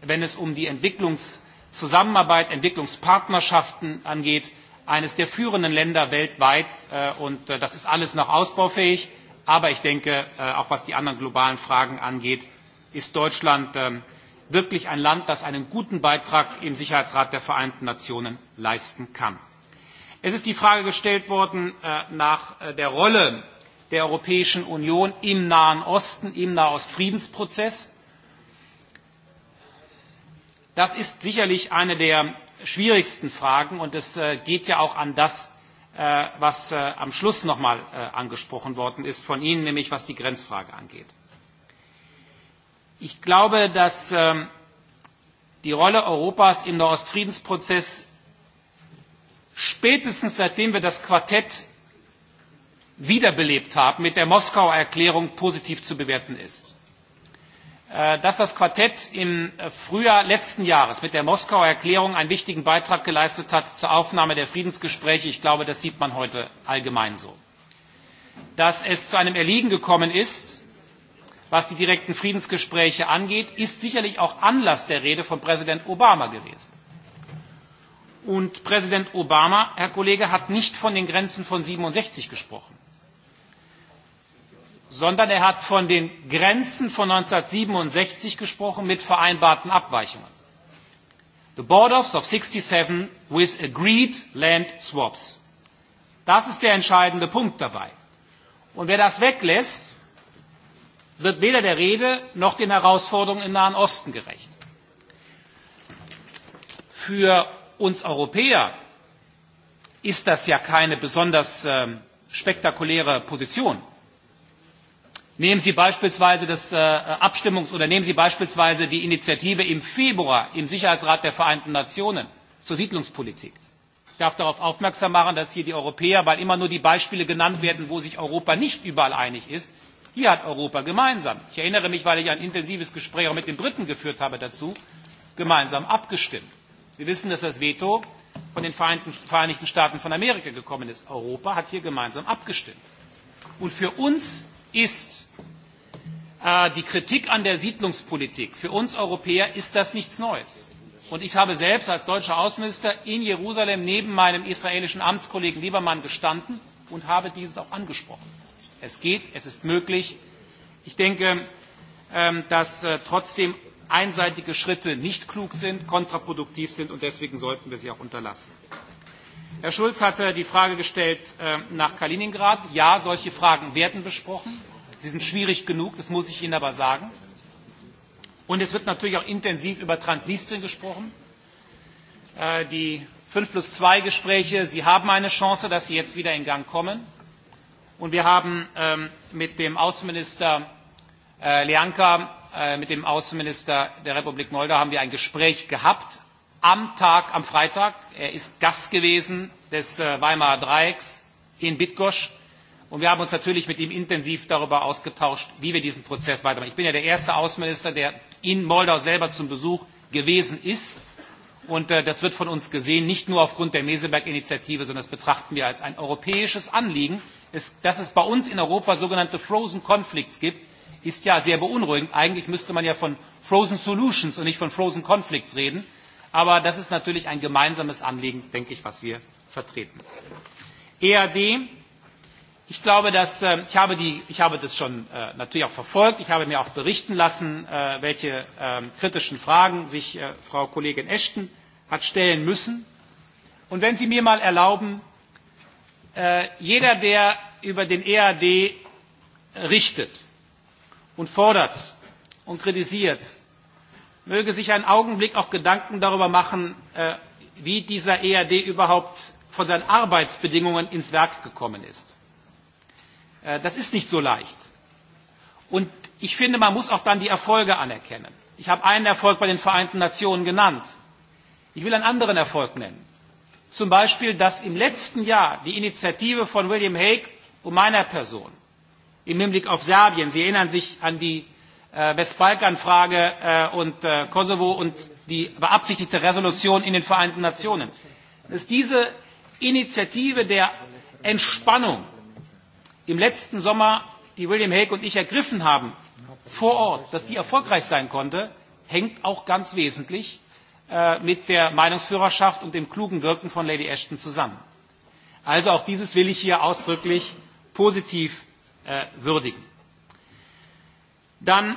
wenn es um die Entwicklungszusammenarbeit, Entwicklungspartnerschaften angeht, eines der führenden Länder weltweit äh, und das ist alles noch ausbaufähig. Aber ich denke, äh, auch was die anderen globalen Fragen angeht, ist Deutschland ähm, wirklich ein Land, das einen guten Beitrag im Sicherheitsrat der Vereinten Nationen leisten kann. Es ist die Frage gestellt worden äh, nach äh, der Rolle der Europäischen Union im Nahen Osten, im Nahostfriedensprozess. Das ist sicherlich eine der schwierigsten Fragen und es geht ja auch an das Äh, was äh, am Schluss nochmal äh, angesprochen worden ist von Ihnen, nämlich was die Grenzfrage angeht. Ich glaube, dass ähm, die Rolle Europas im Nahostfriedensprozess spätestens seitdem wir das Quartett wiederbelebt haben, mit der Moskauer Erklärung positiv zu bewerten ist. Äh, dass das Quartett im äh, Frühjahr letzten Jahres mit der Moskauer Erklärung einen wichtigen Beitrag geleistet hat zur Aufnahme der Friedensgespräche. Ich glaube, das sieht man heute allgemein so. Dass es zu einem Erliegen gekommen ist, was die direkten Friedensgespräche angeht, ist sicherlich auch Anlass der Rede von Präsident Obama gewesen. Und Präsident Obama, Herr Kollege, hat nicht von den Grenzen von 67 gesprochen sondern er hat von den Grenzen von 1967 gesprochen mit vereinbarten Abweichungen. The Bordoffs of 67 with agreed land swaps. Das ist der entscheidende Punkt dabei. Und wer das weglässt, wird weder der Rede noch den Herausforderungen im Nahen Osten gerecht. Für uns Europäer ist das ja keine besonders äh, spektakuläre Position. Nehmen Sie beispielsweise das äh, Abstimmungs- oder nehmen Sie beispielsweise die Initiative im Februar im Sicherheitsrat der Vereinten Nationen zur Siedlungspolitik. Ich darf darauf aufmerksam machen, dass hier die Europäer, weil immer nur die Beispiele genannt werden, wo sich Europa nicht überall einig ist, hier hat Europa gemeinsam, ich erinnere mich, weil ich ein intensives Gespräch auch mit den Briten geführt habe dazu, gemeinsam abgestimmt. Sie wissen, dass das Veto von den Vereinigten Staaten von Amerika gekommen ist. Europa hat hier gemeinsam abgestimmt. Und für uns ist äh, die Kritik an der Siedlungspolitik. Für uns Europäer ist das nichts Neues. Und ich habe selbst als deutscher Außenminister in Jerusalem neben meinem israelischen Amtskollegen Liebermann gestanden und habe dieses auch angesprochen. Es geht, es ist möglich. Ich denke, ähm, dass äh, trotzdem einseitige Schritte nicht klug sind, kontraproduktiv sind und deswegen sollten wir sie auch unterlassen. Herr Schulz hatte die Frage gestellt äh, nach Kaliningrad. Ja, solche Fragen werden besprochen. Sie sind schwierig genug, das muss ich Ihnen aber sagen. Und es wird natürlich auch intensiv über Transnistrien gesprochen. Äh, die 5 plus 2 Gespräche, Sie haben eine Chance, dass sie jetzt wieder in Gang kommen. Und wir haben ähm, mit dem Außenminister äh, Leanka, äh, mit dem Außenminister der Republik Moldau, haben wir ein Gespräch gehabt am Tag, am Freitag. Er ist Gast gewesen des äh, Weimarer Dreiecks in Bitgosch. Und wir haben uns natürlich mit ihm intensiv darüber ausgetauscht, wie wir diesen Prozess weitermachen. Ich bin ja der erste Außenminister, der in Moldau selber zum Besuch gewesen ist. Und äh, das wird von uns gesehen, nicht nur aufgrund der Meseberg-Initiative, sondern das betrachten wir als ein europäisches Anliegen. Es, dass es bei uns in Europa sogenannte Frozen Conflicts gibt, ist ja sehr beunruhigend. Eigentlich müsste man ja von Frozen Solutions und nicht von Frozen Conflicts reden. Aber das ist natürlich ein gemeinsames Anliegen, denke ich, was wir vertreten. EAD, ich glaube, dass, äh, ich, habe die, ich habe das schon äh, natürlich auch verfolgt, ich habe mir auch berichten lassen, äh, welche äh, kritischen Fragen sich äh, Frau Kollegin Ashton hat stellen müssen. Und wenn Sie mir mal erlauben, äh, jeder, der über den EAD richtet und fordert und kritisiert, möge sich einen Augenblick auch Gedanken darüber machen, äh, wie dieser EAD überhaupt von seinen Arbeitsbedingungen ins Werk gekommen ist. Äh, das ist nicht so leicht. Und ich finde, man muss auch dann die Erfolge anerkennen. Ich habe einen Erfolg bei den Vereinten Nationen genannt. Ich will einen anderen Erfolg nennen. Zum Beispiel, dass im letzten Jahr die Initiative von William Hague und um meiner Person im Hinblick auf Serbien, Sie erinnern sich an die Äh, Westbalkanfrage äh, und äh, Kosovo und die beabsichtigte Resolution in den Vereinten Nationen. Dass diese Initiative der Entspannung im letzten Sommer, die William Hague und ich ergriffen haben, vor Ort, dass die erfolgreich sein konnte, hängt auch ganz wesentlich äh, mit der Meinungsführerschaft und dem klugen Wirken von Lady Ashton zusammen. Also auch dieses will ich hier ausdrücklich positiv äh, würdigen. Dann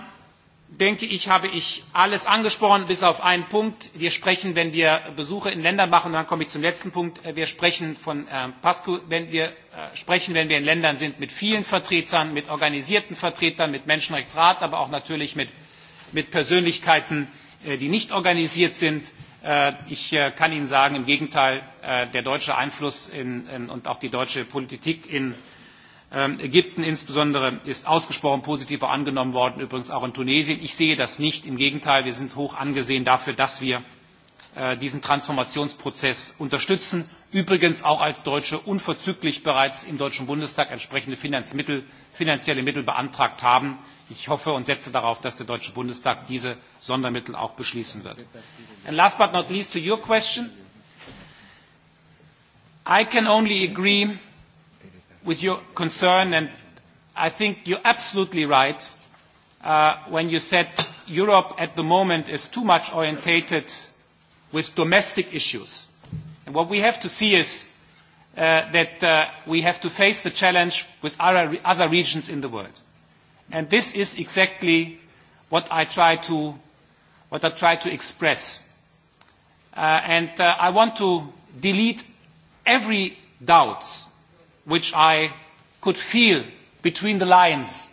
denke ich, habe ich alles angesprochen, bis auf einen Punkt. Wir sprechen, wenn wir Besuche in Ländern machen, dann komme ich zum letzten Punkt. Äh, wir sprechen von äh, PASCO, wenn wir äh, sprechen, wenn wir in Ländern sind, mit vielen Vertretern, mit organisierten Vertretern, mit Menschenrechtsrat, aber auch natürlich mit, mit Persönlichkeiten, äh, die nicht organisiert sind. Äh, ich äh, kann Ihnen sagen, im Gegenteil, äh, der deutsche Einfluss in, in, und auch die deutsche Politik in Ähm, Ägypten insbesondere ist ausgesprochen positiver angenommen worden, übrigens auch in Tunesien. Ich sehe das nicht. Im Gegenteil, wir sind hoch angesehen dafür, dass wir äh, diesen Transformationsprozess unterstützen. Übrigens auch als Deutsche unverzüglich bereits im Deutschen Bundestag entsprechende Finanzmittel, finanzielle Mittel beantragt haben. Ich hoffe und setze darauf, dass der Deutsche Bundestag diese Sondermittel auch beschließen wird. And last but not least to your question. I can only agree with your concern, and I think you're absolutely right uh, when you said Europe at the moment is too much orientated with domestic issues. And what we have to see is uh, that uh, we have to face the challenge with other, other regions in the world. And this is exactly what I try to, what I try to express. Uh, and uh, I want to delete every doubt which I could feel between the lines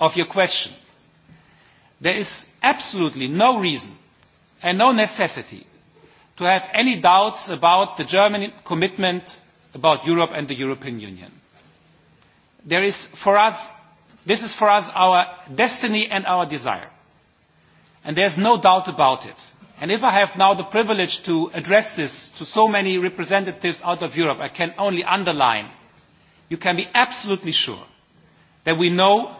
of your question. There is absolutely no reason and no necessity to have any doubts about the German commitment about Europe and the European Union. There is for us, this is for us our destiny and our desire. And there's no doubt about it. And if I have now the privilege to address this to so many representatives out of Europe, I can only underline you can be absolutely sure that we know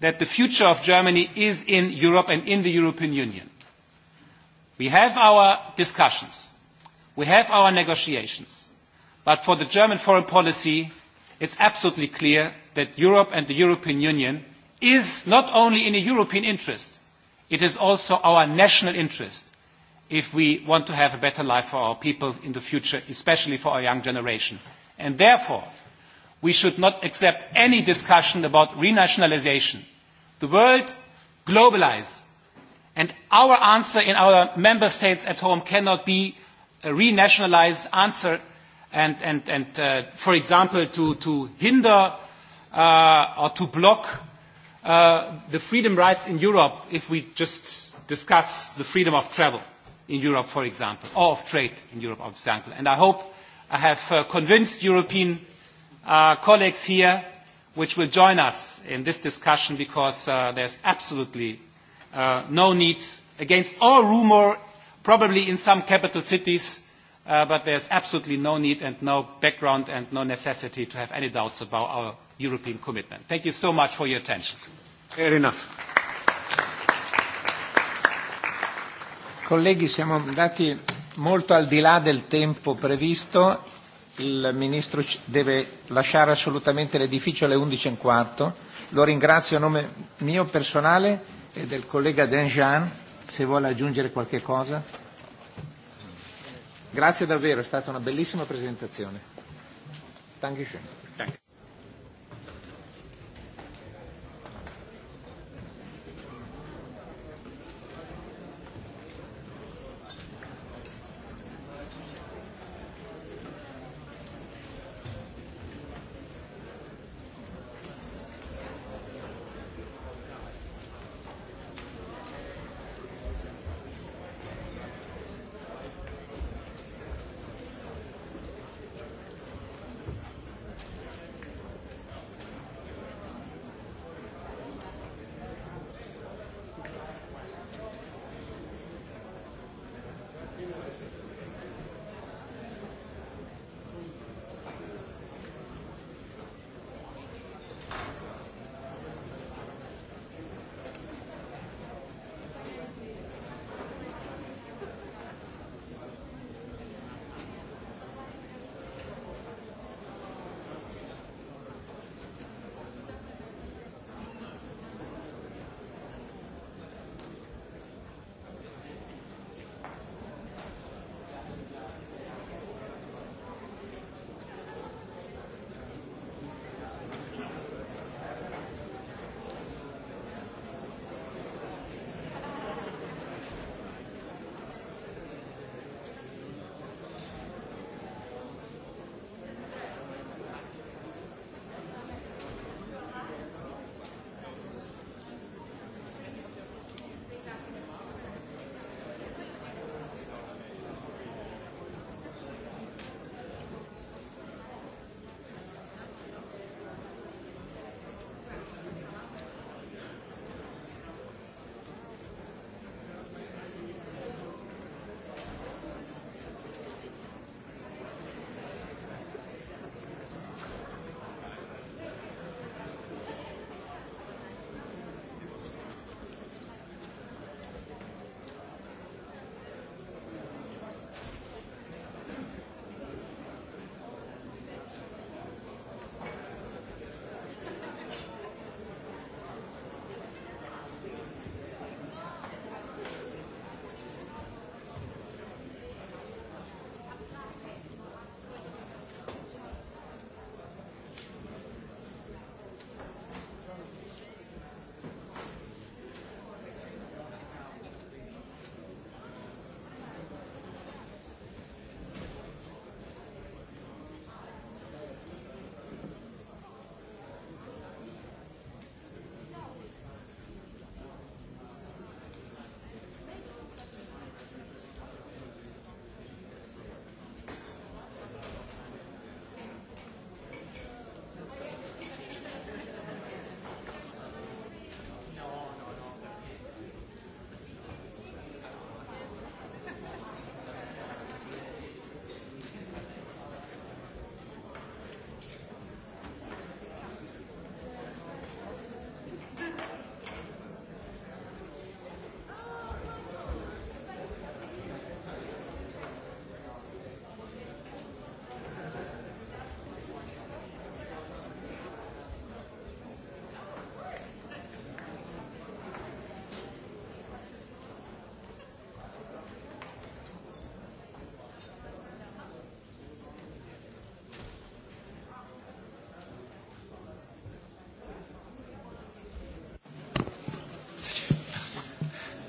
that the future of Germany is in Europe and in the European Union. We have our discussions. We have our negotiations. But for the German foreign policy, it's absolutely clear that Europe and the European Union is not only in a European interest, it is also our national interest if we want to have a better life for our people in the future, especially for our young generation. And therefore, we should not accept any discussion about renationalization. The world globalizes, and our answer in our member states at home cannot be a renationalized answer and, and, and uh, for example, to, to hinder uh, or to block uh, the freedom rights in Europe if we just discuss the freedom of travel in Europe, for example, or of trade in Europe, for example. And I hope I have uh, convinced European uh, colleagues here which will join us in this discussion because uh, there's absolutely uh, no need against all rumor, probably in some capital cities, uh, but there's absolutely no need and no background and no necessity to have any doubts about our European commitment. Thank you so much for your attention. Fair enough. Colleghi, siamo andati molto al di là del tempo previsto il Ministro deve lasciare assolutamente l'edificio alle 11.15. E Lo ringrazio a nome mio personale e del collega Denjean, se vuole aggiungere qualche cosa. Grazie davvero, è stata una bellissima presentazione. Dankeschön.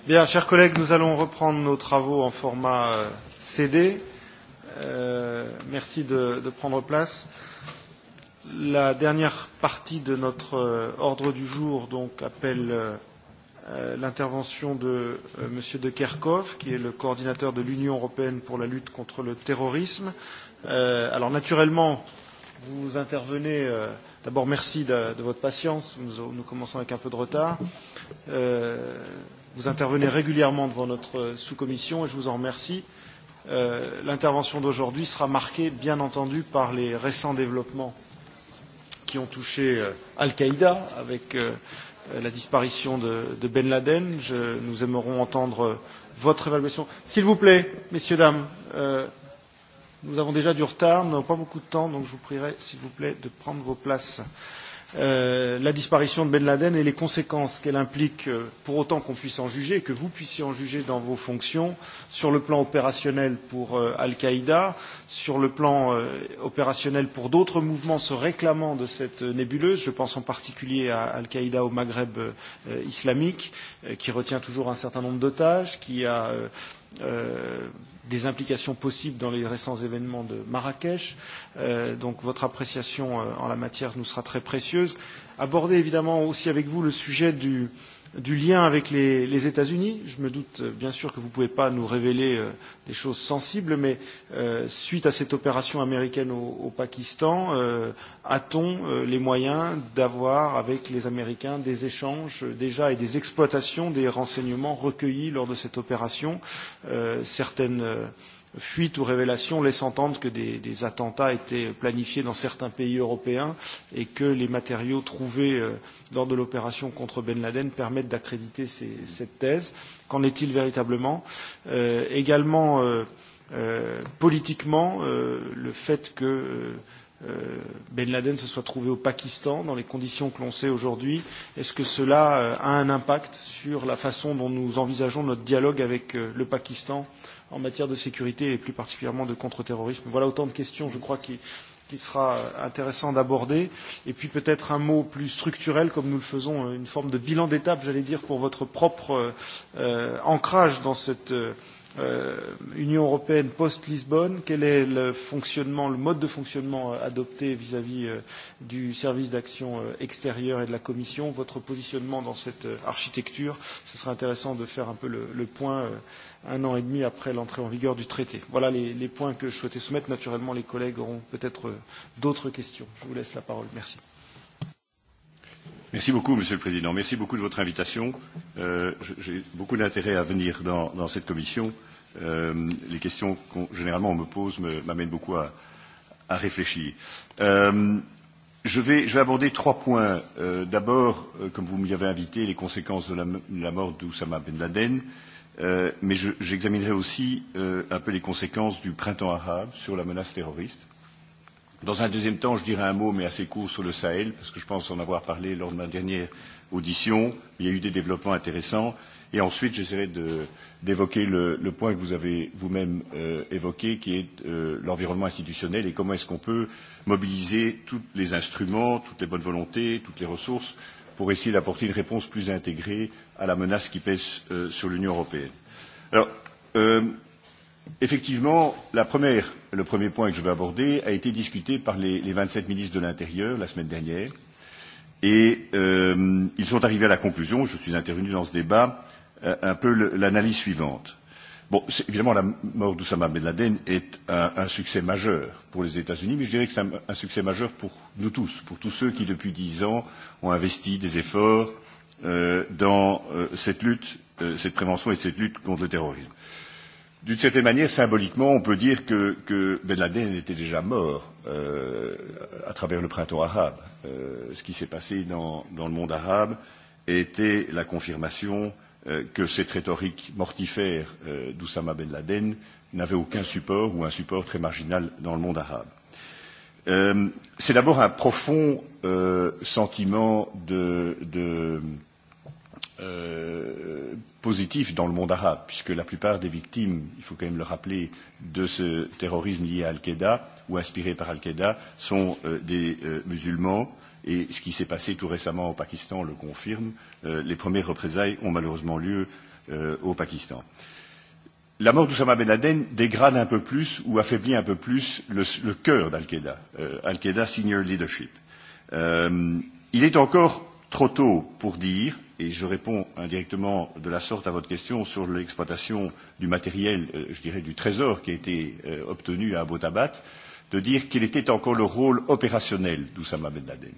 Bien, chers collègues, nous allons reprendre nos travaux en format euh, CD. Euh, merci de, de prendre place. La dernière partie de notre euh, ordre du jour donc, appelle euh, euh l'intervention de euh, M. De Kerkhoff, qui est le coordinateur de l'Union européenne pour la lutte contre le terrorisme. Euh, alors naturellement, vous intervenez. Euh, D'abord, merci de, de votre patience. Nous, nous commençons avec un peu de retard. Euh, Vous intervenez régulièrement devant notre euh, sous-commission et je vous en remercie. Euh, L'intervention d'aujourd'hui sera marquée, bien entendu, par les récents développements qui ont touché euh, Al-Qaïda avec euh, la disparition de, de Ben Laden. Je, nous aimerons entendre euh, votre évaluation. S'il vous plaît, messieurs, dames, euh, nous avons déjà du retard, nous n'avons pas beaucoup de temps, donc je vous prierai, s'il vous plaît, de prendre vos places. Euh, Euh, la disparition de Ben Laden et les conséquences qu'elle implique, euh, pour autant qu'on puisse en juger, que vous puissiez en juger dans vos fonctions, sur le plan opérationnel pour euh, Al-Qaïda, sur le plan euh, opérationnel pour d'autres mouvements se réclamant de cette euh, nébuleuse. Je pense en particulier à Al-Qaïda au Maghreb euh, islamique, euh, qui retient toujours un certain nombre d'otages, qui a. Euh, Euh, des implications possibles dans les récents événements de Marrakech. Euh, donc votre appréciation euh, en la matière nous sera très précieuse. Aborder évidemment aussi avec vous le sujet du, euh, du lien avec les, les États-Unis. Je me doute euh, bien sûr que vous ne pouvez pas nous révéler euh, des choses sensibles, mais euh, suite à cette opération américaine au, au Pakistan, euh, a-t-on euh, les moyens d'avoir avec les Américains des échanges euh, déjà et des exploitations des renseignements recueillis lors de cette opération euh, Certaines euh, fuites ou révélations laissent entendre que des, des attentats étaient planifiés dans certains pays européens et que les matériaux trouvés euh, lors de l'opération contre Ben Laden permettent d'accréditer cette thèse. Qu'en est-il véritablement euh, Également, euh, euh, politiquement, euh, le fait que euh, euh, Ben Laden se soit trouvé au Pakistan dans les conditions que l'on sait aujourd'hui. Est-ce que cela euh, a un impact sur la façon dont nous envisageons notre dialogue avec le Pakistan en matière de sécurité et plus particulièrement de contre-terrorisme. Voilà autant de questions, je crois, qui, qui sera intéressant d'aborder. Et puis peut-être un mot plus structurel, comme nous le faisons, euh, une forme de bilan d'étape, j'allais dire, pour votre propre euh, euh ancrage dans cette. Euh, euh, Union européenne post-Lisbonne, quel est le fonctionnement, le mode de fonctionnement euh, adopté vis-à-vis -vis, euh, du service d'action euh, extérieure et de la Commission, votre positionnement dans cette euh, architecture. Ce serait intéressant de faire un peu le, le point euh, un an et demi après l'entrée en vigueur du traité. Voilà les, les points que je souhaitais soumettre. Naturellement, les collègues auront peut-être d'autres questions. Je vous laisse la parole. Merci. Merci beaucoup, Monsieur le Président. Merci beaucoup de votre invitation. Euh, J'ai beaucoup d'intérêt à venir dans, dans cette commission. Euh, les questions qu'on généralement on me pose m'amènent beaucoup à, à réfléchir. Euh, je, vais, je vais aborder trois points. Euh, D'abord, euh, comme vous m'y avez invité, les conséquences de la, de la mort d'Oussama Ben Laden, euh, mais j'examinerai je, aussi euh, un peu les conséquences du printemps arabe sur la menace terroriste Dans un deuxième temps, je dirai un mot, mais assez court, sur le Sahel, parce que je pense en avoir parlé lors de ma dernière audition. Il y a eu des développements intéressants. Et ensuite, j'essaierai d'évoquer le, le point que vous avez vous-même euh, évoqué, qui est euh, l'environnement institutionnel et comment est-ce qu'on peut mobiliser tous les instruments, toutes les bonnes volontés, toutes les ressources pour essayer d'apporter une réponse plus intégrée à la menace qui pèse euh, sur l'Union européenne. Alors, euh, effectivement, la première le premier point que je vais aborder a été discuté par les, les 27 ministres de l'Intérieur la semaine dernière. Et euh, ils sont arrivés à la conclusion, je suis intervenu dans ce débat, euh, un peu l'analyse suivante. Bon, évidemment, la mort d'Oussama Ben Laden est un, un succès majeur pour les États-Unis, mais je dirais que c'est un, un succès majeur pour nous tous, pour tous ceux qui, depuis dix ans, ont investi des efforts euh, dans euh, cette lutte, euh, cette prévention et cette lutte contre le terrorisme. D'une certaine manière, symboliquement, on peut dire que, que Ben Laden était déjà mort euh, à travers le printemps arabe. Euh, ce qui s'est passé dans, dans le monde arabe était la confirmation euh, que cette rhétorique mortifère euh, d'Oussama Ben Laden n'avait aucun support ou un support très marginal dans le monde arabe. Euh, C'est d'abord un profond euh, sentiment de, de, euh, Euh, positif dans le monde arabe, puisque la plupart des victimes, il faut quand même le rappeler, de ce terrorisme lié à Al-Qaïda ou inspiré par Al-Qaïda sont euh, des euh, musulmans. Et ce qui s'est passé tout récemment au Pakistan le confirme. Euh, les premières représailles ont malheureusement lieu euh, au Pakistan. La mort d'Oussama Ben Laden dégrade un peu plus ou affaiblit un peu plus le, le cœur d'Al-Qaïda, euh, Al-Qaïda Senior Leadership. Euh, il est encore trop tôt pour dire Et je réponds indirectement de la sorte à votre question sur l'exploitation du matériel, euh, je dirais du trésor qui a été euh, obtenu à Abbottabad, de dire quel était encore le rôle opérationnel d'Oussama Ben Laden.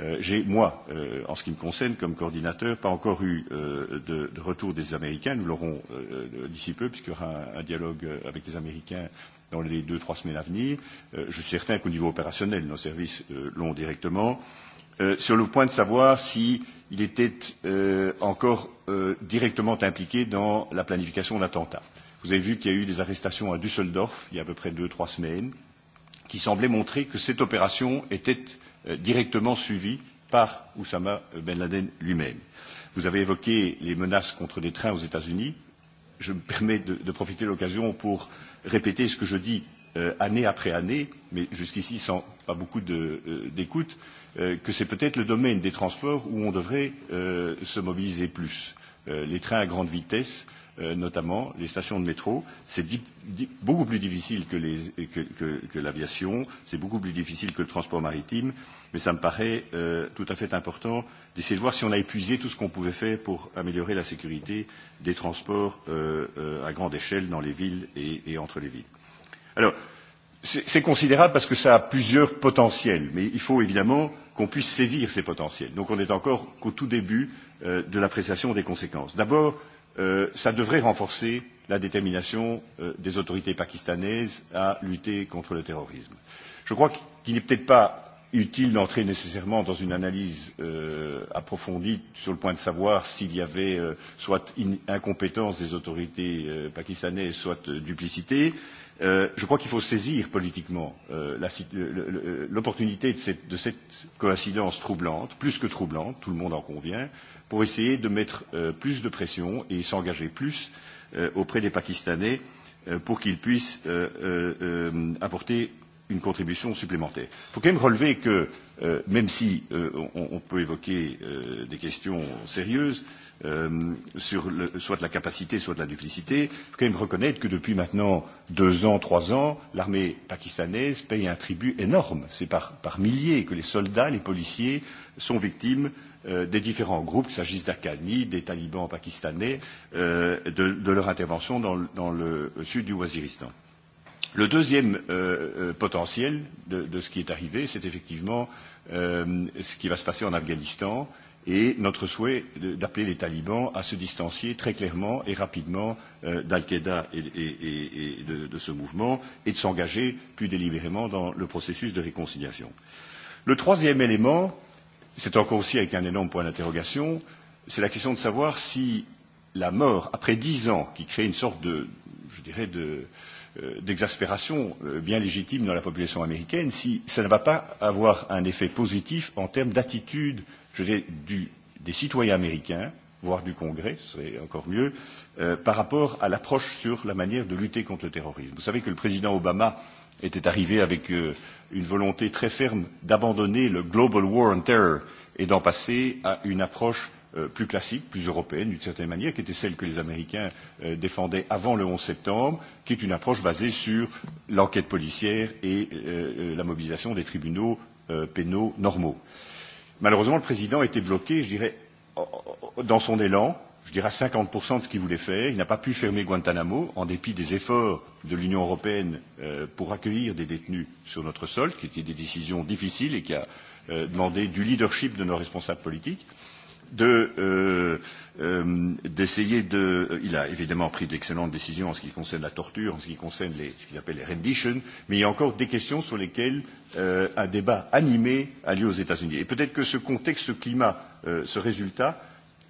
Euh, J'ai, moi, euh, en ce qui me concerne, comme coordinateur, pas encore eu euh, de, de retour des Américains. Nous l'aurons euh, euh d'ici peu, puisqu'il y aura un, un dialogue euh, avec les Américains dans les deux, trois semaines à venir. Euh, je suis certain qu'au niveau opérationnel, nos services euh, l'ont directement. Euh, Euh, sur le point de savoir s'il si était euh, encore euh, directement impliqué dans la planification d'attentats. Vous avez vu qu'il y a eu des arrestations à Düsseldorf il y a à peu près deux, trois semaines, qui semblaient montrer que cette opération était euh, directement suivie par Oussama Ben Laden lui-même. Vous avez évoqué les menaces contre des trains aux États-Unis. Je me permets de, de profiter de l'occasion pour répéter ce que je dis euh, année après année, mais jusqu'ici sans pas beaucoup euh, d'écoute. Euh, Euh, que c'est peut-être le domaine des transports où on devrait euh, se mobiliser plus. Euh, les trains à grande vitesse, euh, notamment les stations de métro, c'est beaucoup plus difficile que, les, que, que, que l'aviation, c'est beaucoup plus difficile que le transport maritime, mais ça me paraît euh, tout à fait important d'essayer de voir si on a épuisé tout ce qu'on pouvait faire pour améliorer la sécurité des transports euh, euh, à grande échelle dans les villes et, et entre les villes. Alors, c'est considérable parce que ça a plusieurs potentiels, mais il faut évidemment qu'on puisse saisir ces potentiels. Donc on n'est encore qu'au tout début euh, de l'appréciation des conséquences. D'abord, euh, ça devrait renforcer la détermination euh, des autorités pakistanaises à lutter contre le terrorisme. Je crois qu'il n'est peut-être pas utile d'entrer nécessairement dans une analyse euh, approfondie sur le point de savoir s'il y avait euh, soit incompétence des autorités euh, pakistanaises, soit euh, duplicité. Euh, Euh, je crois qu'il faut saisir politiquement euh, l'opportunité de cette, de cette coïncidence troublante, plus que troublante, tout le monde en convient, pour essayer de mettre euh, plus de pression et s'engager plus euh, auprès des Pakistanais euh, pour qu'ils puissent euh, euh, euh apporter une contribution supplémentaire. Il faut quand même relever que, euh, même si euh, on, on peut évoquer euh, des questions sérieuses, euh, Euh, sur le, soit de la capacité, soit de la duplicité. Il faut quand même reconnaître que depuis maintenant deux ans, trois ans, l'armée pakistanaise paye un tribut énorme. C'est par, par milliers que les soldats, les policiers sont victimes euh, des différents groupes, qu'il s'agisse d'Akhani, des talibans pakistanais, euh, de, de leur intervention dans, le, dans le sud du Waziristan. Le deuxième euh, euh, potentiel de, de ce qui est arrivé, c'est effectivement euh, ce qui va se passer en Afghanistan. Euh, et notre souhait d'appeler les talibans à se distancier très clairement et rapidement euh, d'Al-Qaïda et, et, et de, de ce mouvement et de s'engager plus délibérément dans le processus de réconciliation. Le troisième élément, c'est encore aussi avec un énorme point d'interrogation, c'est la question de savoir si la mort, après dix ans, qui crée une sorte de, je dirais, de, euh, d'exaspération euh, bien légitime dans la population américaine, si ça ne va pas avoir un effet positif en termes d'attitude euh, je dirais, du, des citoyens américains, voire du Congrès, ce serait encore mieux, euh, par rapport à l'approche sur la manière de lutter contre le terrorisme. Vous savez que le président Obama était arrivé avec euh, une volonté très ferme d'abandonner le Global War on Terror et d'en passer à une approche euh, plus classique, plus européenne d'une certaine manière, qui était celle que les Américains euh, défendaient avant le 11 septembre, qui est une approche basée sur l'enquête policière et euh, euh la mobilisation des tribunaux euh, pénaux normaux. Euh, Malheureusement, le président était bloqué, je dirais, oh, oh, oh, dans son élan, je dirais à 50% de ce qu'il voulait faire. Il n'a pas pu fermer Guantanamo, en dépit des efforts de l'Union européenne euh, pour accueillir des détenus sur notre sol, qui étaient des décisions difficiles et qui a euh, demandé du leadership de nos responsables politiques de euh, euh, d'essayer de euh, il a évidemment pris d'excellentes décisions en ce qui concerne la torture, en ce qui concerne les, ce qu'il appelle les renditions, mais il y a encore des questions sur lesquelles euh, un débat animé a lieu aux États Unis. Et peut-être que ce contexte, ce climat, euh, ce résultat,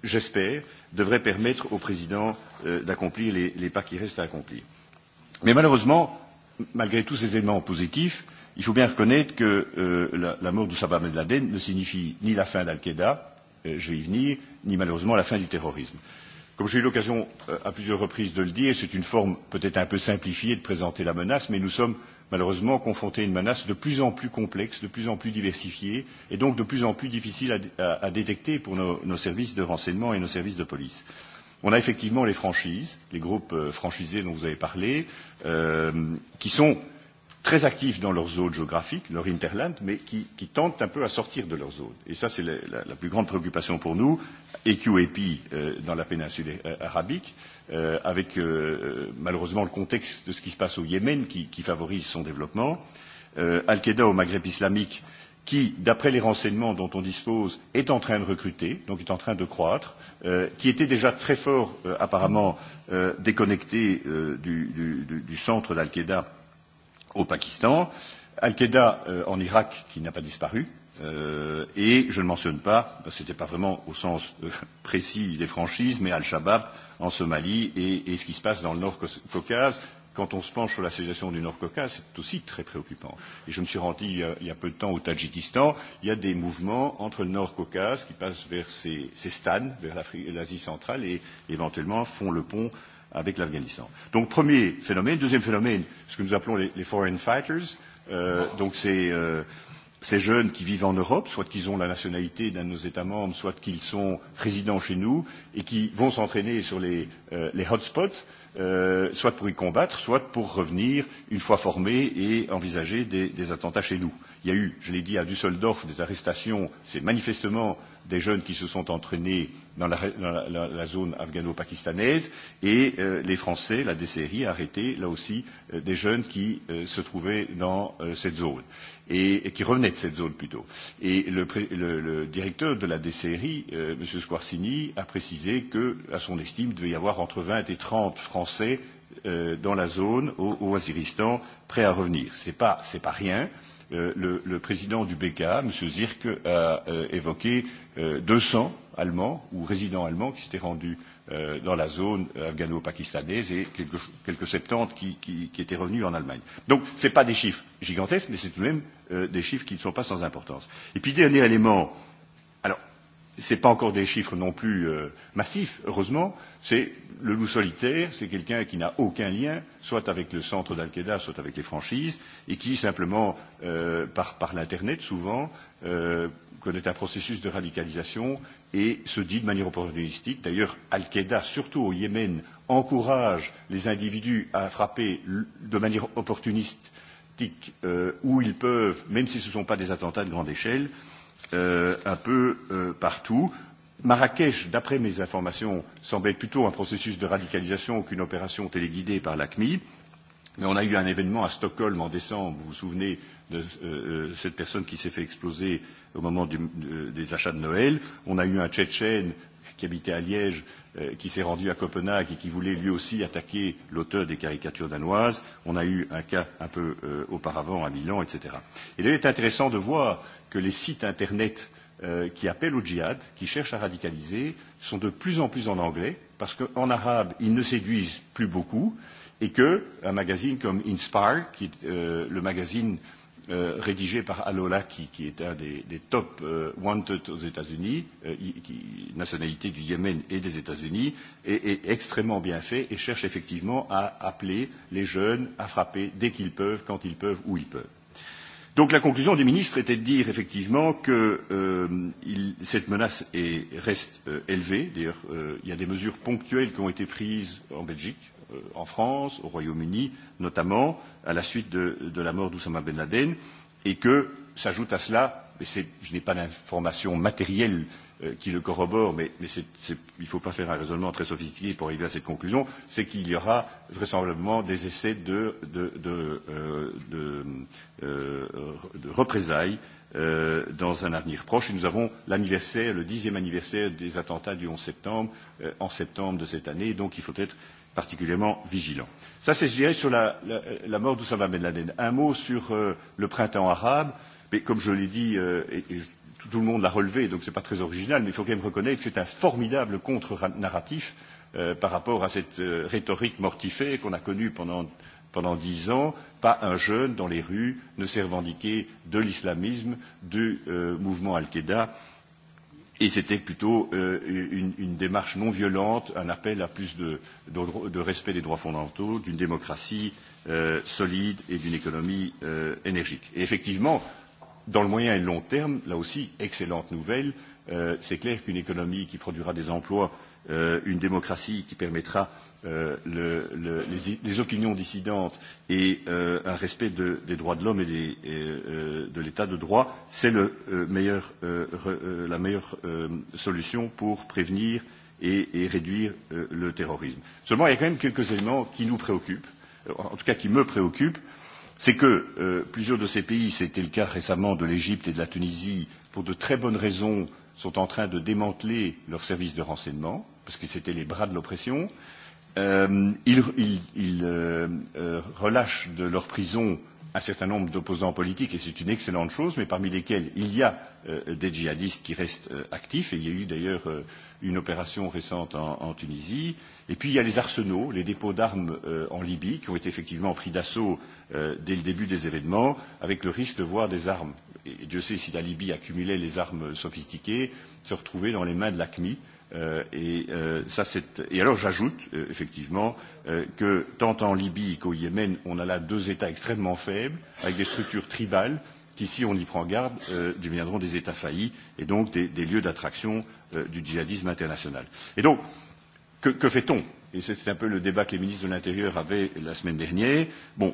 j'espère, devrait permettre au président euh, d'accomplir les, les pas qui restent à accomplir. Mais malheureusement, malgré tous ces éléments positifs, il faut bien reconnaître que euh, la, la mort d'Oussama Ben Laden ne signifie ni la fin d'Al-Qaïda, Euh, je vais y venir, ni malheureusement la fin du terrorisme. Comme j'ai eu l'occasion euh, à plusieurs reprises de le dire, c'est une forme peut-être un peu simplifiée de présenter la menace, mais nous sommes malheureusement confrontés à une menace de plus en plus complexe, de plus en plus diversifiée, et donc de plus en plus difficile à, à, à détecter pour nos, nos services de renseignement et nos services de police. On a effectivement les franchises, les groupes euh, franchisés dont vous avez parlé, euh, qui sont très actifs dans leur zone géographique, leur interland, mais qui, qui tentent un peu à sortir de leur zone. Et ça, c'est la, la plus grande préoccupation pour nous, EQAP euh, dans la péninsule euh, arabique, euh, avec euh, euh, malheureusement le contexte de ce qui se passe au Yémen qui, qui favorise son développement, euh, Al-Qaïda au Maghreb islamique, qui, d'après les renseignements dont on dispose, est en train de recruter, donc est en train de croître, euh, qui était déjà très fort euh, apparemment euh, déconnecté euh, du, du, du centre d'Al-Qaïda au Pakistan, Al-Qaïda euh, en Irak qui n'a pas disparu, euh, et je ne mentionne pas, ce n'était pas vraiment au sens euh, précis des franchises, mais Al-Shabaab en Somalie et, et ce qui se passe dans le Nord-Caucase. Quand on se penche sur la situation du Nord-Caucase, c'est aussi très préoccupant. Et je me suis rendu il y, a, il y a peu de temps au Tadjikistan, il y a des mouvements entre le Nord-Caucase qui passent vers ces, ces stades, vers l'Asie centrale et éventuellement font le pont avec l'Afghanistan. Donc premier phénomène. Deuxième phénomène, ce que nous appelons les, les foreign fighters. Euh, donc c'est euh, ces jeunes qui vivent en Europe, soit qu'ils ont la nationalité d'un de nos États membres, soit qu'ils sont résidents chez nous et qui vont s'entraîner sur les, euh, les hotspots, euh, soit pour y combattre, soit pour revenir une fois formés et envisager des, des attentats chez nous. Il y a eu, je l'ai dit, à Düsseldorf des arrestations, c'est manifestement des jeunes qui se sont entraînés dans la, dans la, la, la zone afghano-pakistanaise et euh, les Français, la DCRI, a arrêté là aussi euh, des jeunes qui euh, se trouvaient dans euh, cette zone et, et qui revenaient de cette zone plutôt. Et le, le, le directeur de la DCRI, euh, M. Squarcini, a précisé que, à son estime, il devait y avoir entre 20 et 30 Français euh, dans la zone au, au Waziristan prêts à revenir. Ce n'est pas, pas rien. Euh, le, le président du BK, M. Zirk, a euh, évoqué euh, 200 allemands ou résidents allemands qui s'était rendu euh, dans la zone euh, afghano-pakistanaise et quelques, quelques septante qui, qui, qui étaient revenus en Allemagne. Donc ce n'est pas des chiffres gigantesques, mais c'est tout de même euh, des chiffres qui ne sont pas sans importance. Et puis dernier élément, alors ce n'est pas encore des chiffres non plus euh, massifs, heureusement, c'est le loup solitaire, c'est quelqu'un qui n'a aucun lien, soit avec le centre d'Al-Qaïda, soit avec les franchises, et qui simplement, euh, par, par l'Internet souvent, euh, connaît un processus de radicalisation et se dit de manière opportunistique. D'ailleurs, Al-Qaïda, surtout au Yémen, encourage les individus à frapper de manière opportunistique euh, où ils peuvent, même si ce ne sont pas des attentats de grande échelle, euh, un peu euh, partout. Marrakech, d'après mes informations, semble être plutôt un processus de radicalisation qu'une opération téléguidée par l'ACMI. Mais on a eu un événement à Stockholm en décembre, vous vous souvenez de euh, euh cette personne qui s'est fait exploser au moment du, de, des achats de Noël. On a eu un Tchétchène qui habitait à Liège, euh, qui s'est rendu à Copenhague et qui voulait lui aussi attaquer l'auteur des caricatures danoises. On a eu un cas un peu euh, auparavant à Milan, etc. Et là, il est intéressant de voir que les sites Internet euh, qui appellent au djihad, qui cherchent à radicaliser, sont de plus en plus en anglais, parce qu'en arabe, ils ne séduisent plus beaucoup, et que un magazine comme Inspire, qui est euh, le magazine euh, euh, rédigé par Alola, qui, qui est un des, des top euh, wanted aux États-Unis, euh, qui, nationalité du Yémen et des États-Unis, est, est extrêmement bien fait et cherche effectivement à appeler les jeunes à frapper dès qu'ils peuvent, quand ils peuvent, où ils peuvent. Donc la conclusion du ministre était de dire effectivement que euh, il, cette menace est, reste euh, élevée. D'ailleurs, euh, il y a des mesures ponctuelles qui ont été prises en Belgique, Euh, en France, au Royaume-Uni, notamment à la suite de, de la mort d'Oussama Ben Laden, et que s'ajoute à cela, mais je n'ai pas l'information matérielle euh, qui le corrobore, mais, mais c est, c est, il ne faut pas faire un raisonnement très sophistiqué pour arriver à cette conclusion, c'est qu'il y aura vraisemblablement des essais de, de, de, euh, de, euh, de représailles euh, dans un avenir proche. Et nous avons l'anniversaire, le dixième anniversaire des attentats du 11 septembre, euh, en septembre de cette année, donc il faut être particulièrement vigilants. Ça, c'est, je dirais, sur la, la, la mort d'Oussama Ben Laden. Un mot sur euh, le printemps arabe, mais comme je l'ai dit, euh, et, et je, tout le monde l'a relevé, donc ce n'est pas très original, mais il faut quand même reconnaître que c'est un formidable contre-narratif euh, par rapport à cette euh, rhétorique mortifée qu'on a connue pendant pendant dix ans, pas un jeune dans les rues ne s'est revendiqué de l'islamisme, du euh, mouvement Al-Qaïda Et c'était plutôt euh, une, une démarche non violente, un appel à plus de, de, de respect des droits fondamentaux, d'une démocratie euh, solide et d'une économie euh, énergique. Et effectivement, dans le moyen et le long terme, là aussi, excellente nouvelle, euh, c'est clair qu'une économie qui produira des emplois, euh, une démocratie qui permettra euh, le, le, les, les opinions dissidentes et euh, un respect de, des droits de l'homme et, des, et euh, de l'état de droit, c'est euh, meilleur, euh, euh, la meilleure euh, solution pour prévenir et, et réduire euh, le terrorisme. Seulement, il y a quand même quelques éléments qui nous préoccupent, euh, en tout cas qui me préoccupent, c'est que euh, plusieurs de ces pays, c'était le cas récemment de l'Égypte et de la Tunisie, pour de très bonnes raisons, sont en train de démanteler leurs services de renseignement, parce que c'était les bras de l'oppression, euh, euh, ils, euh, euh, relâchent de leur prison un certain nombre d'opposants politiques, et c'est une excellente chose, mais parmi lesquels il y a euh, des djihadistes qui restent euh, actifs, et il y a eu d'ailleurs euh, une opération récente en, en Tunisie, et puis il y a les arsenaux, les dépôts d'armes euh, en Libye, qui ont été effectivement pris d'assaut euh, dès le début des événements, avec le risque de voir des armes, et Dieu sait si la Libye accumulait les armes sophistiquées, se retrouver dans les mains de l'ACMI, euh, Euh, et, euh, ça, et alors j'ajoute euh, effectivement euh, que tant en Libye qu'au Yémen, on a là deux États extrêmement faibles, avec des structures tribales, qui, si on y prend garde, euh, deviendront des États faillis et donc des, des lieux d'attraction euh, du djihadisme international. Et donc, que, que fait-on Et c'est un peu le débat que les ministres de l'Intérieur avaient la semaine dernière. Bon,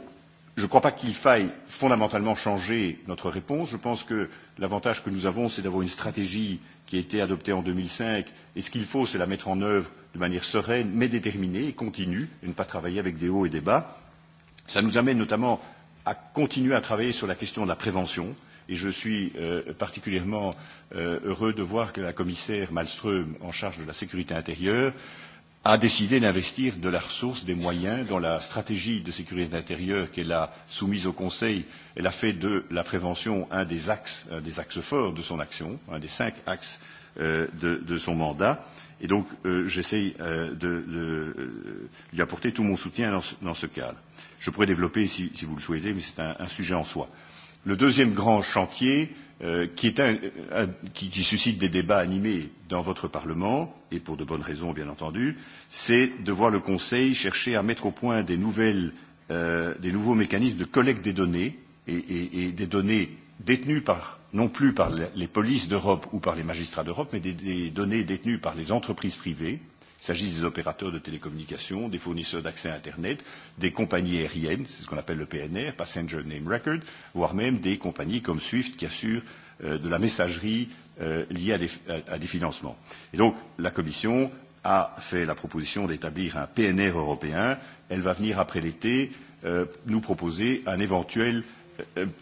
je ne crois pas qu'il faille fondamentalement changer notre réponse. Je pense que l'avantage que nous avons, c'est d'avoir une stratégie qui a été adoptée en 2005. Et ce qu'il faut, c'est la mettre en œuvre de manière sereine, mais déterminée et continue, et ne pas travailler avec des hauts et des bas. Ça nous amène notamment à continuer à travailler sur la question de la prévention. Et je suis euh, particulièrement euh, heureux de voir que la commissaire Malmström, en charge de la sécurité intérieure, a décidé d'investir de la ressource, des moyens dans la stratégie de sécurité intérieure qu'elle a soumise au Conseil. Elle a fait de la prévention un des axes, un des axes forts de son action, un des cinq axes euh, de, de son mandat. Et donc, euh, j'essaye euh, de, de euh, lui apporter tout mon soutien dans ce, dans ce cadre. Je pourrais développer, si, si vous le souhaitez, mais c'est un, un sujet en soi. Le deuxième grand chantier, euh, qui, est un, un, qui, qui suscite des débats animés dans votre Parlement, et pour de bonnes raisons bien entendu, c'est de voir le Conseil chercher à mettre au point des, nouvelles, euh, des nouveaux mécanismes de collecte des données, et, et, et des données détenues par, non plus par les polices d'Europe ou par les magistrats d'Europe, mais des, des données détenues par les entreprises privées, s'agisse des opérateurs de télécommunications, des fournisseurs d'accès à Internet, des compagnies aériennes, c'est ce qu'on appelle le PNR, Passenger Name Record, voire même des compagnies comme SWIFT qui assurent euh, de la messagerie euh, liée à des, à, à des financements. Et donc, la Commission a fait la proposition d'établir un PNR européen. Elle va venir après l'été euh, nous proposer un éventuel euh,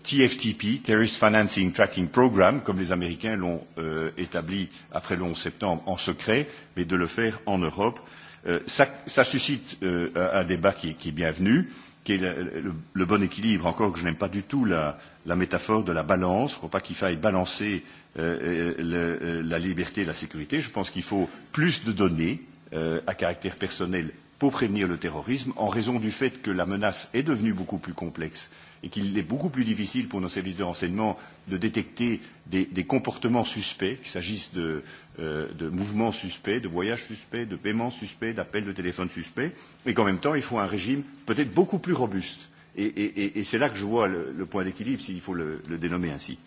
TFTP, Terrorist Financing Tracking Program, comme les Américains l'ont euh, établi après le 11 septembre en secret, mais de le faire en Europe. Euh, ça, ça suscite euh, un, débat qui, qui est bienvenu, qui est le, le, le bon équilibre, encore que je n'aime pas du tout la, la métaphore de la balance, ne crois pas qu'il faille balancer euh, euh le, euh, la liberté et la sécurité. Je pense qu'il faut plus de données euh, à caractère personnel pour prévenir le terrorisme, en raison du fait que la menace est devenue beaucoup plus complexe et qu'il est beaucoup plus difficile pour nos services de renseignement de détecter des, des comportements suspects, qu'il s'agisse de, euh, de mouvements suspects, de voyages suspects, de paiements suspects, d'appels de téléphone suspects, et qu'en même temps, il faut un régime peut-être beaucoup plus robuste. Et, et, et, et c'est là que je vois le, le point d'équilibre, s'il faut le, le dénommer ainsi.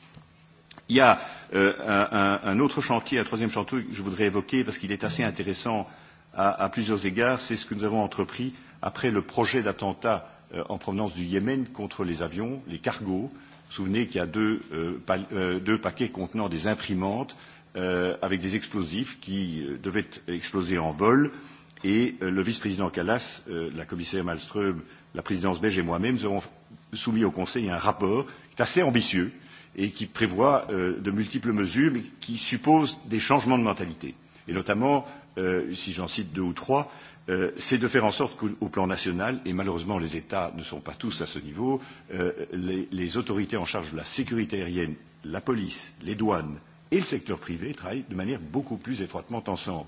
Il y a euh, un, un autre chantier, un troisième chantier que je voudrais évoquer parce qu'il est assez intéressant à, à plusieurs égards. C'est ce que nous avons entrepris après le projet d'attentat Euh, en provenance du Yémen contre les avions, les cargos. Vous vous souvenez qu'il y a deux, euh, pa euh, deux paquets contenant des imprimantes euh, avec des explosifs qui euh, devaient exploser en vol. Et euh, le vice-président Callas, euh, la commissaire Malmström, la présidence belge et moi-même, nous avons soumis au Conseil un rapport qui est assez ambitieux et qui prévoit euh, de multiples mesures, mais qui suppose des changements de mentalité. Et notamment, euh, si j'en cite deux ou trois, euh, c'est de faire en sorte qu'au plan national, et malheureusement les États ne sont pas tous à ce niveau, euh, les, les autorités en charge de la sécurité aérienne, la police, les douanes et le secteur privé travaillent de manière beaucoup plus étroitement ensemble.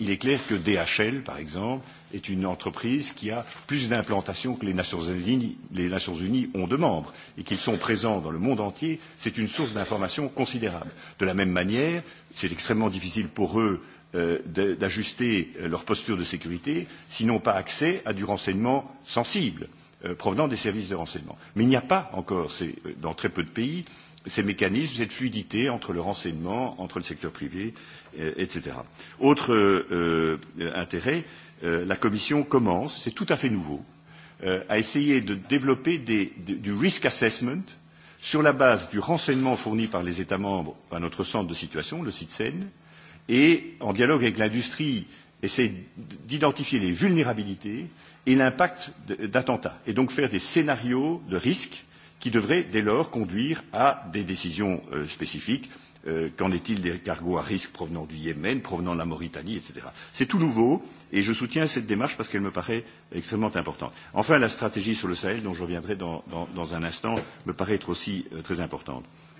Il est clair que DHL, par exemple, est une entreprise qui a plus d'implantations que les Nations, Unies, les Nations Unies ont de membres et qu'ils sont présents dans le monde entier, c'est une source d'information considérable. De la même manière, c'est extrêmement difficile pour eux Euh, d'ajuster euh, leur posture de sécurité s'ils n'ont pas accès à du renseignement sensible euh, provenant des services de renseignement. Mais il n'y a pas encore, euh, dans très peu de pays, ces mécanismes, cette fluidité entre le renseignement, entre le secteur privé, euh, etc. Autre euh, euh, intérêt, euh, la Commission commence, c'est tout à fait nouveau, euh, à essayer de développer des, de, du risk assessment sur la base du renseignement fourni par les États membres à notre centre de situation, le CITSEN, euh, et en dialogue avec l'industrie, essaie d'identifier les vulnérabilités et l'impact d'attentats, et donc faire des scénarios de risques qui devraient dès lors conduire à des décisions euh, spécifiques. Euh, Qu'en est-il des cargos à risque provenant du Yémen, provenant de la Mauritanie, etc. C'est tout nouveau et je soutiens cette démarche parce qu'elle me paraît extrêmement importante. Enfin, la stratégie sur le Sahel, dont je reviendrai dans, dans, dans un instant, me paraît être aussi euh, très importante. Euh,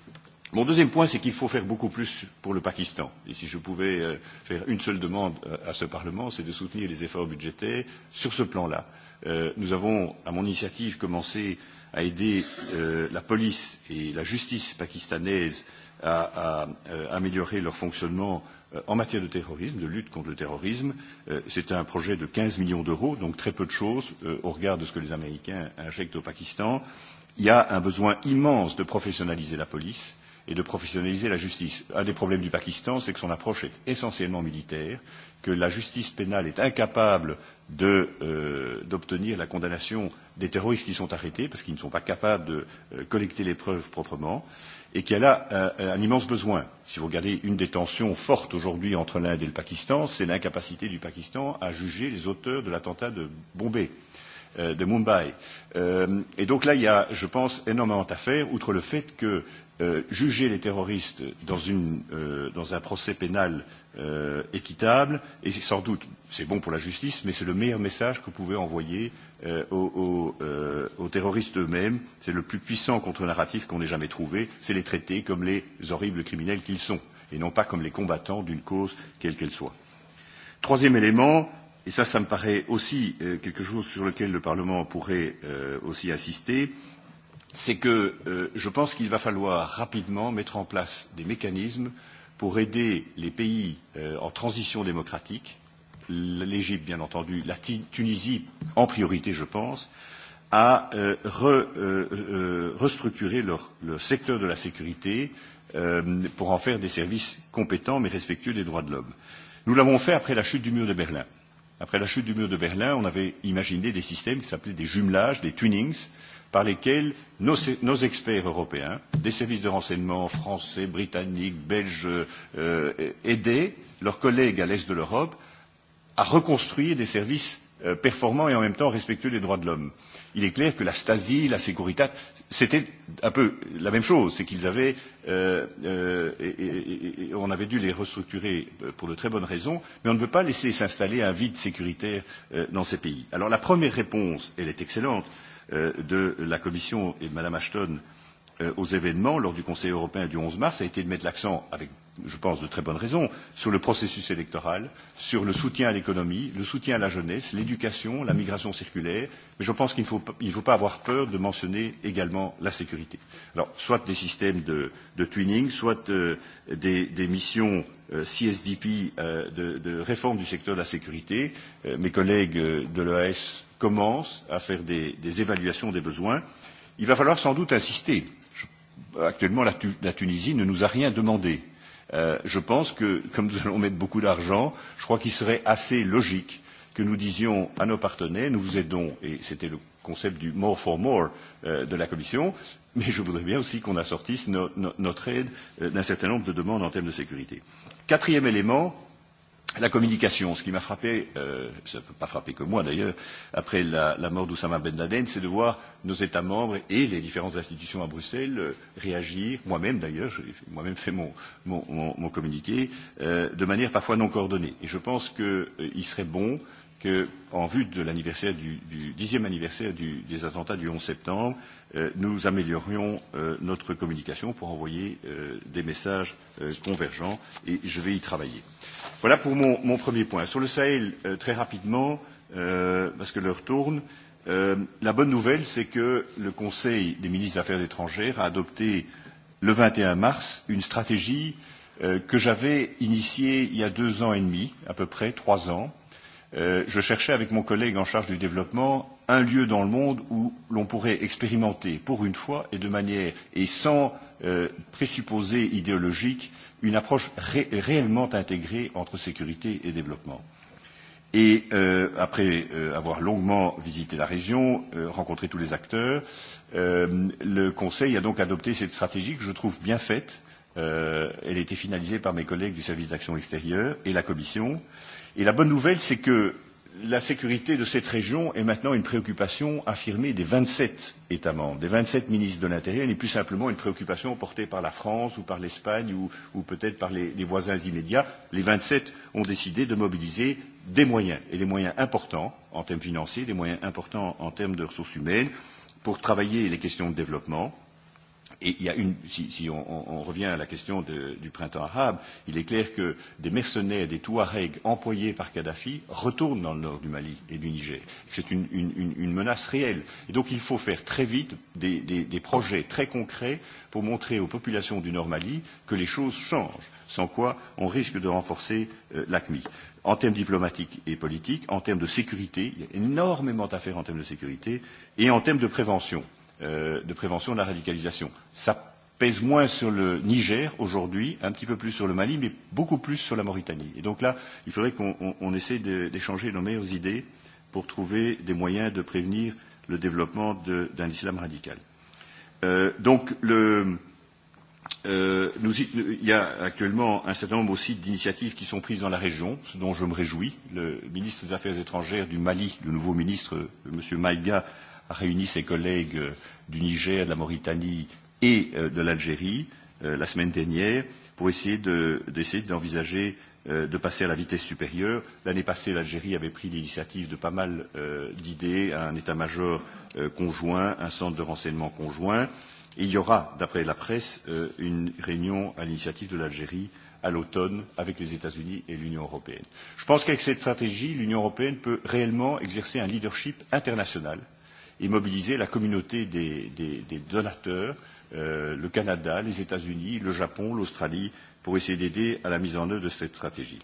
Mon deuxième point, c'est qu'il faut faire beaucoup plus pour le Pakistan. Et si je pouvais euh, faire une seule demande euh, à ce Parlement, c'est de soutenir les efforts budgétaires sur ce plan-là. Euh, nous avons, à mon initiative, commencé à aider euh, la police et la justice pakistanaise à, à euh, améliorer leur fonctionnement euh, en matière de terrorisme, de lutte contre le terrorisme. Euh, c'est un projet de 15 millions d'euros, donc très peu de choses euh, au regard de ce que les Américains injectent au Pakistan. Il y a un besoin immense de professionnaliser la police et de professionnaliser la justice. Un des problèmes du Pakistan, c'est que son approche est essentiellement militaire, que la justice pénale est incapable euh, d'obtenir euh, la condamnation des terroristes qui sont arrêtés, parce qu'ils ne sont pas capables de euh, collecter les preuves proprement, et qu'elle a un, un immense besoin. Si vous regardez une des tensions fortes aujourd'hui entre l'Inde et le Pakistan, c'est l'incapacité du Pakistan à juger les auteurs de l'attentat de Bombay euh, de Mumbai. Euh, et donc là, il y a, je pense, énormément à faire, outre le fait que Euh, juger les terroristes dans, une, euh, dans un procès pénal euh, équitable, et sans doute c'est bon pour la justice, mais c'est le meilleur message que vous pouvez envoyer euh, aux, aux, euh, aux terroristes eux-mêmes. C'est le plus puissant contre-narratif qu'on ait jamais trouvé, c'est les traiter comme les horribles criminels qu'ils sont, et non pas comme les combattants d'une cause quelle qu'elle soit. Troisième élément, et ça, ça me paraît aussi euh, quelque chose sur lequel le Parlement pourrait euh, aussi insister, euh, c'est que euh, je pense qu'il va falloir rapidement mettre en place des mécanismes pour aider les pays euh, en transition démocratique, l'Égypte bien entendu, la Tunisie en priorité je pense, à euh, re, euh, euh, restructurer leur, leur secteur de la sécurité euh, pour en faire des services compétents mais respectueux des droits de l'homme. Nous l'avons fait après la chute du mur de Berlin. Après la chute du mur de Berlin, on avait imaginé des systèmes qui s'appelaient des jumelages, des tunings, euh, par lesquels nos, nos experts européens, des services de renseignement français, britanniques, belges, euh, aidaient leurs collègues à l'est de l'Europe à reconstruire des services euh, performants et en même temps respectueux des droits de l'homme. Il est clair que la Stasi, la Securitat, c'était un peu la même chose, c'est qu'ils avaient, euh, euh, et, et, et on avait dû les restructurer euh, pour de très bonnes raisons, mais on ne peut pas laisser s'installer un vide sécuritaire euh, dans ces pays. Alors la première réponse, elle est excellente, Euh, de la Commission et de Mme Ashton euh, aux événements lors du Conseil européen du 11 mars a été de mettre l'accent, avec, je pense, de très bonnes raisons, sur le processus électoral, sur le soutien à l'économie, le soutien à la jeunesse, l'éducation, la migration circulaire, mais je pense qu'il ne faut, il faut pas avoir peur de mentionner également la sécurité. Alors, soit des systèmes de, de twinning, soit euh, des, des missions euh, CSDP euh, de, de réforme du secteur de la sécurité. Euh, mes collègues euh, de l'EAS commence à faire des, des évaluations des besoins. Il va falloir sans doute insister. Je, actuellement, la, tu, la Tunisie ne nous a rien demandé. Euh, je pense que, comme nous allons mettre beaucoup d'argent, je crois qu'il serait assez logique que nous disions à nos partenaires, nous vous aidons, et c'était le concept du more for more euh, de la Commission, mais je voudrais bien aussi qu'on assortisse no, no, notre aide euh, d'un certain nombre de demandes en termes de sécurité. Quatrième élément, La communication, ce qui m'a frappé, euh, ça ne peut pas frapper que moi d'ailleurs, après la, la mort d'Oussama Ben Laden, c'est de voir nos États membres et les différentes institutions à Bruxelles euh, réagir, moi-même d'ailleurs, j'ai moi-même fait mon, mon, mon, mon communiqué, euh, de manière parfois non coordonnée. Et je pense qu'il euh, serait bon que, en vue de l'anniversaire du, du dixième anniversaire du, des attentats du 11 septembre, euh, nous améliorions euh, notre communication pour envoyer euh, des messages euh, convergents et je vais y travailler. Voilà pour mon, mon premier point. Sur le Sahel, euh, très rapidement, euh, parce que l'heure tourne, euh, la bonne nouvelle, c'est que le Conseil des ministres des Affaires étrangères a adopté le 21 mars une stratégie euh, que j'avais initiée il y a deux ans et demi, à peu près trois ans. Euh, je cherchais avec mon collègue en charge du développement un lieu dans le monde où l'on pourrait expérimenter pour une fois et de manière et sans euh, présupposé idéologique une approche ré réellement intégrée entre sécurité et développement. Et euh, après euh, avoir longuement visité la région, euh, rencontré tous les acteurs, euh, le Conseil a donc adopté cette stratégie que je trouve bien faite. Euh, elle a été finalisée par mes collègues du service d'action extérieure et la Commission. Et la bonne nouvelle, c'est que la sécurité de cette région est maintenant une préoccupation affirmée des 27 États membres, des 27 ministres de l'Intérieur, n'est plus simplement une préoccupation portée par la France ou par l'Espagne ou, ou peut-être par les, les voisins immédiats. Les 27 ont décidé de mobiliser des moyens, et des moyens importants en termes financiers, des moyens importants en termes de ressources humaines, pour travailler les questions de développement, Et il y a une, si, si on, on, on revient à la question de, du printemps arabe, il est clair que des mercenaires, des Touaregs employés par Kadhafi retournent dans le nord du Mali et du Niger. C'est une, une, une, une menace réelle. Et donc il faut faire très vite des, des, des projets très concrets pour montrer aux populations du nord Mali que les choses changent, sans quoi on risque de renforcer euh, l'ACMI en termes diplomatiques et politiques, en termes de sécurité, il y a énormément à faire en termes de sécurité, et en termes de prévention euh, de prévention de la radicalisation. Ça pèse moins sur le Niger aujourd'hui, un petit peu plus sur le Mali, mais beaucoup plus sur la Mauritanie. Et donc là, il faudrait qu'on essaie d'échanger nos meilleures idées pour trouver des moyens de prévenir le développement d'un islam radical. Euh, donc, le, euh, nous, il y a actuellement un certain nombre aussi d'initiatives qui sont prises dans la région, ce dont je me réjouis. Le ministre des Affaires étrangères du Mali, le nouveau ministre, euh, M. Maïga, a réuni ses collègues euh, du Niger, de la Mauritanie et euh, de l'Algérie euh, la semaine dernière pour essayer d'envisager de, d'envisager de passer à la vitesse supérieure. L'année passée, l'Algérie avait pris l'initiative de pas mal d'idées, un état-major conjoint, un centre de renseignement conjoint. Et il y aura, d'après la presse, une réunion à l'initiative de l'Algérie à l'automne avec les États-Unis et l'Union européenne. Je pense qu'avec cette stratégie, l'Union européenne peut réellement exercer un leadership international et mobiliser la communauté des, des, des donateurs, euh, le Canada, les États-Unis, le Japon, l'Australie, pour essayer d'aider à la mise en œuvre de cette stratégie.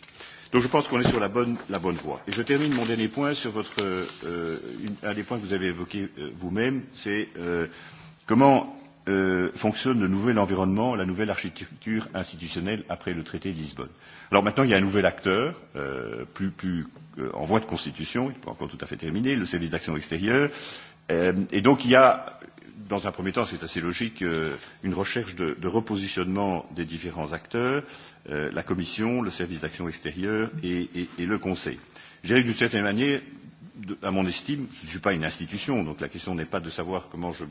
Donc je pense qu'on est sur la bonne, la bonne voie. Et je termine mon dernier point sur votre, euh, une, un des points que vous avez évoqué euh, vous-même, c'est euh, comment euh, fonctionne le nouvel environnement, la nouvelle architecture institutionnelle après le traité de Lisbonne. Alors maintenant, il y a un nouvel acteur, euh, plus, plus euh, en voie de constitution, il n'est pas encore tout à fait terminé, le service d'action extérieure, Euh, et donc il y a, dans un premier temps, c'est assez logique, euh, une recherche de, de repositionnement des différents acteurs, euh, la Commission, le service d'action extérieure et, et, et le Conseil. J'arrive d'une certaine manière, de, à mon estime, je ne suis pas une institution, donc la question n'est pas de savoir comment je,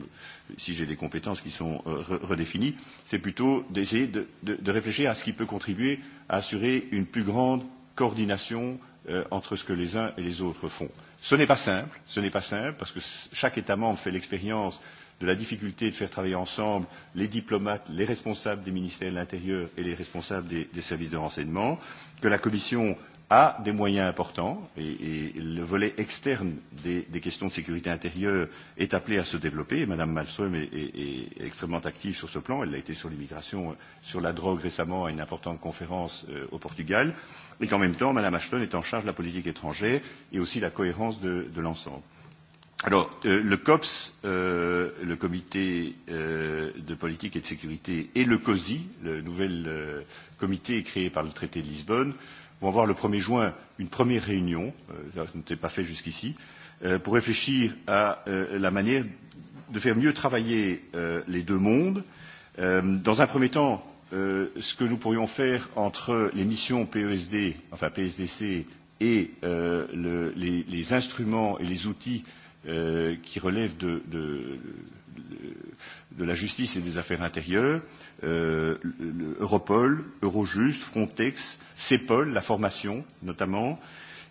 si j'ai des compétences qui sont euh, re, redéfinies, c'est plutôt d'essayer de, de, de réfléchir à ce qui peut contribuer à assurer une plus grande coordination euh, entre ce que les uns et les autres font. Ce n'est pas simple, ce n'est pas simple, parce que chaque État membre fait l'expérience de la difficulté de faire travailler ensemble les diplomates, les responsables des ministères de l'Intérieur et les responsables des, des services de renseignement, que la Commission a des moyens importants et, et le volet externe des, des questions de sécurité intérieure est appelé à se développer. Et Madame Malmström est, est, est extrêmement active sur ce plan. Elle l'a été sur l'immigration, sur la drogue récemment à une importante conférence euh, au Portugal mais qu'en même temps, Mme Ashton est en charge de la politique étrangère et aussi de la cohérence de, de l'ensemble. Alors, euh, le COPS, euh, le Comité euh, de politique et de sécurité, et le COSI, le nouvel euh, comité créé par le traité de Lisbonne, vont avoir le 1er juin une première réunion, euh, ça n'était pas fait jusqu'ici, euh, pour réfléchir à euh, la manière de faire mieux travailler euh, les deux mondes. Euh, dans un premier temps, euh, ce que nous pourrions faire entre les missions PESD, enfin PSDC, et euh, le, les, les instruments et les outils euh, qui relèvent de, de, de, de la justice et des affaires intérieures, euh, Europol, Eurojust, Frontex, CEPOL, la formation notamment,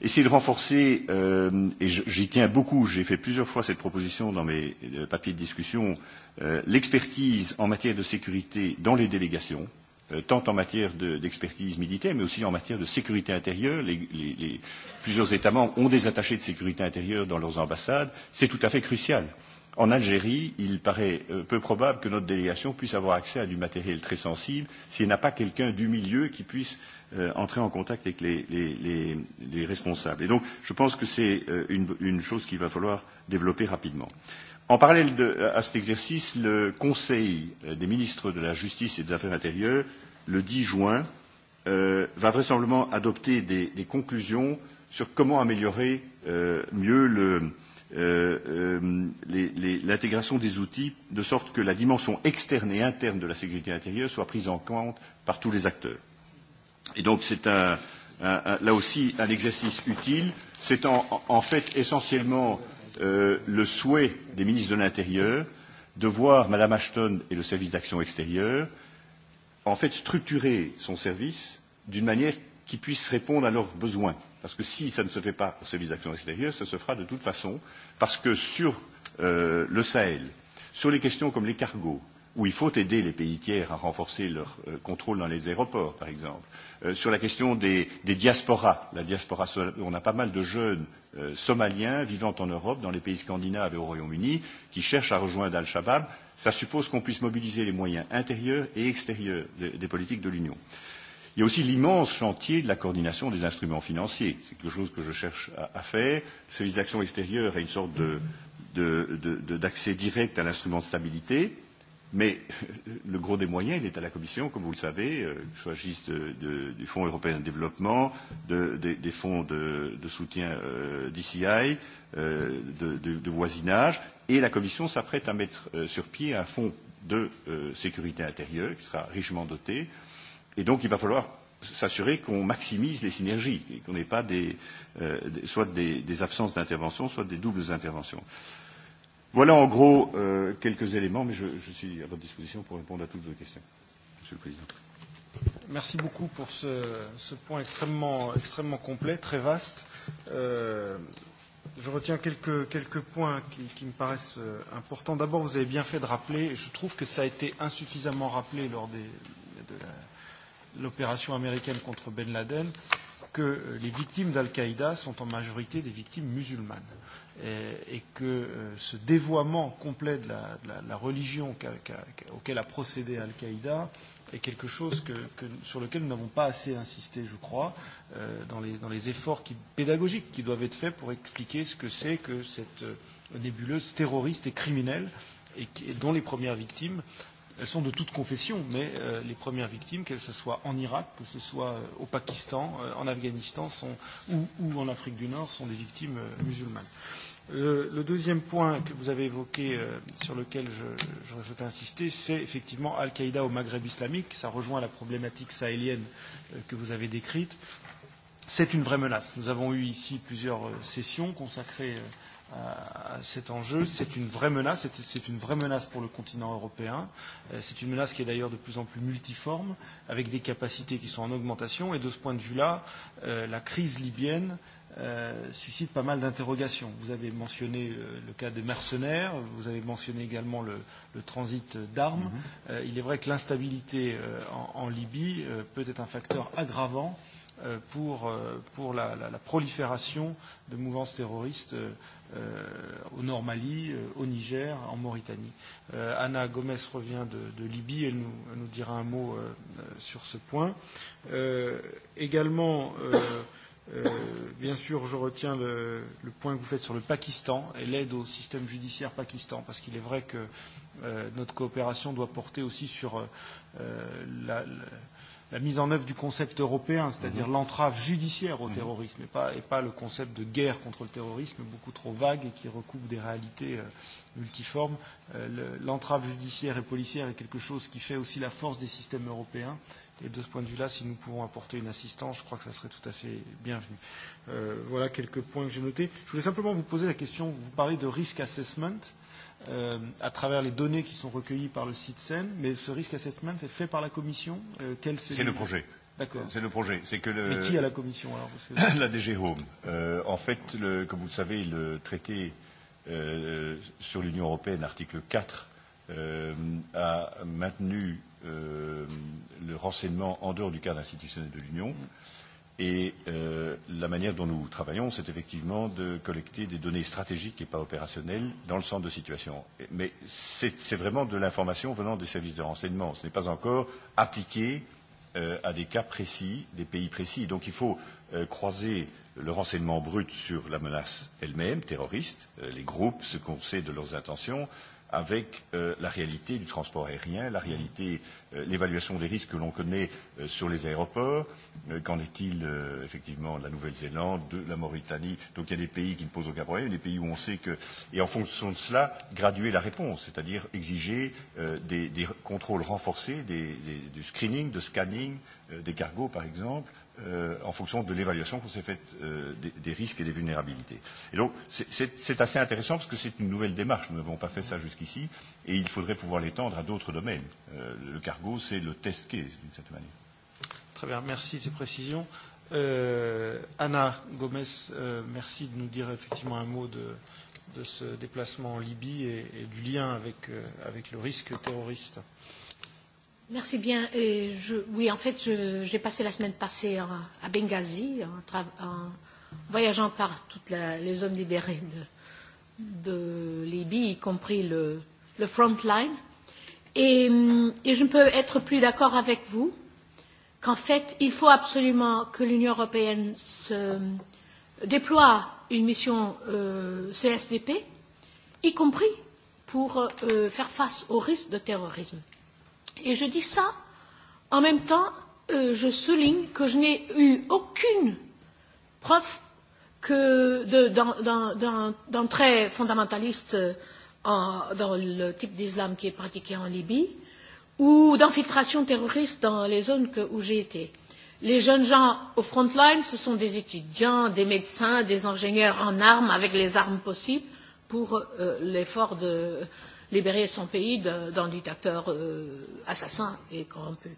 essayer de renforcer, euh, et j'y tiens beaucoup, j'ai fait plusieurs fois cette proposition dans mes euh, papiers de discussion, Euh, l'expertise en matière de sécurité dans les délégations, euh, tant en matière d'expertise de, militaire, mais aussi en matière de sécurité intérieure. Les, les, les, plusieurs États membres ont des attachés de sécurité intérieure dans leurs ambassades. C'est tout à fait crucial. En Algérie, il paraît euh, peu probable que notre délégation puisse avoir accès à du matériel très sensible s'il n'y a pas quelqu'un du milieu qui puisse euh, entrer en contact avec les, les, les, les responsables. Et donc, je pense que c'est euh, une, une chose qu'il va falloir développer rapidement. Euh, En parallèle de, à cet exercice, le Conseil des ministres de la Justice et des Affaires intérieures, le 10 juin, euh, va vraisemblablement adopter des, des conclusions sur comment améliorer euh, mieux le, euh, euh, l'intégration des outils de sorte que la dimension externe et interne de la sécurité intérieure soit prise en compte par tous les acteurs. Et donc c'est un, un, un, là aussi un exercice utile. C'est en, en fait essentiellement Euh, le souhait des ministres de l'Intérieur de voir Mme Ashton et le service d'action extérieure en fait structurer son service d'une manière qui puisse répondre à leurs besoins. Parce que si ça ne se fait pas au service d'action extérieure, ça se fera de toute façon, parce que sur euh, le Sahel, sur les questions comme les cargos, où il faut aider les pays tiers à renforcer leur euh, contrôle dans les aéroports, par exemple, euh, sur la question des, des diasporas, la diaspora, on a pas mal de jeunes Euh, somaliens vivant en Europe, dans les pays scandinaves et au Royaume-Uni, qui cherchent à rejoindre Al-Shabaab. Ça suppose qu'on puisse mobiliser les moyens intérieurs et extérieurs de, des politiques de l'Union. Il y a aussi l'immense chantier de la coordination des instruments financiers. C'est quelque chose que je cherche à, à faire. Le service d'action extérieure est une sorte d'accès de, de, de, direct à l'instrument de stabilité. Mais <laughs> le gros des moyens, il est à la Commission, comme vous le savez, euh, qu'il s'agisse de, de, du Fonds européen de développement, de, de, des fonds de, de soutien euh, d'ICI, euh, de, de, de voisinage, et la Commission s'apprête à mettre euh, sur pied un fonds de euh, sécurité intérieure qui sera richement doté. Et donc, il va falloir s'assurer qu'on maximise les synergies, qu'on n'ait pas des, euh, soit des, des absences d'intervention, soit des doubles interventions. Euh, Voilà en gros euh, quelques éléments, mais je, je suis à votre disposition pour répondre à toutes vos questions, Monsieur le Président. Merci beaucoup pour ce, ce point extrêmement, extrêmement complet, très vaste. Euh, je retiens quelques, quelques points qui, qui me paraissent euh, importants. D'abord, vous avez bien fait de rappeler, et je trouve que ça a été insuffisamment rappelé lors des, de l'opération américaine contre Ben Laden, que euh, les victimes d'Al-Qaïda sont en majorité des victimes musulmanes. Euh, et que euh, ce dévoiement complet de la, de la, de la religion qu a, qu a, auquel a procédé Al-Qaïda est quelque chose que, que, sur lequel nous n'avons pas assez insisté, je crois, euh, dans, les, dans les efforts qui, pédagogiques qui doivent être faits pour expliquer ce que c'est que cette euh, nébuleuse terroriste et criminelle, et, et dont les premières victimes, elles sont de toute confession, mais euh, les premières victimes, qu'elles ce soit en Irak, que ce soit euh, au Pakistan, euh, en Afghanistan, sont, ou, ou en Afrique du Nord, sont des victimes euh, musulmanes. Euh, Le, le deuxième point que vous avez évoqué, euh, sur lequel je, je souhaite insister, c'est effectivement Al-Qaïda au Maghreb islamique. Ça rejoint la problématique sahélienne euh, que vous avez décrite. C'est une vraie menace. Nous avons eu ici plusieurs euh, sessions consacrées euh, à cet enjeu. C'est une vraie menace, c'est une vraie menace pour le continent européen. Euh, c'est une menace qui est d'ailleurs de plus en plus multiforme, avec des capacités qui sont en augmentation. Et de ce point de vue-là, euh, la crise libyenne Euh, suscite pas mal d'interrogations. Vous avez mentionné euh, le cas des mercenaires, vous avez mentionné également le, le transit d'armes. Mm -hmm. euh, il est vrai que l'instabilité euh, en, en Libye euh, peut être un facteur aggravant euh, pour, euh, pour la, la, la prolifération de mouvances terroristes euh, euh au Nord Mali, euh, au Niger, en Mauritanie. Euh, Anna Gomez revient de, de Libye, elle nous, elle nous dira un mot euh, euh sur ce point. Euh, également, euh, Euh, bien sûr, je retiens le, le point que vous faites sur le Pakistan et l'aide au système judiciaire pakistan, parce qu'il est vrai que euh, notre coopération doit porter aussi sur euh, la, la, la mise en œuvre du concept européen, c'est-à-dire mmh. l'entrave judiciaire au mhm. terrorisme, et pas, et pas le concept de guerre contre le terrorisme, beaucoup trop vague et qui recoupe des réalités euh, multiformes. Euh, l'entrave le, judiciaire et policière est quelque chose qui fait aussi la force des systèmes européens Et de ce point de vue-là, si nous pouvons apporter une assistance, je crois que ça serait tout à fait bienvenu. Euh, voilà quelques points que j'ai notés. Je voulais simplement vous poser la question, vous parlez de risk assessment euh, à travers les données qui sont recueillies par le site SEN, mais ce risk assessment, c'est fait par la Commission euh, C'est le projet. D'accord. C'est le projet. que le... Mais qui a la Commission alors Parce que... <coughs> La DG Home. Euh, en fait, le, comme vous le savez, le traité euh, sur l'Union européenne, article 4, euh, a maintenu Euh, le renseignement en dehors du cadre institutionnel de l'Union. Et euh, la manière dont nous travaillons, c'est effectivement de collecter des données stratégiques et pas opérationnelles dans le centre de situation. Mais c'est vraiment de l'information venant des services de renseignement. Ce n'est pas encore appliqué euh, à des cas précis, des pays précis. Donc il faut euh, croiser le renseignement brut sur la menace elle-même, terroriste, euh, les groupes, ce qu'on sait de leurs intentions, avec euh, la réalité du transport aérien, la réalité, euh, l'évaluation des risques que l'on connaît euh, sur les aéroports. Euh, Qu'en est-il euh, effectivement de la Nouvelle-Zélande, de la Mauritanie Donc il y a des pays qui ne posent aucun problème, des pays où on sait que... Et en fonction de cela, graduer la réponse, c'est-à-dire exiger euh, des, des contrôles renforcés, des, des, du screening, de scanning euh, des cargos par exemple, euh, en fonction de l'évaluation qu'on s'est faite euh, des, des risques et des vulnérabilités. Et donc, c'est assez intéressant parce que c'est une nouvelle démarche. Nous n'avons pas fait ça jusqu'ici et il faudrait pouvoir l'étendre à d'autres domaines. Euh, le cargo, c'est le test case, d'une certaine manière. Très bien, merci de ces précisions. Euh, Anna Gomez, euh, merci de nous dire effectivement un mot de, de ce déplacement en Libye et, et du lien avec, euh, avec le risque terroriste. Merci bien. Et euh, je, oui, en fait, j'ai passé la semaine passée en, à Benghazi, en, en voyageant par toutes la, les zones libérées de, de Libye, y compris le, le front line. Et, et je ne peux être plus d'accord avec vous qu'en fait, il faut absolument que l'Union européenne se déploie une mission euh, CSDP, y compris pour euh, faire face au risque de terrorisme. Et je dis ça, en même temps, euh, je souligne que je n'ai eu aucune preuve que d'un trait fondamentaliste euh, en, dans le type d'islam qui est pratiqué en Libye ou d'infiltration terroriste dans les zones que, où j'ai été. Les jeunes gens au front line, ce sont des étudiants, des médecins, des ingénieurs en armes, avec les armes possibles pour euh, l'effort de, libérer son pays d'un dictateur euh, assassin et corrompu.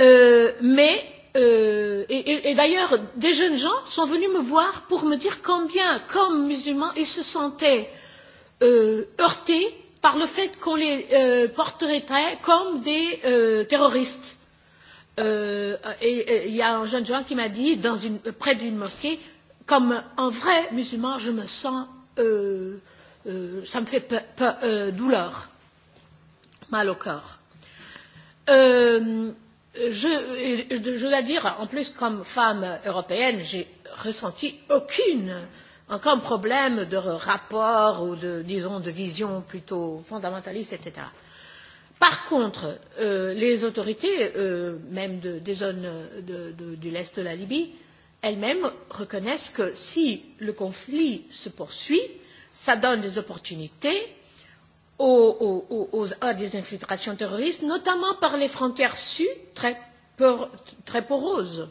Euh, mais, euh, et, et, d'ailleurs, des jeunes gens sont venus me voir pour me dire combien, comme musulmans, ils se sentaient euh, heurtés par le fait qu'on les euh, porterait comme des euh, terroristes. Euh, et il y a un jeune gens qui m'a dit, dans une, près d'une mosquée, comme un vrai musulman, je me sens euh, Euh, ça me fait pas euh, douleur, mal au cœur. Euh, je, je dois dire, en plus, comme femme européenne, j'ai ressenti aucune, aucun problème de rapport ou de, disons, de vision plutôt fondamentaliste, etc. Par contre, euh, les autorités, euh, même de, des zones de, de, de l'Est de la Libye, elles-mêmes reconnaissent que si le conflit se poursuit, ça donne des opportunités aux, aux, aux, à des infiltrations terroristes, notamment par les frontières sud très, por, très poroses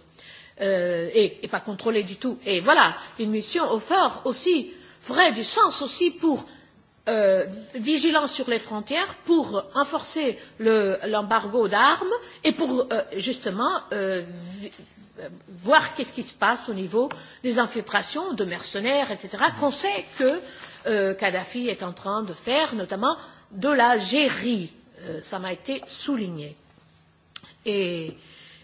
euh, et, et pas contrôlées du tout. Et voilà, une mission au fort aussi, vraie du sens aussi pour euh, vigilance sur les frontières, pour renforcer l'embargo le, d'armes et pour euh, justement euh, euh, voir qu'est-ce qui se passe au niveau des infiltrations de mercenaires, etc. qu'on sait que euh, Kadhafi est en train de faire, notamment de l'Algérie. Euh, ça m'a été souligné. Et,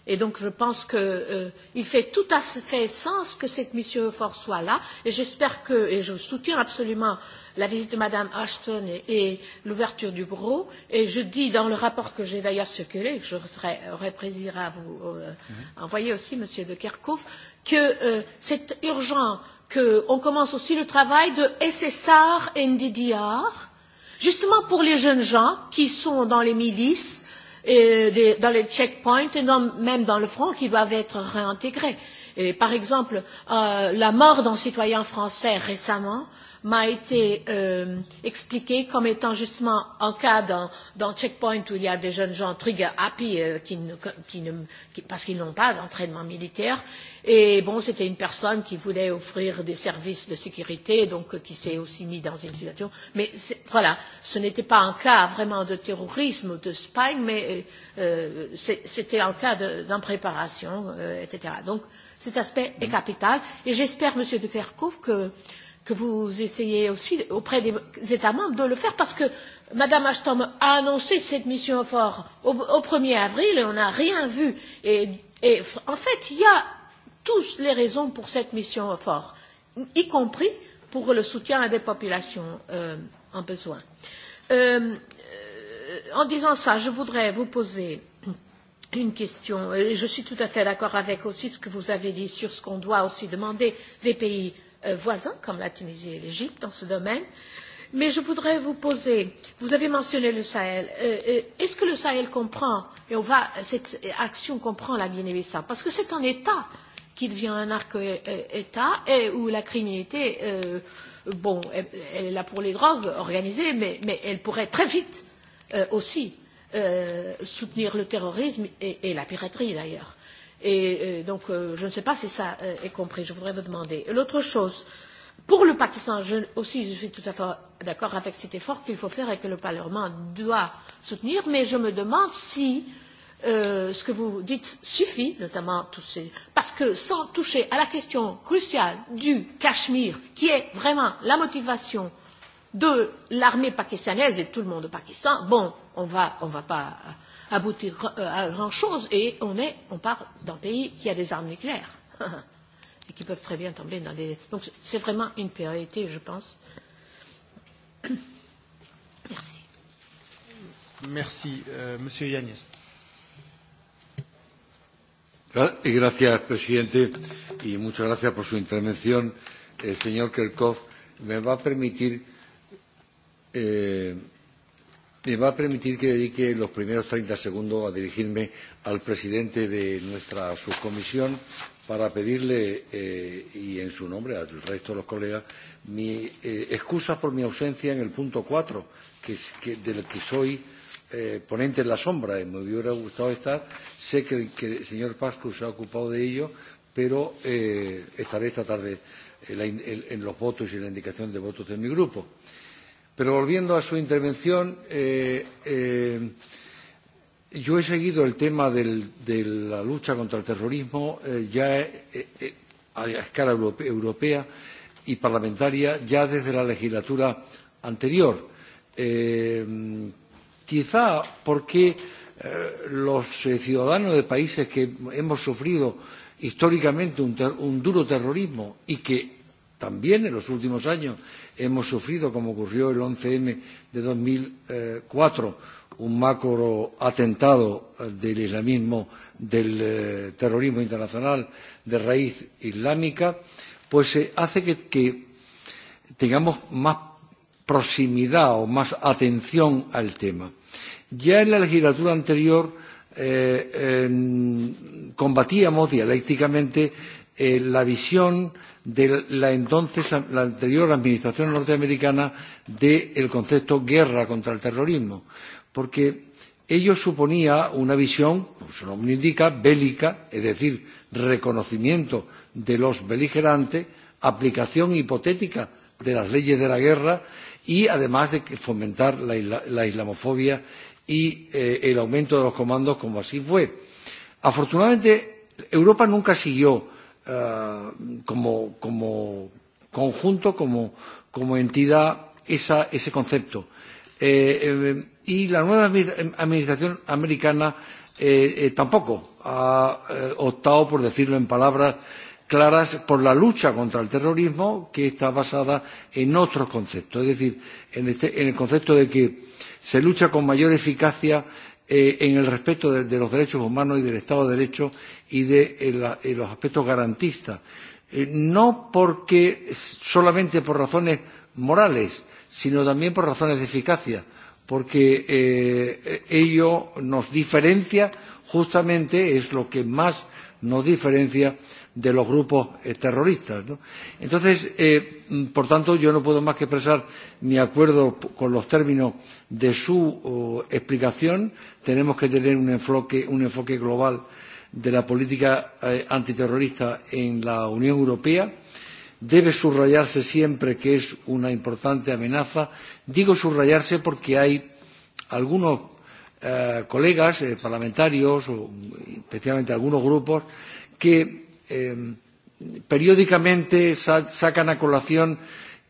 et donc je pense qu'il euh, fait tout à fait sens que cette mission fort soit là. Et j'espère que, et je soutiens absolument la visite de Madame Ashton et, et l'ouverture du bureau. Et je dis dans le rapport que j'ai d'ailleurs circulé, que je serai, aurai plaisir à vous euh, mm -hmm. envoyer aussi, Monsieur de Kerkhoff, que euh, c'est urgent On commence aussi le travail de SSR et NDDR, justement pour les jeunes gens qui sont dans les milices, et des, dans les checkpoints et dans, même dans le front qui doivent être réintégrés. Et par exemple, euh, la mort d'un citoyen français récemment m'a été euh, expliqué comme étant justement en cas dans, dans Checkpoint où il y a des jeunes gens trigger happy euh, qui ne, qui ne, qui, parce qu'ils n'ont pas d'entraînement militaire. Et bon, c'était une personne qui voulait offrir des services de sécurité, donc euh, qui s'est aussi mis dans une situation. Mais voilà, ce n'était pas un cas vraiment de terrorisme ou de spying, mais euh, euh c'était un cas d'impréparation, euh, etc. Donc cet aspect est capital. Et j'espère, Monsieur de Kerkhoff, que que vous essayez aussi auprès des États membres de le faire parce que Madame Ashton a annoncé cette mission fort au, au 1er avril et on n'a rien vu. Et, et en fait, il y a tous les raisons pour cette mission fort, y compris pour le soutien à des populations euh, en besoin. Euh, euh en disant ça, je voudrais vous poser une question. Je suis tout à fait d'accord avec aussi ce que vous avez dit sur ce qu'on doit aussi demander des pays Euh, voisins comme la Tunisie et l'Égypte dans ce domaine. Mais je voudrais vous poser, vous avez mentionné le Sahel. Euh, euh, Est-ce que le Sahel comprend, et on va, cette action comprend la Guinée-Bissau Parce que c'est un État qui devient un arc-État et où la criminalité, euh, bon, elle est là pour les drogues organisées, mais, mais elle pourrait très vite euh, aussi euh, soutenir le terrorisme et, et la piraterie d'ailleurs. Et euh, donc, euh, je ne sais pas si ça euh, est compris. Je voudrais vous demander. L'autre chose, pour le Pakistan, je, aussi, je suis tout à fait d'accord avec cet effort qu'il faut faire et que le Parlement doit soutenir, mais je me demande si euh, ce que vous dites suffit, notamment tous ces... Parce que sans toucher à la question cruciale du Cachemire, qui est vraiment la motivation de l'armée pakistanaise et de tout le monde au Pakistan, bon, on va, on va pas... Euh, aboutir euh, à grand-chose. Et on, est, on part d'un pays qui a des armes nucléaires <laughs> et qui peuvent très bien tomber dans les... Donc c'est vraiment une priorité, je pense. <coughs> Merci. Merci. Euh, Monsieur Yanis. Gracias, presidente, y muchas gracias por su intervención. El señor Kerkhoff me va a permitir eh, Me va a permitir que dedique los primeros 30 segundos a dirigirme al presidente de nuestra subcomisión para pedirle, eh, y en su nombre al resto de los colegas, mi eh, excusa por mi ausencia en el punto 4, que, es, que, del que soy eh, ponente en la sombra. Me hubiera gustado estar. Sé que, que el señor Pascu se ha ocupado de ello, pero eh, estaré esta tarde en, la, en, en los votos y en la indicación de votos de mi grupo. Pero volviendo a su intervención, eh, eh, yo he seguido el tema del, de la lucha contra el terrorismo eh, ya eh, eh, a escala europea, europea y parlamentaria ya desde la legislatura anterior. Eh, quizá porque eh, los eh, ciudadanos de países que hemos sufrido históricamente un, ter un duro terrorismo y que también en los últimos años hemos sufrido, como ocurrió el 11M de 2004, un macro atentado eh, del islamismo, del eh, terrorismo internacional de raíz islámica, pues eh, hace que, que tengamos más proximidad o más atención al tema. Ya en la legislatura anterior eh, eh, combatíamos dialécticamente eh, la visión de la entonces la anterior administración norteamericana del de concepto guerra contra el terrorismo, porque ello suponía una visión, como su nombre indica, bélica, es decir, reconocimiento de los beligerantes, aplicación hipotética de las leyes de la guerra y además de fomentar la, la islamofobia y eh, el aumento de los comandos como así fue. Afortunadamente, Europa nunca siguió Eh, como, como conjunto, como, como entidad, esa, ese concepto. Eh, eh, y la nueva administración americana eh, eh, tampoco ha eh, optado, por decirlo en palabras claras, por la lucha contra el terrorismo que está basada en otros conceptos. Es decir, en, este, en el concepto de que se lucha con mayor eficacia eh, en el respeto de, de los derechos humanos y del Estado de Derecho y de eh, la, eh, los aspectos garantistas. Eh, no porque solamente por razones morales, sino también por razones de eficacia, porque eh, ello nos diferencia, justamente es lo que más nos diferencia de los grupos eh, terroristas. ¿no? Entonces, eh, mm, por tanto, yo no puedo más que expresar mi acuerdo con los términos de su oh, explicación. Tenemos que tener un enfoque, un enfoque global de la política eh, antiterrorista en la Unión Europea. Debe subrayarse siempre que es una importante amenaza. Digo subrayarse porque hay algunos eh, colegas eh, parlamentarios, o especialmente algunos grupos, que eh, periódicamente sacan a colación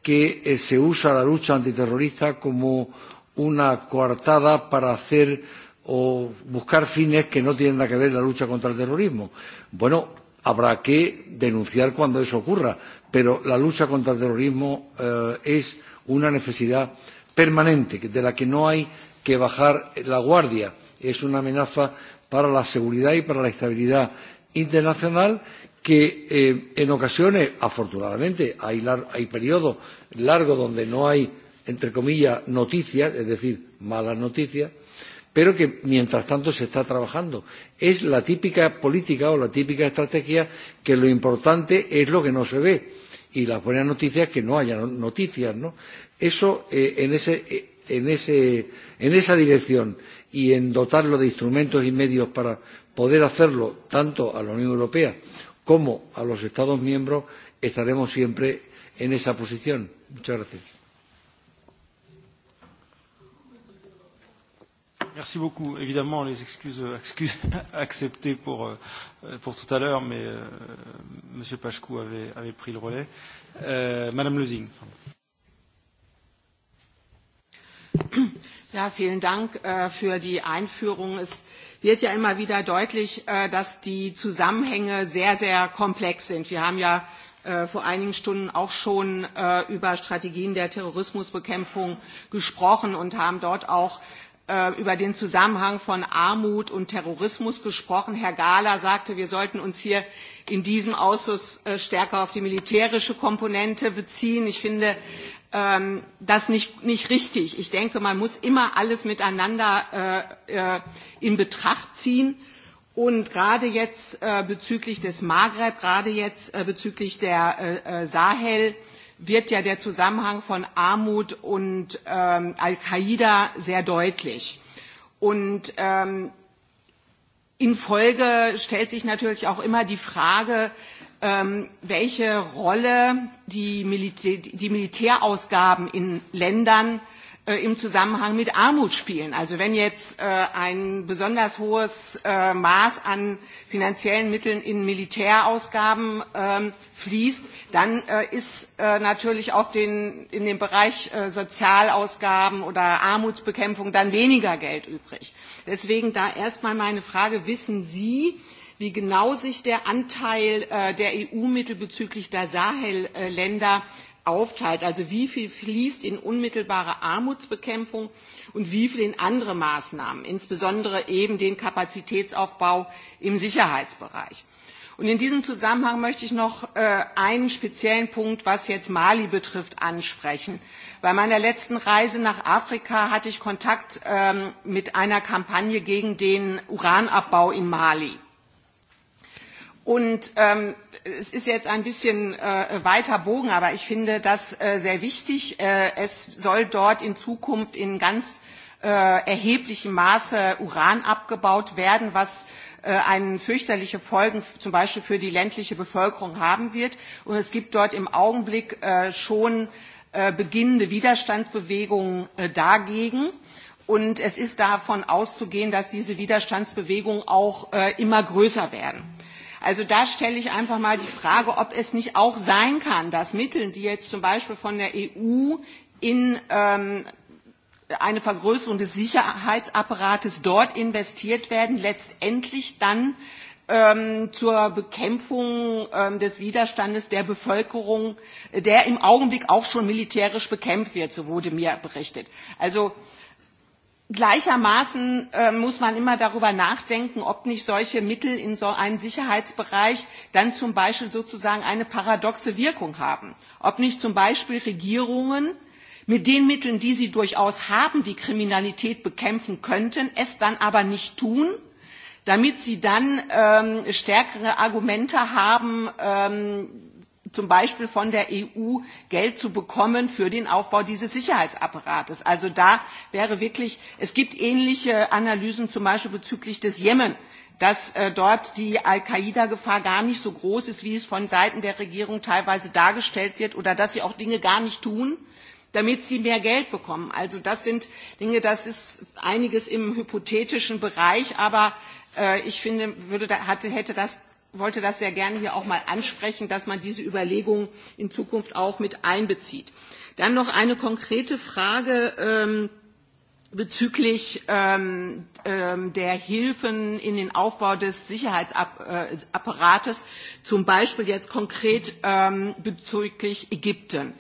que eh, se usa la lucha antiterrorista como una coartada para hacer o buscar fines que no tienen nada que ver la lucha contra el terrorismo. Bueno, habrá que denunciar cuando eso ocurra, pero la lucha contra el terrorismo eh, es una necesidad permanente, de la que no hay que bajar la guardia. Es una amenaza para la seguridad y para la estabilidad internacional que eh, en ocasiones, afortunadamente, hay, lar hay periodos largos donde no hay, entre comillas, noticias, es decir, malas noticias, pero que mientras tanto se está trabajando. Es la típica política o la típica estrategia que lo importante es lo que no se ve y las buenas noticias que no haya noticias, ¿no? Eso eh, en, ese, eh, en, ese, en esa dirección y en dotarlo de instrumentos y medios para poder hacerlo tanto a la Unión Europea como a los Estados miembros, estaremos siempre en esa posición. Muchas gracias. Merci beaucoup. Évidemment, les excuses, euh, excuses <laughs> acceptées pour, euh, pour tout à l'heure, mais euh, M. Pachkou avait, avait pris le relais. Euh, Madame Lezing. Ja, vielen Dank äh, für die Einführung. Es wird ja immer wieder deutlich, äh, dass die Zusammenhänge sehr, sehr komplex sind. Wir haben ja äh, vor einigen Stunden auch schon äh, über Strategien der Terrorismusbekämpfung gesprochen und haben dort auch über den Zusammenhang von Armut und Terrorismus gesprochen. Herr Gahler sagte, wir sollten uns hier in diesem Ausschuss stärker auf die militärische Komponente beziehen. Ich finde, ähm, das nicht, nicht richtig. Ich denke, man muss immer alles miteinander äh, äh, in Betracht ziehen. Und gerade jetzt äh, bezüglich des Maghreb, gerade jetzt äh, bezüglich der äh, äh Sahel, wird ja der Zusammenhang von Armut und ähm, Al-Qaida sehr deutlich. Und ähm, in Folge stellt sich natürlich auch immer die Frage, ähm, welche Rolle die, Militä die Militärausgaben in Ländern äh, im Zusammenhang mit Armut spielen. Also wenn jetzt äh, ein besonders hohes äh, Maß an finanziellen Mitteln in Militärausgaben äh, fließt, dann äh, ist äh, natürlich auf den, in dem Bereich äh, Sozialausgaben oder Armutsbekämpfung dann weniger Geld übrig. Deswegen da erstmal meine Frage, wissen Sie, wie genau sich der Anteil äh, der EU-Mittel bezüglich der Sahel-Länder aufteilt, also wie viel fließt in unmittelbare Armutsbekämpfung und wie viel in andere Maßnahmen, insbesondere eben den Kapazitätsaufbau im Sicherheitsbereich. Und in diesem Zusammenhang möchte ich noch äh, einen speziellen Punkt, was jetzt Mali betrifft, ansprechen. Bei meiner letzten Reise nach Afrika hatte ich Kontakt ähm, mit einer Kampagne gegen den Uranabbau in Mali. Und ähm, es ist jetzt ein bisschen äh, weiter Bogen, aber ich finde das äh, sehr wichtig. Äh, es soll dort in Zukunft in ganz äh, erheblichem Maße Uran abgebaut werden, was äh, einen fürchterliche Folgen zum Beispiel für die ländliche Bevölkerung haben wird. Und es gibt dort im Augenblick äh, schon äh, beginnende Widerstandsbewegungen äh, dagegen. Und es ist davon auszugehen, dass diese Widerstandsbewegungen auch äh, immer größer werden. Mhm. Also da stelle ich einfach mal die Frage, ob es nicht auch sein kann, dass Mittel, die jetzt zum Beispiel von der EU in ähm, eine Vergrößerung des Sicherheitsapparates dort investiert werden, letztendlich dann ähm, zur Bekämpfung ähm, des Widerstandes der Bevölkerung, der im Augenblick auch schon militärisch bekämpft wird, so wurde mir berichtet. Also Gleichermaßen äh, muss man immer darüber nachdenken, ob nicht solche Mittel in so einem Sicherheitsbereich dann zum Beispiel sozusagen eine paradoxe Wirkung haben. Ob nicht zum Beispiel Regierungen mit den Mitteln, die sie durchaus haben, die Kriminalität bekämpfen könnten, es dann aber nicht tun, damit sie dann ähm, stärkere Argumente haben, ähm, zum Beispiel von der EU Geld zu bekommen für den Aufbau dieses Sicherheitsapparates. Also da wäre wirklich, es gibt ähnliche Analysen zum Beispiel bezüglich des Jemen dass äh, dort die Al-Qaida-Gefahr gar nicht so groß ist, wie es von Seiten der Regierung teilweise dargestellt wird oder dass sie auch Dinge gar nicht tun, damit sie mehr Geld bekommen. Also das sind Dinge, das ist einiges im hypothetischen Bereich, aber äh, ich finde, würde, hätte das wollte das sehr gerne hier auch mal ansprechen, dass man diese Überlegungen in Zukunft auch mit einbezieht. Dann noch eine konkrete Frage ähm, bezüglich ähm, ähm, der Hilfen in den Aufbau des Sicherheitsapparates, äh, zum Beispiel jetzt konkret ähm, bezüglich Ägypten.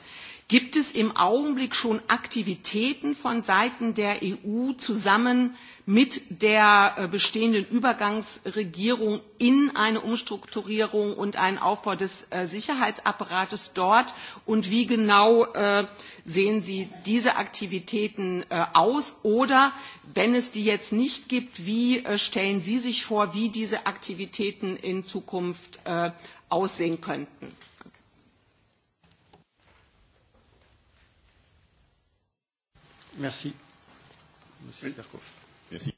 Gibt es im Augenblick schon Aktivitäten von Seiten der EU zusammen mit der äh, bestehenden Übergangsregierung in eine Umstrukturierung und einen Aufbau des äh, Sicherheitsapparates dort? Und wie genau äh, sehen Sie diese Aktivitäten aus? Oder wenn es die jetzt nicht gibt, wie stellen Sie sich vor, wie diese Aktivitäten in Zukunft aussehen könnten? Merci. Monsieur oui. Merci.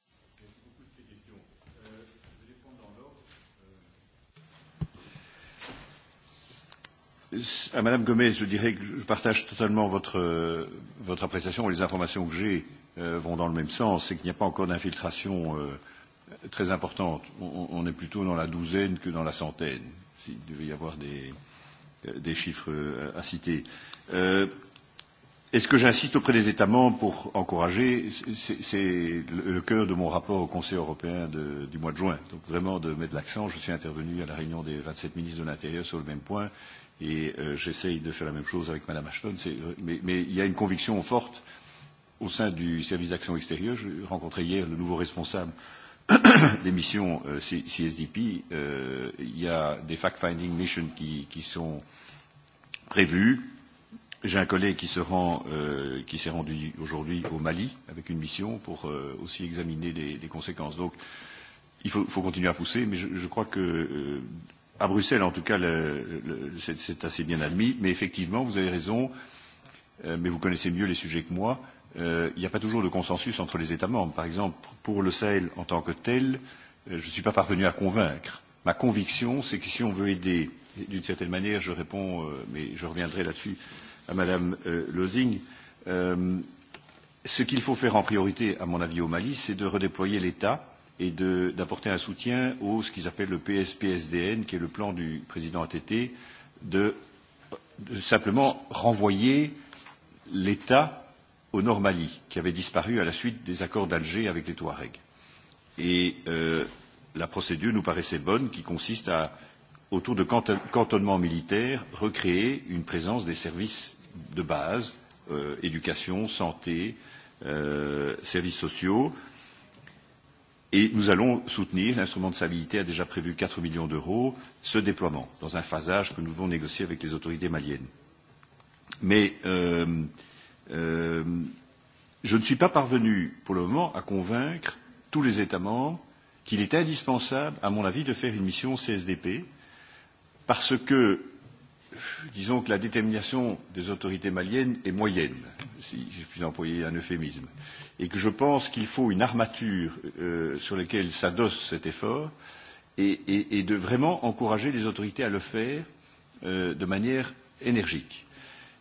À Madame Gomez, je dirais que je partage totalement votre, votre appréciation et les informations que j'ai euh, vont dans le même sens, c'est qu'il n'y a pas encore d'infiltration euh, très importante. On, on est plutôt dans la douzaine que dans la centaine, s'il devait y avoir des, euh, des chiffres euh, à citer. Euh, Et ce que j'insiste auprès des États membres pour encourager, c'est le cœur de mon rapport au Conseil européen de, du mois de juin. Donc vraiment de mettre l'accent. Je suis intervenu à la réunion des 27 ministres de l'Intérieur sur le même point et euh, j'essaye de faire la même chose avec Mme Ashton. Euh, mais, mais il y a une conviction forte au sein du service d'action extérieure. J'ai rencontré hier le nouveau responsable <coughs> des missions euh, CSDP. Euh, il y a des fact-finding missions qui, qui sont prévues J'ai un collègue qui se rend, euh, qui s'est rendu aujourd'hui au Mali avec une mission pour euh, aussi examiner les, les conséquences. Donc, il faut, faut continuer à pousser, mais je, je crois que euh, à Bruxelles, en tout cas, c'est assez bien admis. Mais effectivement, vous avez raison, euh, mais vous connaissez mieux les sujets que moi. Euh, il n'y a pas toujours de consensus entre les États membres. Par exemple, pour le Sahel en tant que tel, euh, je ne suis pas parvenu à convaincre. Ma conviction, c'est que si on veut aider, d'une certaine manière, je réponds, euh, mais je reviendrai là-dessus à Madame euh, Lozing. Euh, ce qu'il faut faire en priorité, à mon avis, au Mali, c'est de redéployer l'État et d'apporter un soutien au ce qu'ils appellent le PSPSDN, qui est le plan du président ATT, de, de simplement renvoyer l'État au Nord Mali, qui avait disparu à la suite des accords d'Alger avec les Touaregs. Et euh, la procédure nous paraissait bonne, qui consiste à, autour de cantonnements militaires, recréer une présence des services de base, euh, éducation, santé, euh, services sociaux. Et nous allons soutenir, l'instrument de stabilité a déjà prévu 4 millions d'euros, ce déploiement, dans un phasage que nous devons négocier avec les autorités maliennes. Mais euh, euh, je ne suis pas parvenu, pour le moment, à convaincre tous les États membres qu'il est indispensable, à mon avis, de faire une mission CSDP, parce que disons que la détermination des autorités maliennes est moyenne, si je puis employer un euphémisme, et que je pense qu'il faut une armature euh, sur laquelle s'adosse cet effort et, et, et de vraiment encourager les autorités à le faire euh, de manière énergique.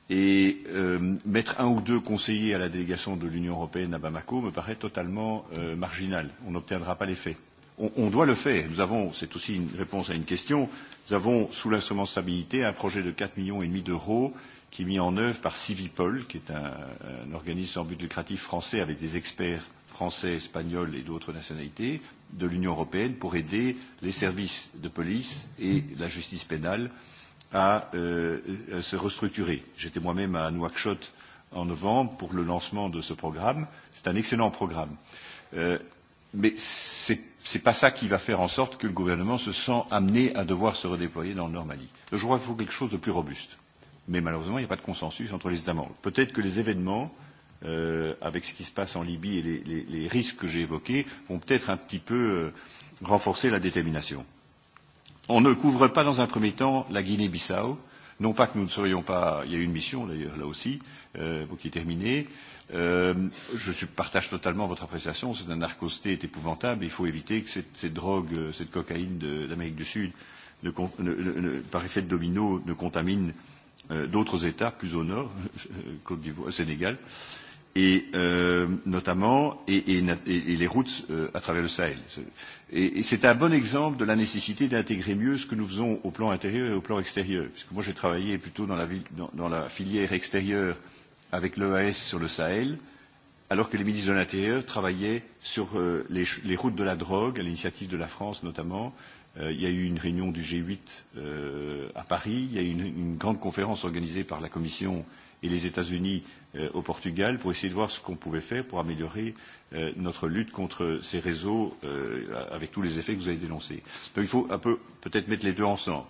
Et euh, mettre un ou deux conseillers à la délégation de l'Union européenne à Bamako me paraît totalement euh, marginal. On n'obtiendra pas l'effet. On, on doit le faire. Nous avons, c'est aussi une réponse à une question, Nous avons, sous la semençabilité, un projet de 4,5 millions et demi d'euros qui est mis en œuvre par Civipol, qui est un, un organisme sans but lucratif français avec des experts français, espagnols et d'autres nationalités de l'Union européenne pour aider les services de police et la justice pénale à, euh, à se restructurer. J'étais moi-même à Nouakchott en novembre pour le lancement de ce programme. C'est un excellent programme. Euh, mais c'est n'est pas ça qui va faire en sorte que le gouvernement se sent amené à devoir se redéployer dans le nord Mali. je crois qu'il faut quelque chose de plus robuste. Mais malheureusement, il n'y a pas de consensus entre les États membres. Peut-être que les événements, euh, avec ce qui se passe en Libye et les, les, les risques que j'ai évoqués, vont peut-être un petit peu euh, renforcer la détermination. On ne couvre pas dans un premier temps la Guinée-Bissau. Non pas que nous ne serions pas... Il y a une mission d'ailleurs là aussi, euh, qui est terminée. Euh, Euh, je partage totalement votre appréciation, c'est un narcosté est épouvantable, il faut éviter que cette, cette drogue, euh, cette cocaïne d'Amérique du Sud, ne, ne, ne, par effet de domino, ne contamine euh, d'autres États plus au nord, <laughs> Côte d'Ivoire, Sénégal, et euh, notamment et, et, et les routes euh, à travers le Sahel. Et, et c'est un bon exemple de la nécessité d'intégrer mieux ce que nous faisons au plan intérieur et au plan extérieur, puisque moi j'ai travaillé plutôt dans la, ville, dans, dans la filière extérieure euh, avec l'EAS sur le Sahel, alors que les ministres de l'Intérieur travaillaient sur euh, les, les routes de la drogue, à l'initiative de la France notamment. Euh, il y a eu une réunion du G8 euh, à Paris, il y a eu une, une grande conférence organisée par la Commission et les États-Unis euh, au Portugal pour essayer de voir ce qu'on pouvait faire pour améliorer euh, notre lutte contre ces réseaux euh, avec tous les effets que vous avez dénoncés. Donc il faut un peu peut-être mettre les deux ensemble.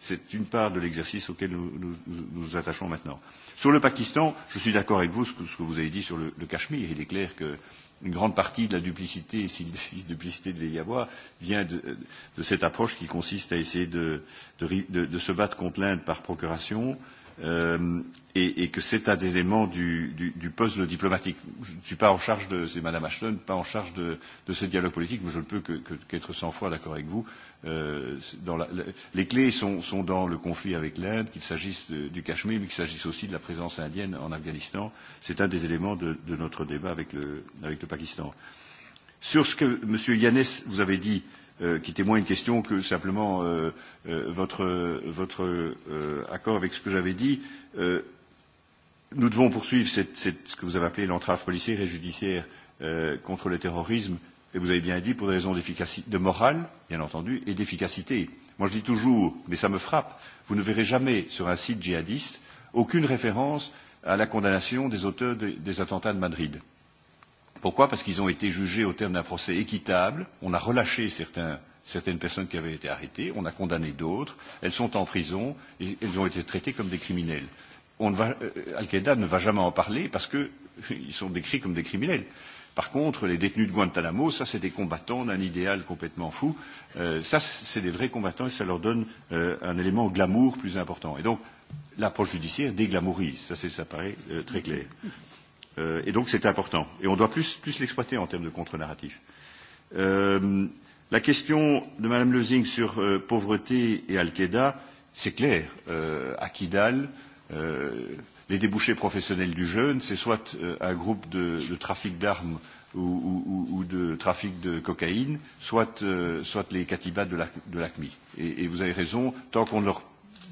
C'est une part de l'exercice auquel nous, nous nous attachons maintenant. Euh, Sur le Pakistan, je suis d'accord avec vous, ce que, ce que vous avez dit sur le, le Cachemire. Il est clair que une grande partie de la duplicité, <laughs> si duplicité devait y avoir, vient de, de cette approche qui consiste à essayer de, de, de, de se battre contre l'Inde par procuration, euh, et, et que c'est un des éléments du, du, du puzzle diplomatique. Je ne suis pas en charge de, c'est Madame Ashton, pas en charge de, de ce dialogue politique, mais je ne peux qu'être que, que qu 100 fois d'accord avec vous Euh, dans la, la, les clés sont, sont dans le conflit avec l'Inde, qu'il s'agisse du Cachemire, mais qu'il s'agisse aussi de la présence indienne en Afghanistan. C'est un des éléments de, de notre débat avec le, avec le Pakistan. Sur ce que M. Yannès vous avait dit, euh, qui témoigne une question que simplement euh, euh, votre, votre euh, accord avec ce que j'avais dit, euh, nous devons poursuivre cette, cette, ce que vous avez appelé l'entrave policière et judiciaire euh, contre le terrorisme et vous avez bien dit, pour des raisons de morale, bien entendu, et d'efficacité. Moi, je dis toujours, mais ça me frappe, vous ne verrez jamais sur un site djihadiste aucune référence à la condamnation des auteurs de, des attentats de Madrid. Pourquoi Parce qu'ils ont été jugés au terme d'un procès équitable, on a relâché certains, certaines personnes qui avaient été arrêtées, on a condamné d'autres, elles sont en prison et elles ont été traitées comme des criminels. euh, Al-Qaïda ne va jamais en parler parce qu'ils <laughs> sont décrits comme des criminels. Par contre, les détenus de Guantanamo, ça, c'est des combattants d'un idéal complètement fou. Euh, ça, c'est des vrais combattants et ça leur donne euh, un élément glamour plus important. Et donc, l'approche judiciaire déglamourise. Ça, ça paraît euh, très clair. Euh, et donc, c'est important. Et on doit plus, plus l'exploiter en termes de contre-narratif. Euh, la question de Mme Lezing sur euh, pauvreté et Al-Qaïda, c'est clair. Euh, à Kidal, euh, les débouchés professionnels du jeune, c'est soit euh, un groupe de, de trafic d'armes ou, ou, ou de trafic de cocaïne, soit, euh, soit les catibas de l'ACMI. La, et, et vous avez raison, tant qu'on ne leur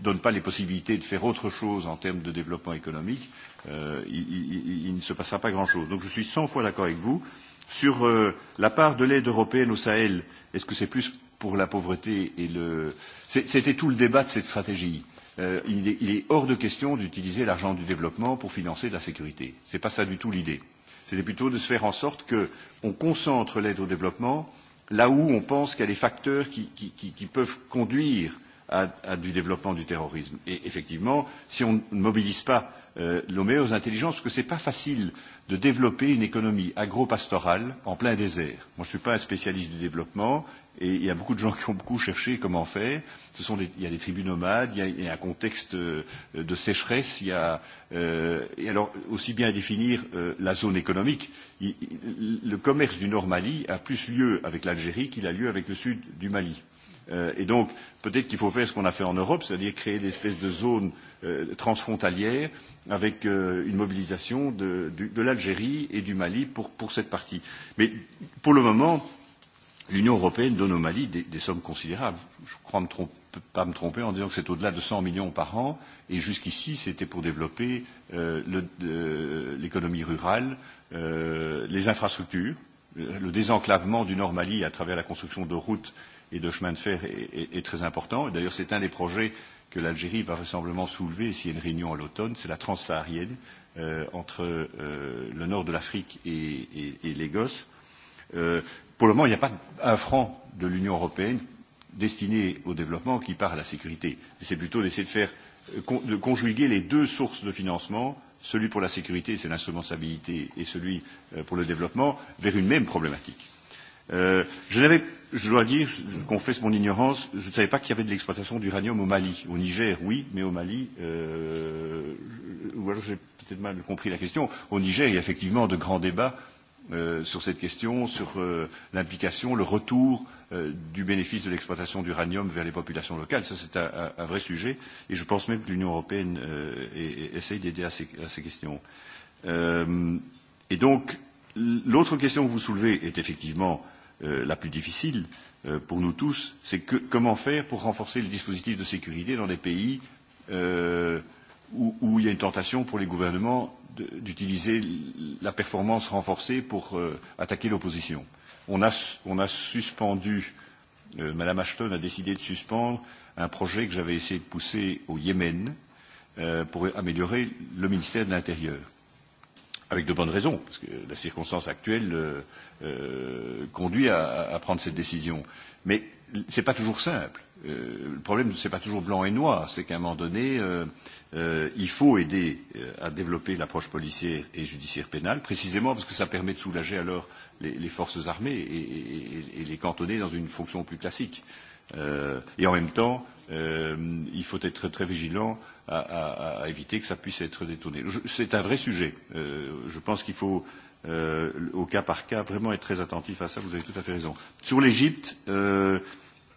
donne pas les possibilités de faire autre chose en termes de développement économique, euh, il, il, il ne se passera pas grand-chose. Donc je suis 100 fois d'accord avec vous. Sur euh, la part de l'aide européenne au Sahel, est-ce que c'est plus pour la pauvreté et le... C'était tout le débat de cette stratégie. Euh, euh, il, est, il est hors de question d'utiliser l'argent du développement pour financer la sécurité. Ce n'est pas ça du tout l'idée. C'était plutôt de se faire en sorte qu'on concentre l'aide au développement là où on pense qu'il y a des facteurs qui, qui, qui, qui peuvent conduire à, à du développement du terrorisme. Et effectivement, si on ne mobilise pas euh, l'OME aux intelligences, parce que ce n'est pas facile de développer une économie agro-pastorale en plein désert. Moi, je ne suis pas un spécialiste du développement Et il y a beaucoup de gens qui ont beaucoup cherché comment faire. Ce sont des, il y a des tribus nomades, il y a, il y a un contexte euh, de sécheresse, il y a euh, et alors aussi bien définir euh, la zone économique. Il, il, le commerce du Nord Mali a plus lieu avec l'Algérie qu'il a lieu avec le sud du Mali. Euh, et donc peut-être qu'il faut faire ce qu'on a fait en Europe, c'est-à-dire créer des espèces de zones euh, transfrontalières avec euh, une mobilisation de, de, de l'Algérie et du Mali pour, pour cette partie. Mais pour le moment, l'Union européenne donne au Mali des, des sommes considérables. Je crois me trompe, pas me tromper en disant que c'est au-delà de 100 millions par an, et jusqu'ici c'était pour développer euh, euh l'économie euh, rurale, euh, les infrastructures, le désenclavement du Nord Mali à travers la construction de routes et de chemins de fer est, est, est très important. D'ailleurs, c'est un des projets que l'Algérie va vraisemblablement soulever s'il y a une réunion à l'automne, c'est la transsaharienne euh, entre euh, le nord de l'Afrique et, et, et Lagos. Euh, Pour le moment, il n'y a pas un franc de l'Union européenne destiné au développement qui part à la sécurité. C'est plutôt d'essayer de faire euh, de conjuguer les deux sources de financement, celui pour la sécurité, c'est l'instrument stabilité, et celui euh, pour le développement, vers une même problématique. Euh, je n'avais, je dois dire, je confesse mon ignorance, je ne savais pas qu'il y avait de l'exploitation d'uranium au Mali. Au Niger, oui, mais au Mali, euh, ou alors j'ai peut-être mal compris la question. Au Niger, il y a effectivement de grands débats Euh, sur cette question, sur euh, l'implication, le retour euh, du bénéfice de l'exploitation d'uranium vers les populations locales. Ça, c'est un, un vrai sujet et je pense même que l'Union européenne euh, est, est, essaye d'aider à ces, à ces questions. Euh, et donc, l'autre question que vous soulevez est effectivement euh, la plus difficile euh, pour nous tous, c'est que, comment faire pour renforcer les dispositifs de sécurité dans des pays euh, où, où il y a une tentation pour les gouvernements d'utiliser la performance renforcée pour euh, attaquer l'opposition. On a, on a suspendu, euh, Madame Ashton a décidé de suspendre un projet que j'avais essayé de pousser au Yémen euh, pour améliorer le ministère de l'Intérieur. Avec de bonnes raisons, parce que la circonstance actuelle euh, euh, conduit à, à prendre cette décision. Mais ce n'est pas toujours simple. Euh, le problème, ce n'est pas toujours blanc et noir. C'est qu'à un moment donné, euh, euh, il faut aider euh, à développer l'approche policière et judiciaire pénale, précisément parce que ça permet de soulager alors les, les forces armées et, et, et les cantonner dans une fonction plus classique. Euh, et en même temps, euh, il faut être très vigilant à, à, à éviter que ça puisse être détourné. C'est un vrai sujet. Euh, je pense qu'il faut, euh, au cas par cas, vraiment être très attentif à ça. Vous avez tout à fait raison. Sur l'Égypte, euh,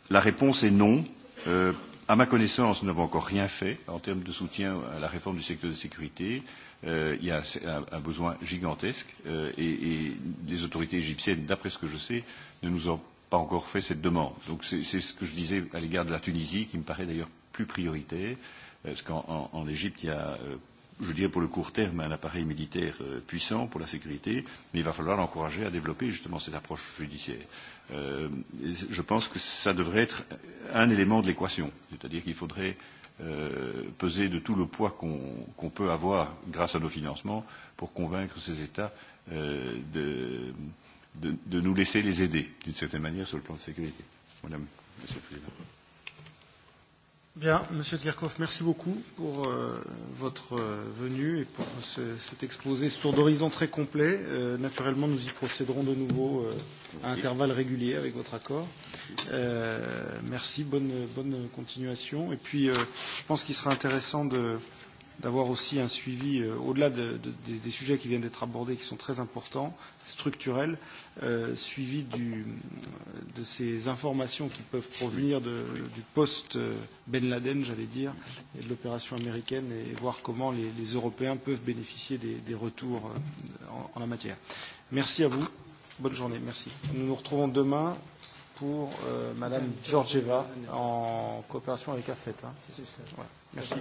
la réponse est non. Euh, À ma connaissance, nous n'avons encore rien fait en termes de soutien à la réforme du secteur de sécurité. Euh, il y a un, un besoin gigantesque euh, et, et les autorités égyptiennes, d'après ce que je sais, ne nous ont pas encore fait cette demande. Donc c'est ce que je disais à l'égard de la Tunisie, qui me paraît d'ailleurs plus prioritaire, euh, parce qu'en en, en Égypte, il y a, euh, je dirais pour le court terme, un appareil militaire euh, puissant pour la sécurité, mais il va falloir l'encourager à développer justement cette approche judiciaire. Euh, je pense que ça devrait être un élément de l'équation. C'est-à-dire qu'il faudrait euh, peser de tout le poids qu'on qu peut avoir grâce à nos financements pour convaincre ces États euh, de, de, de nous laisser les aider, d'une certaine manière, sur le plan de sécurité. Madame, Monsieur le Président. Bien, Monsieur Kirchhoff, merci beaucoup pour euh, votre euh, venue et pour ce, cet exposé sur d'horizon très complet. Euh, naturellement, nous y procéderons de nouveau. Euh, à intervalles réguliers avec votre accord. Euh, merci, bonne, bonne continuation. Et puis, euh, je pense qu'il sera intéressant de d'avoir aussi un suivi, euh, au-delà de, de, des, des sujets qui viennent d'être abordés, qui sont très importants, structurels, euh, suivi du, de ces informations qui peuvent provenir de, du poste euh, Ben Laden, j'allais dire, et de l'opération américaine, et voir comment les, les Européens peuvent bénéficier des, des retours euh, en, en la matière. Merci à vous. Bonne journée, merci. Nous nous retrouvons demain pour euh, Madame Georgieva en coopération avec AFET. Hein. Voilà. Merci.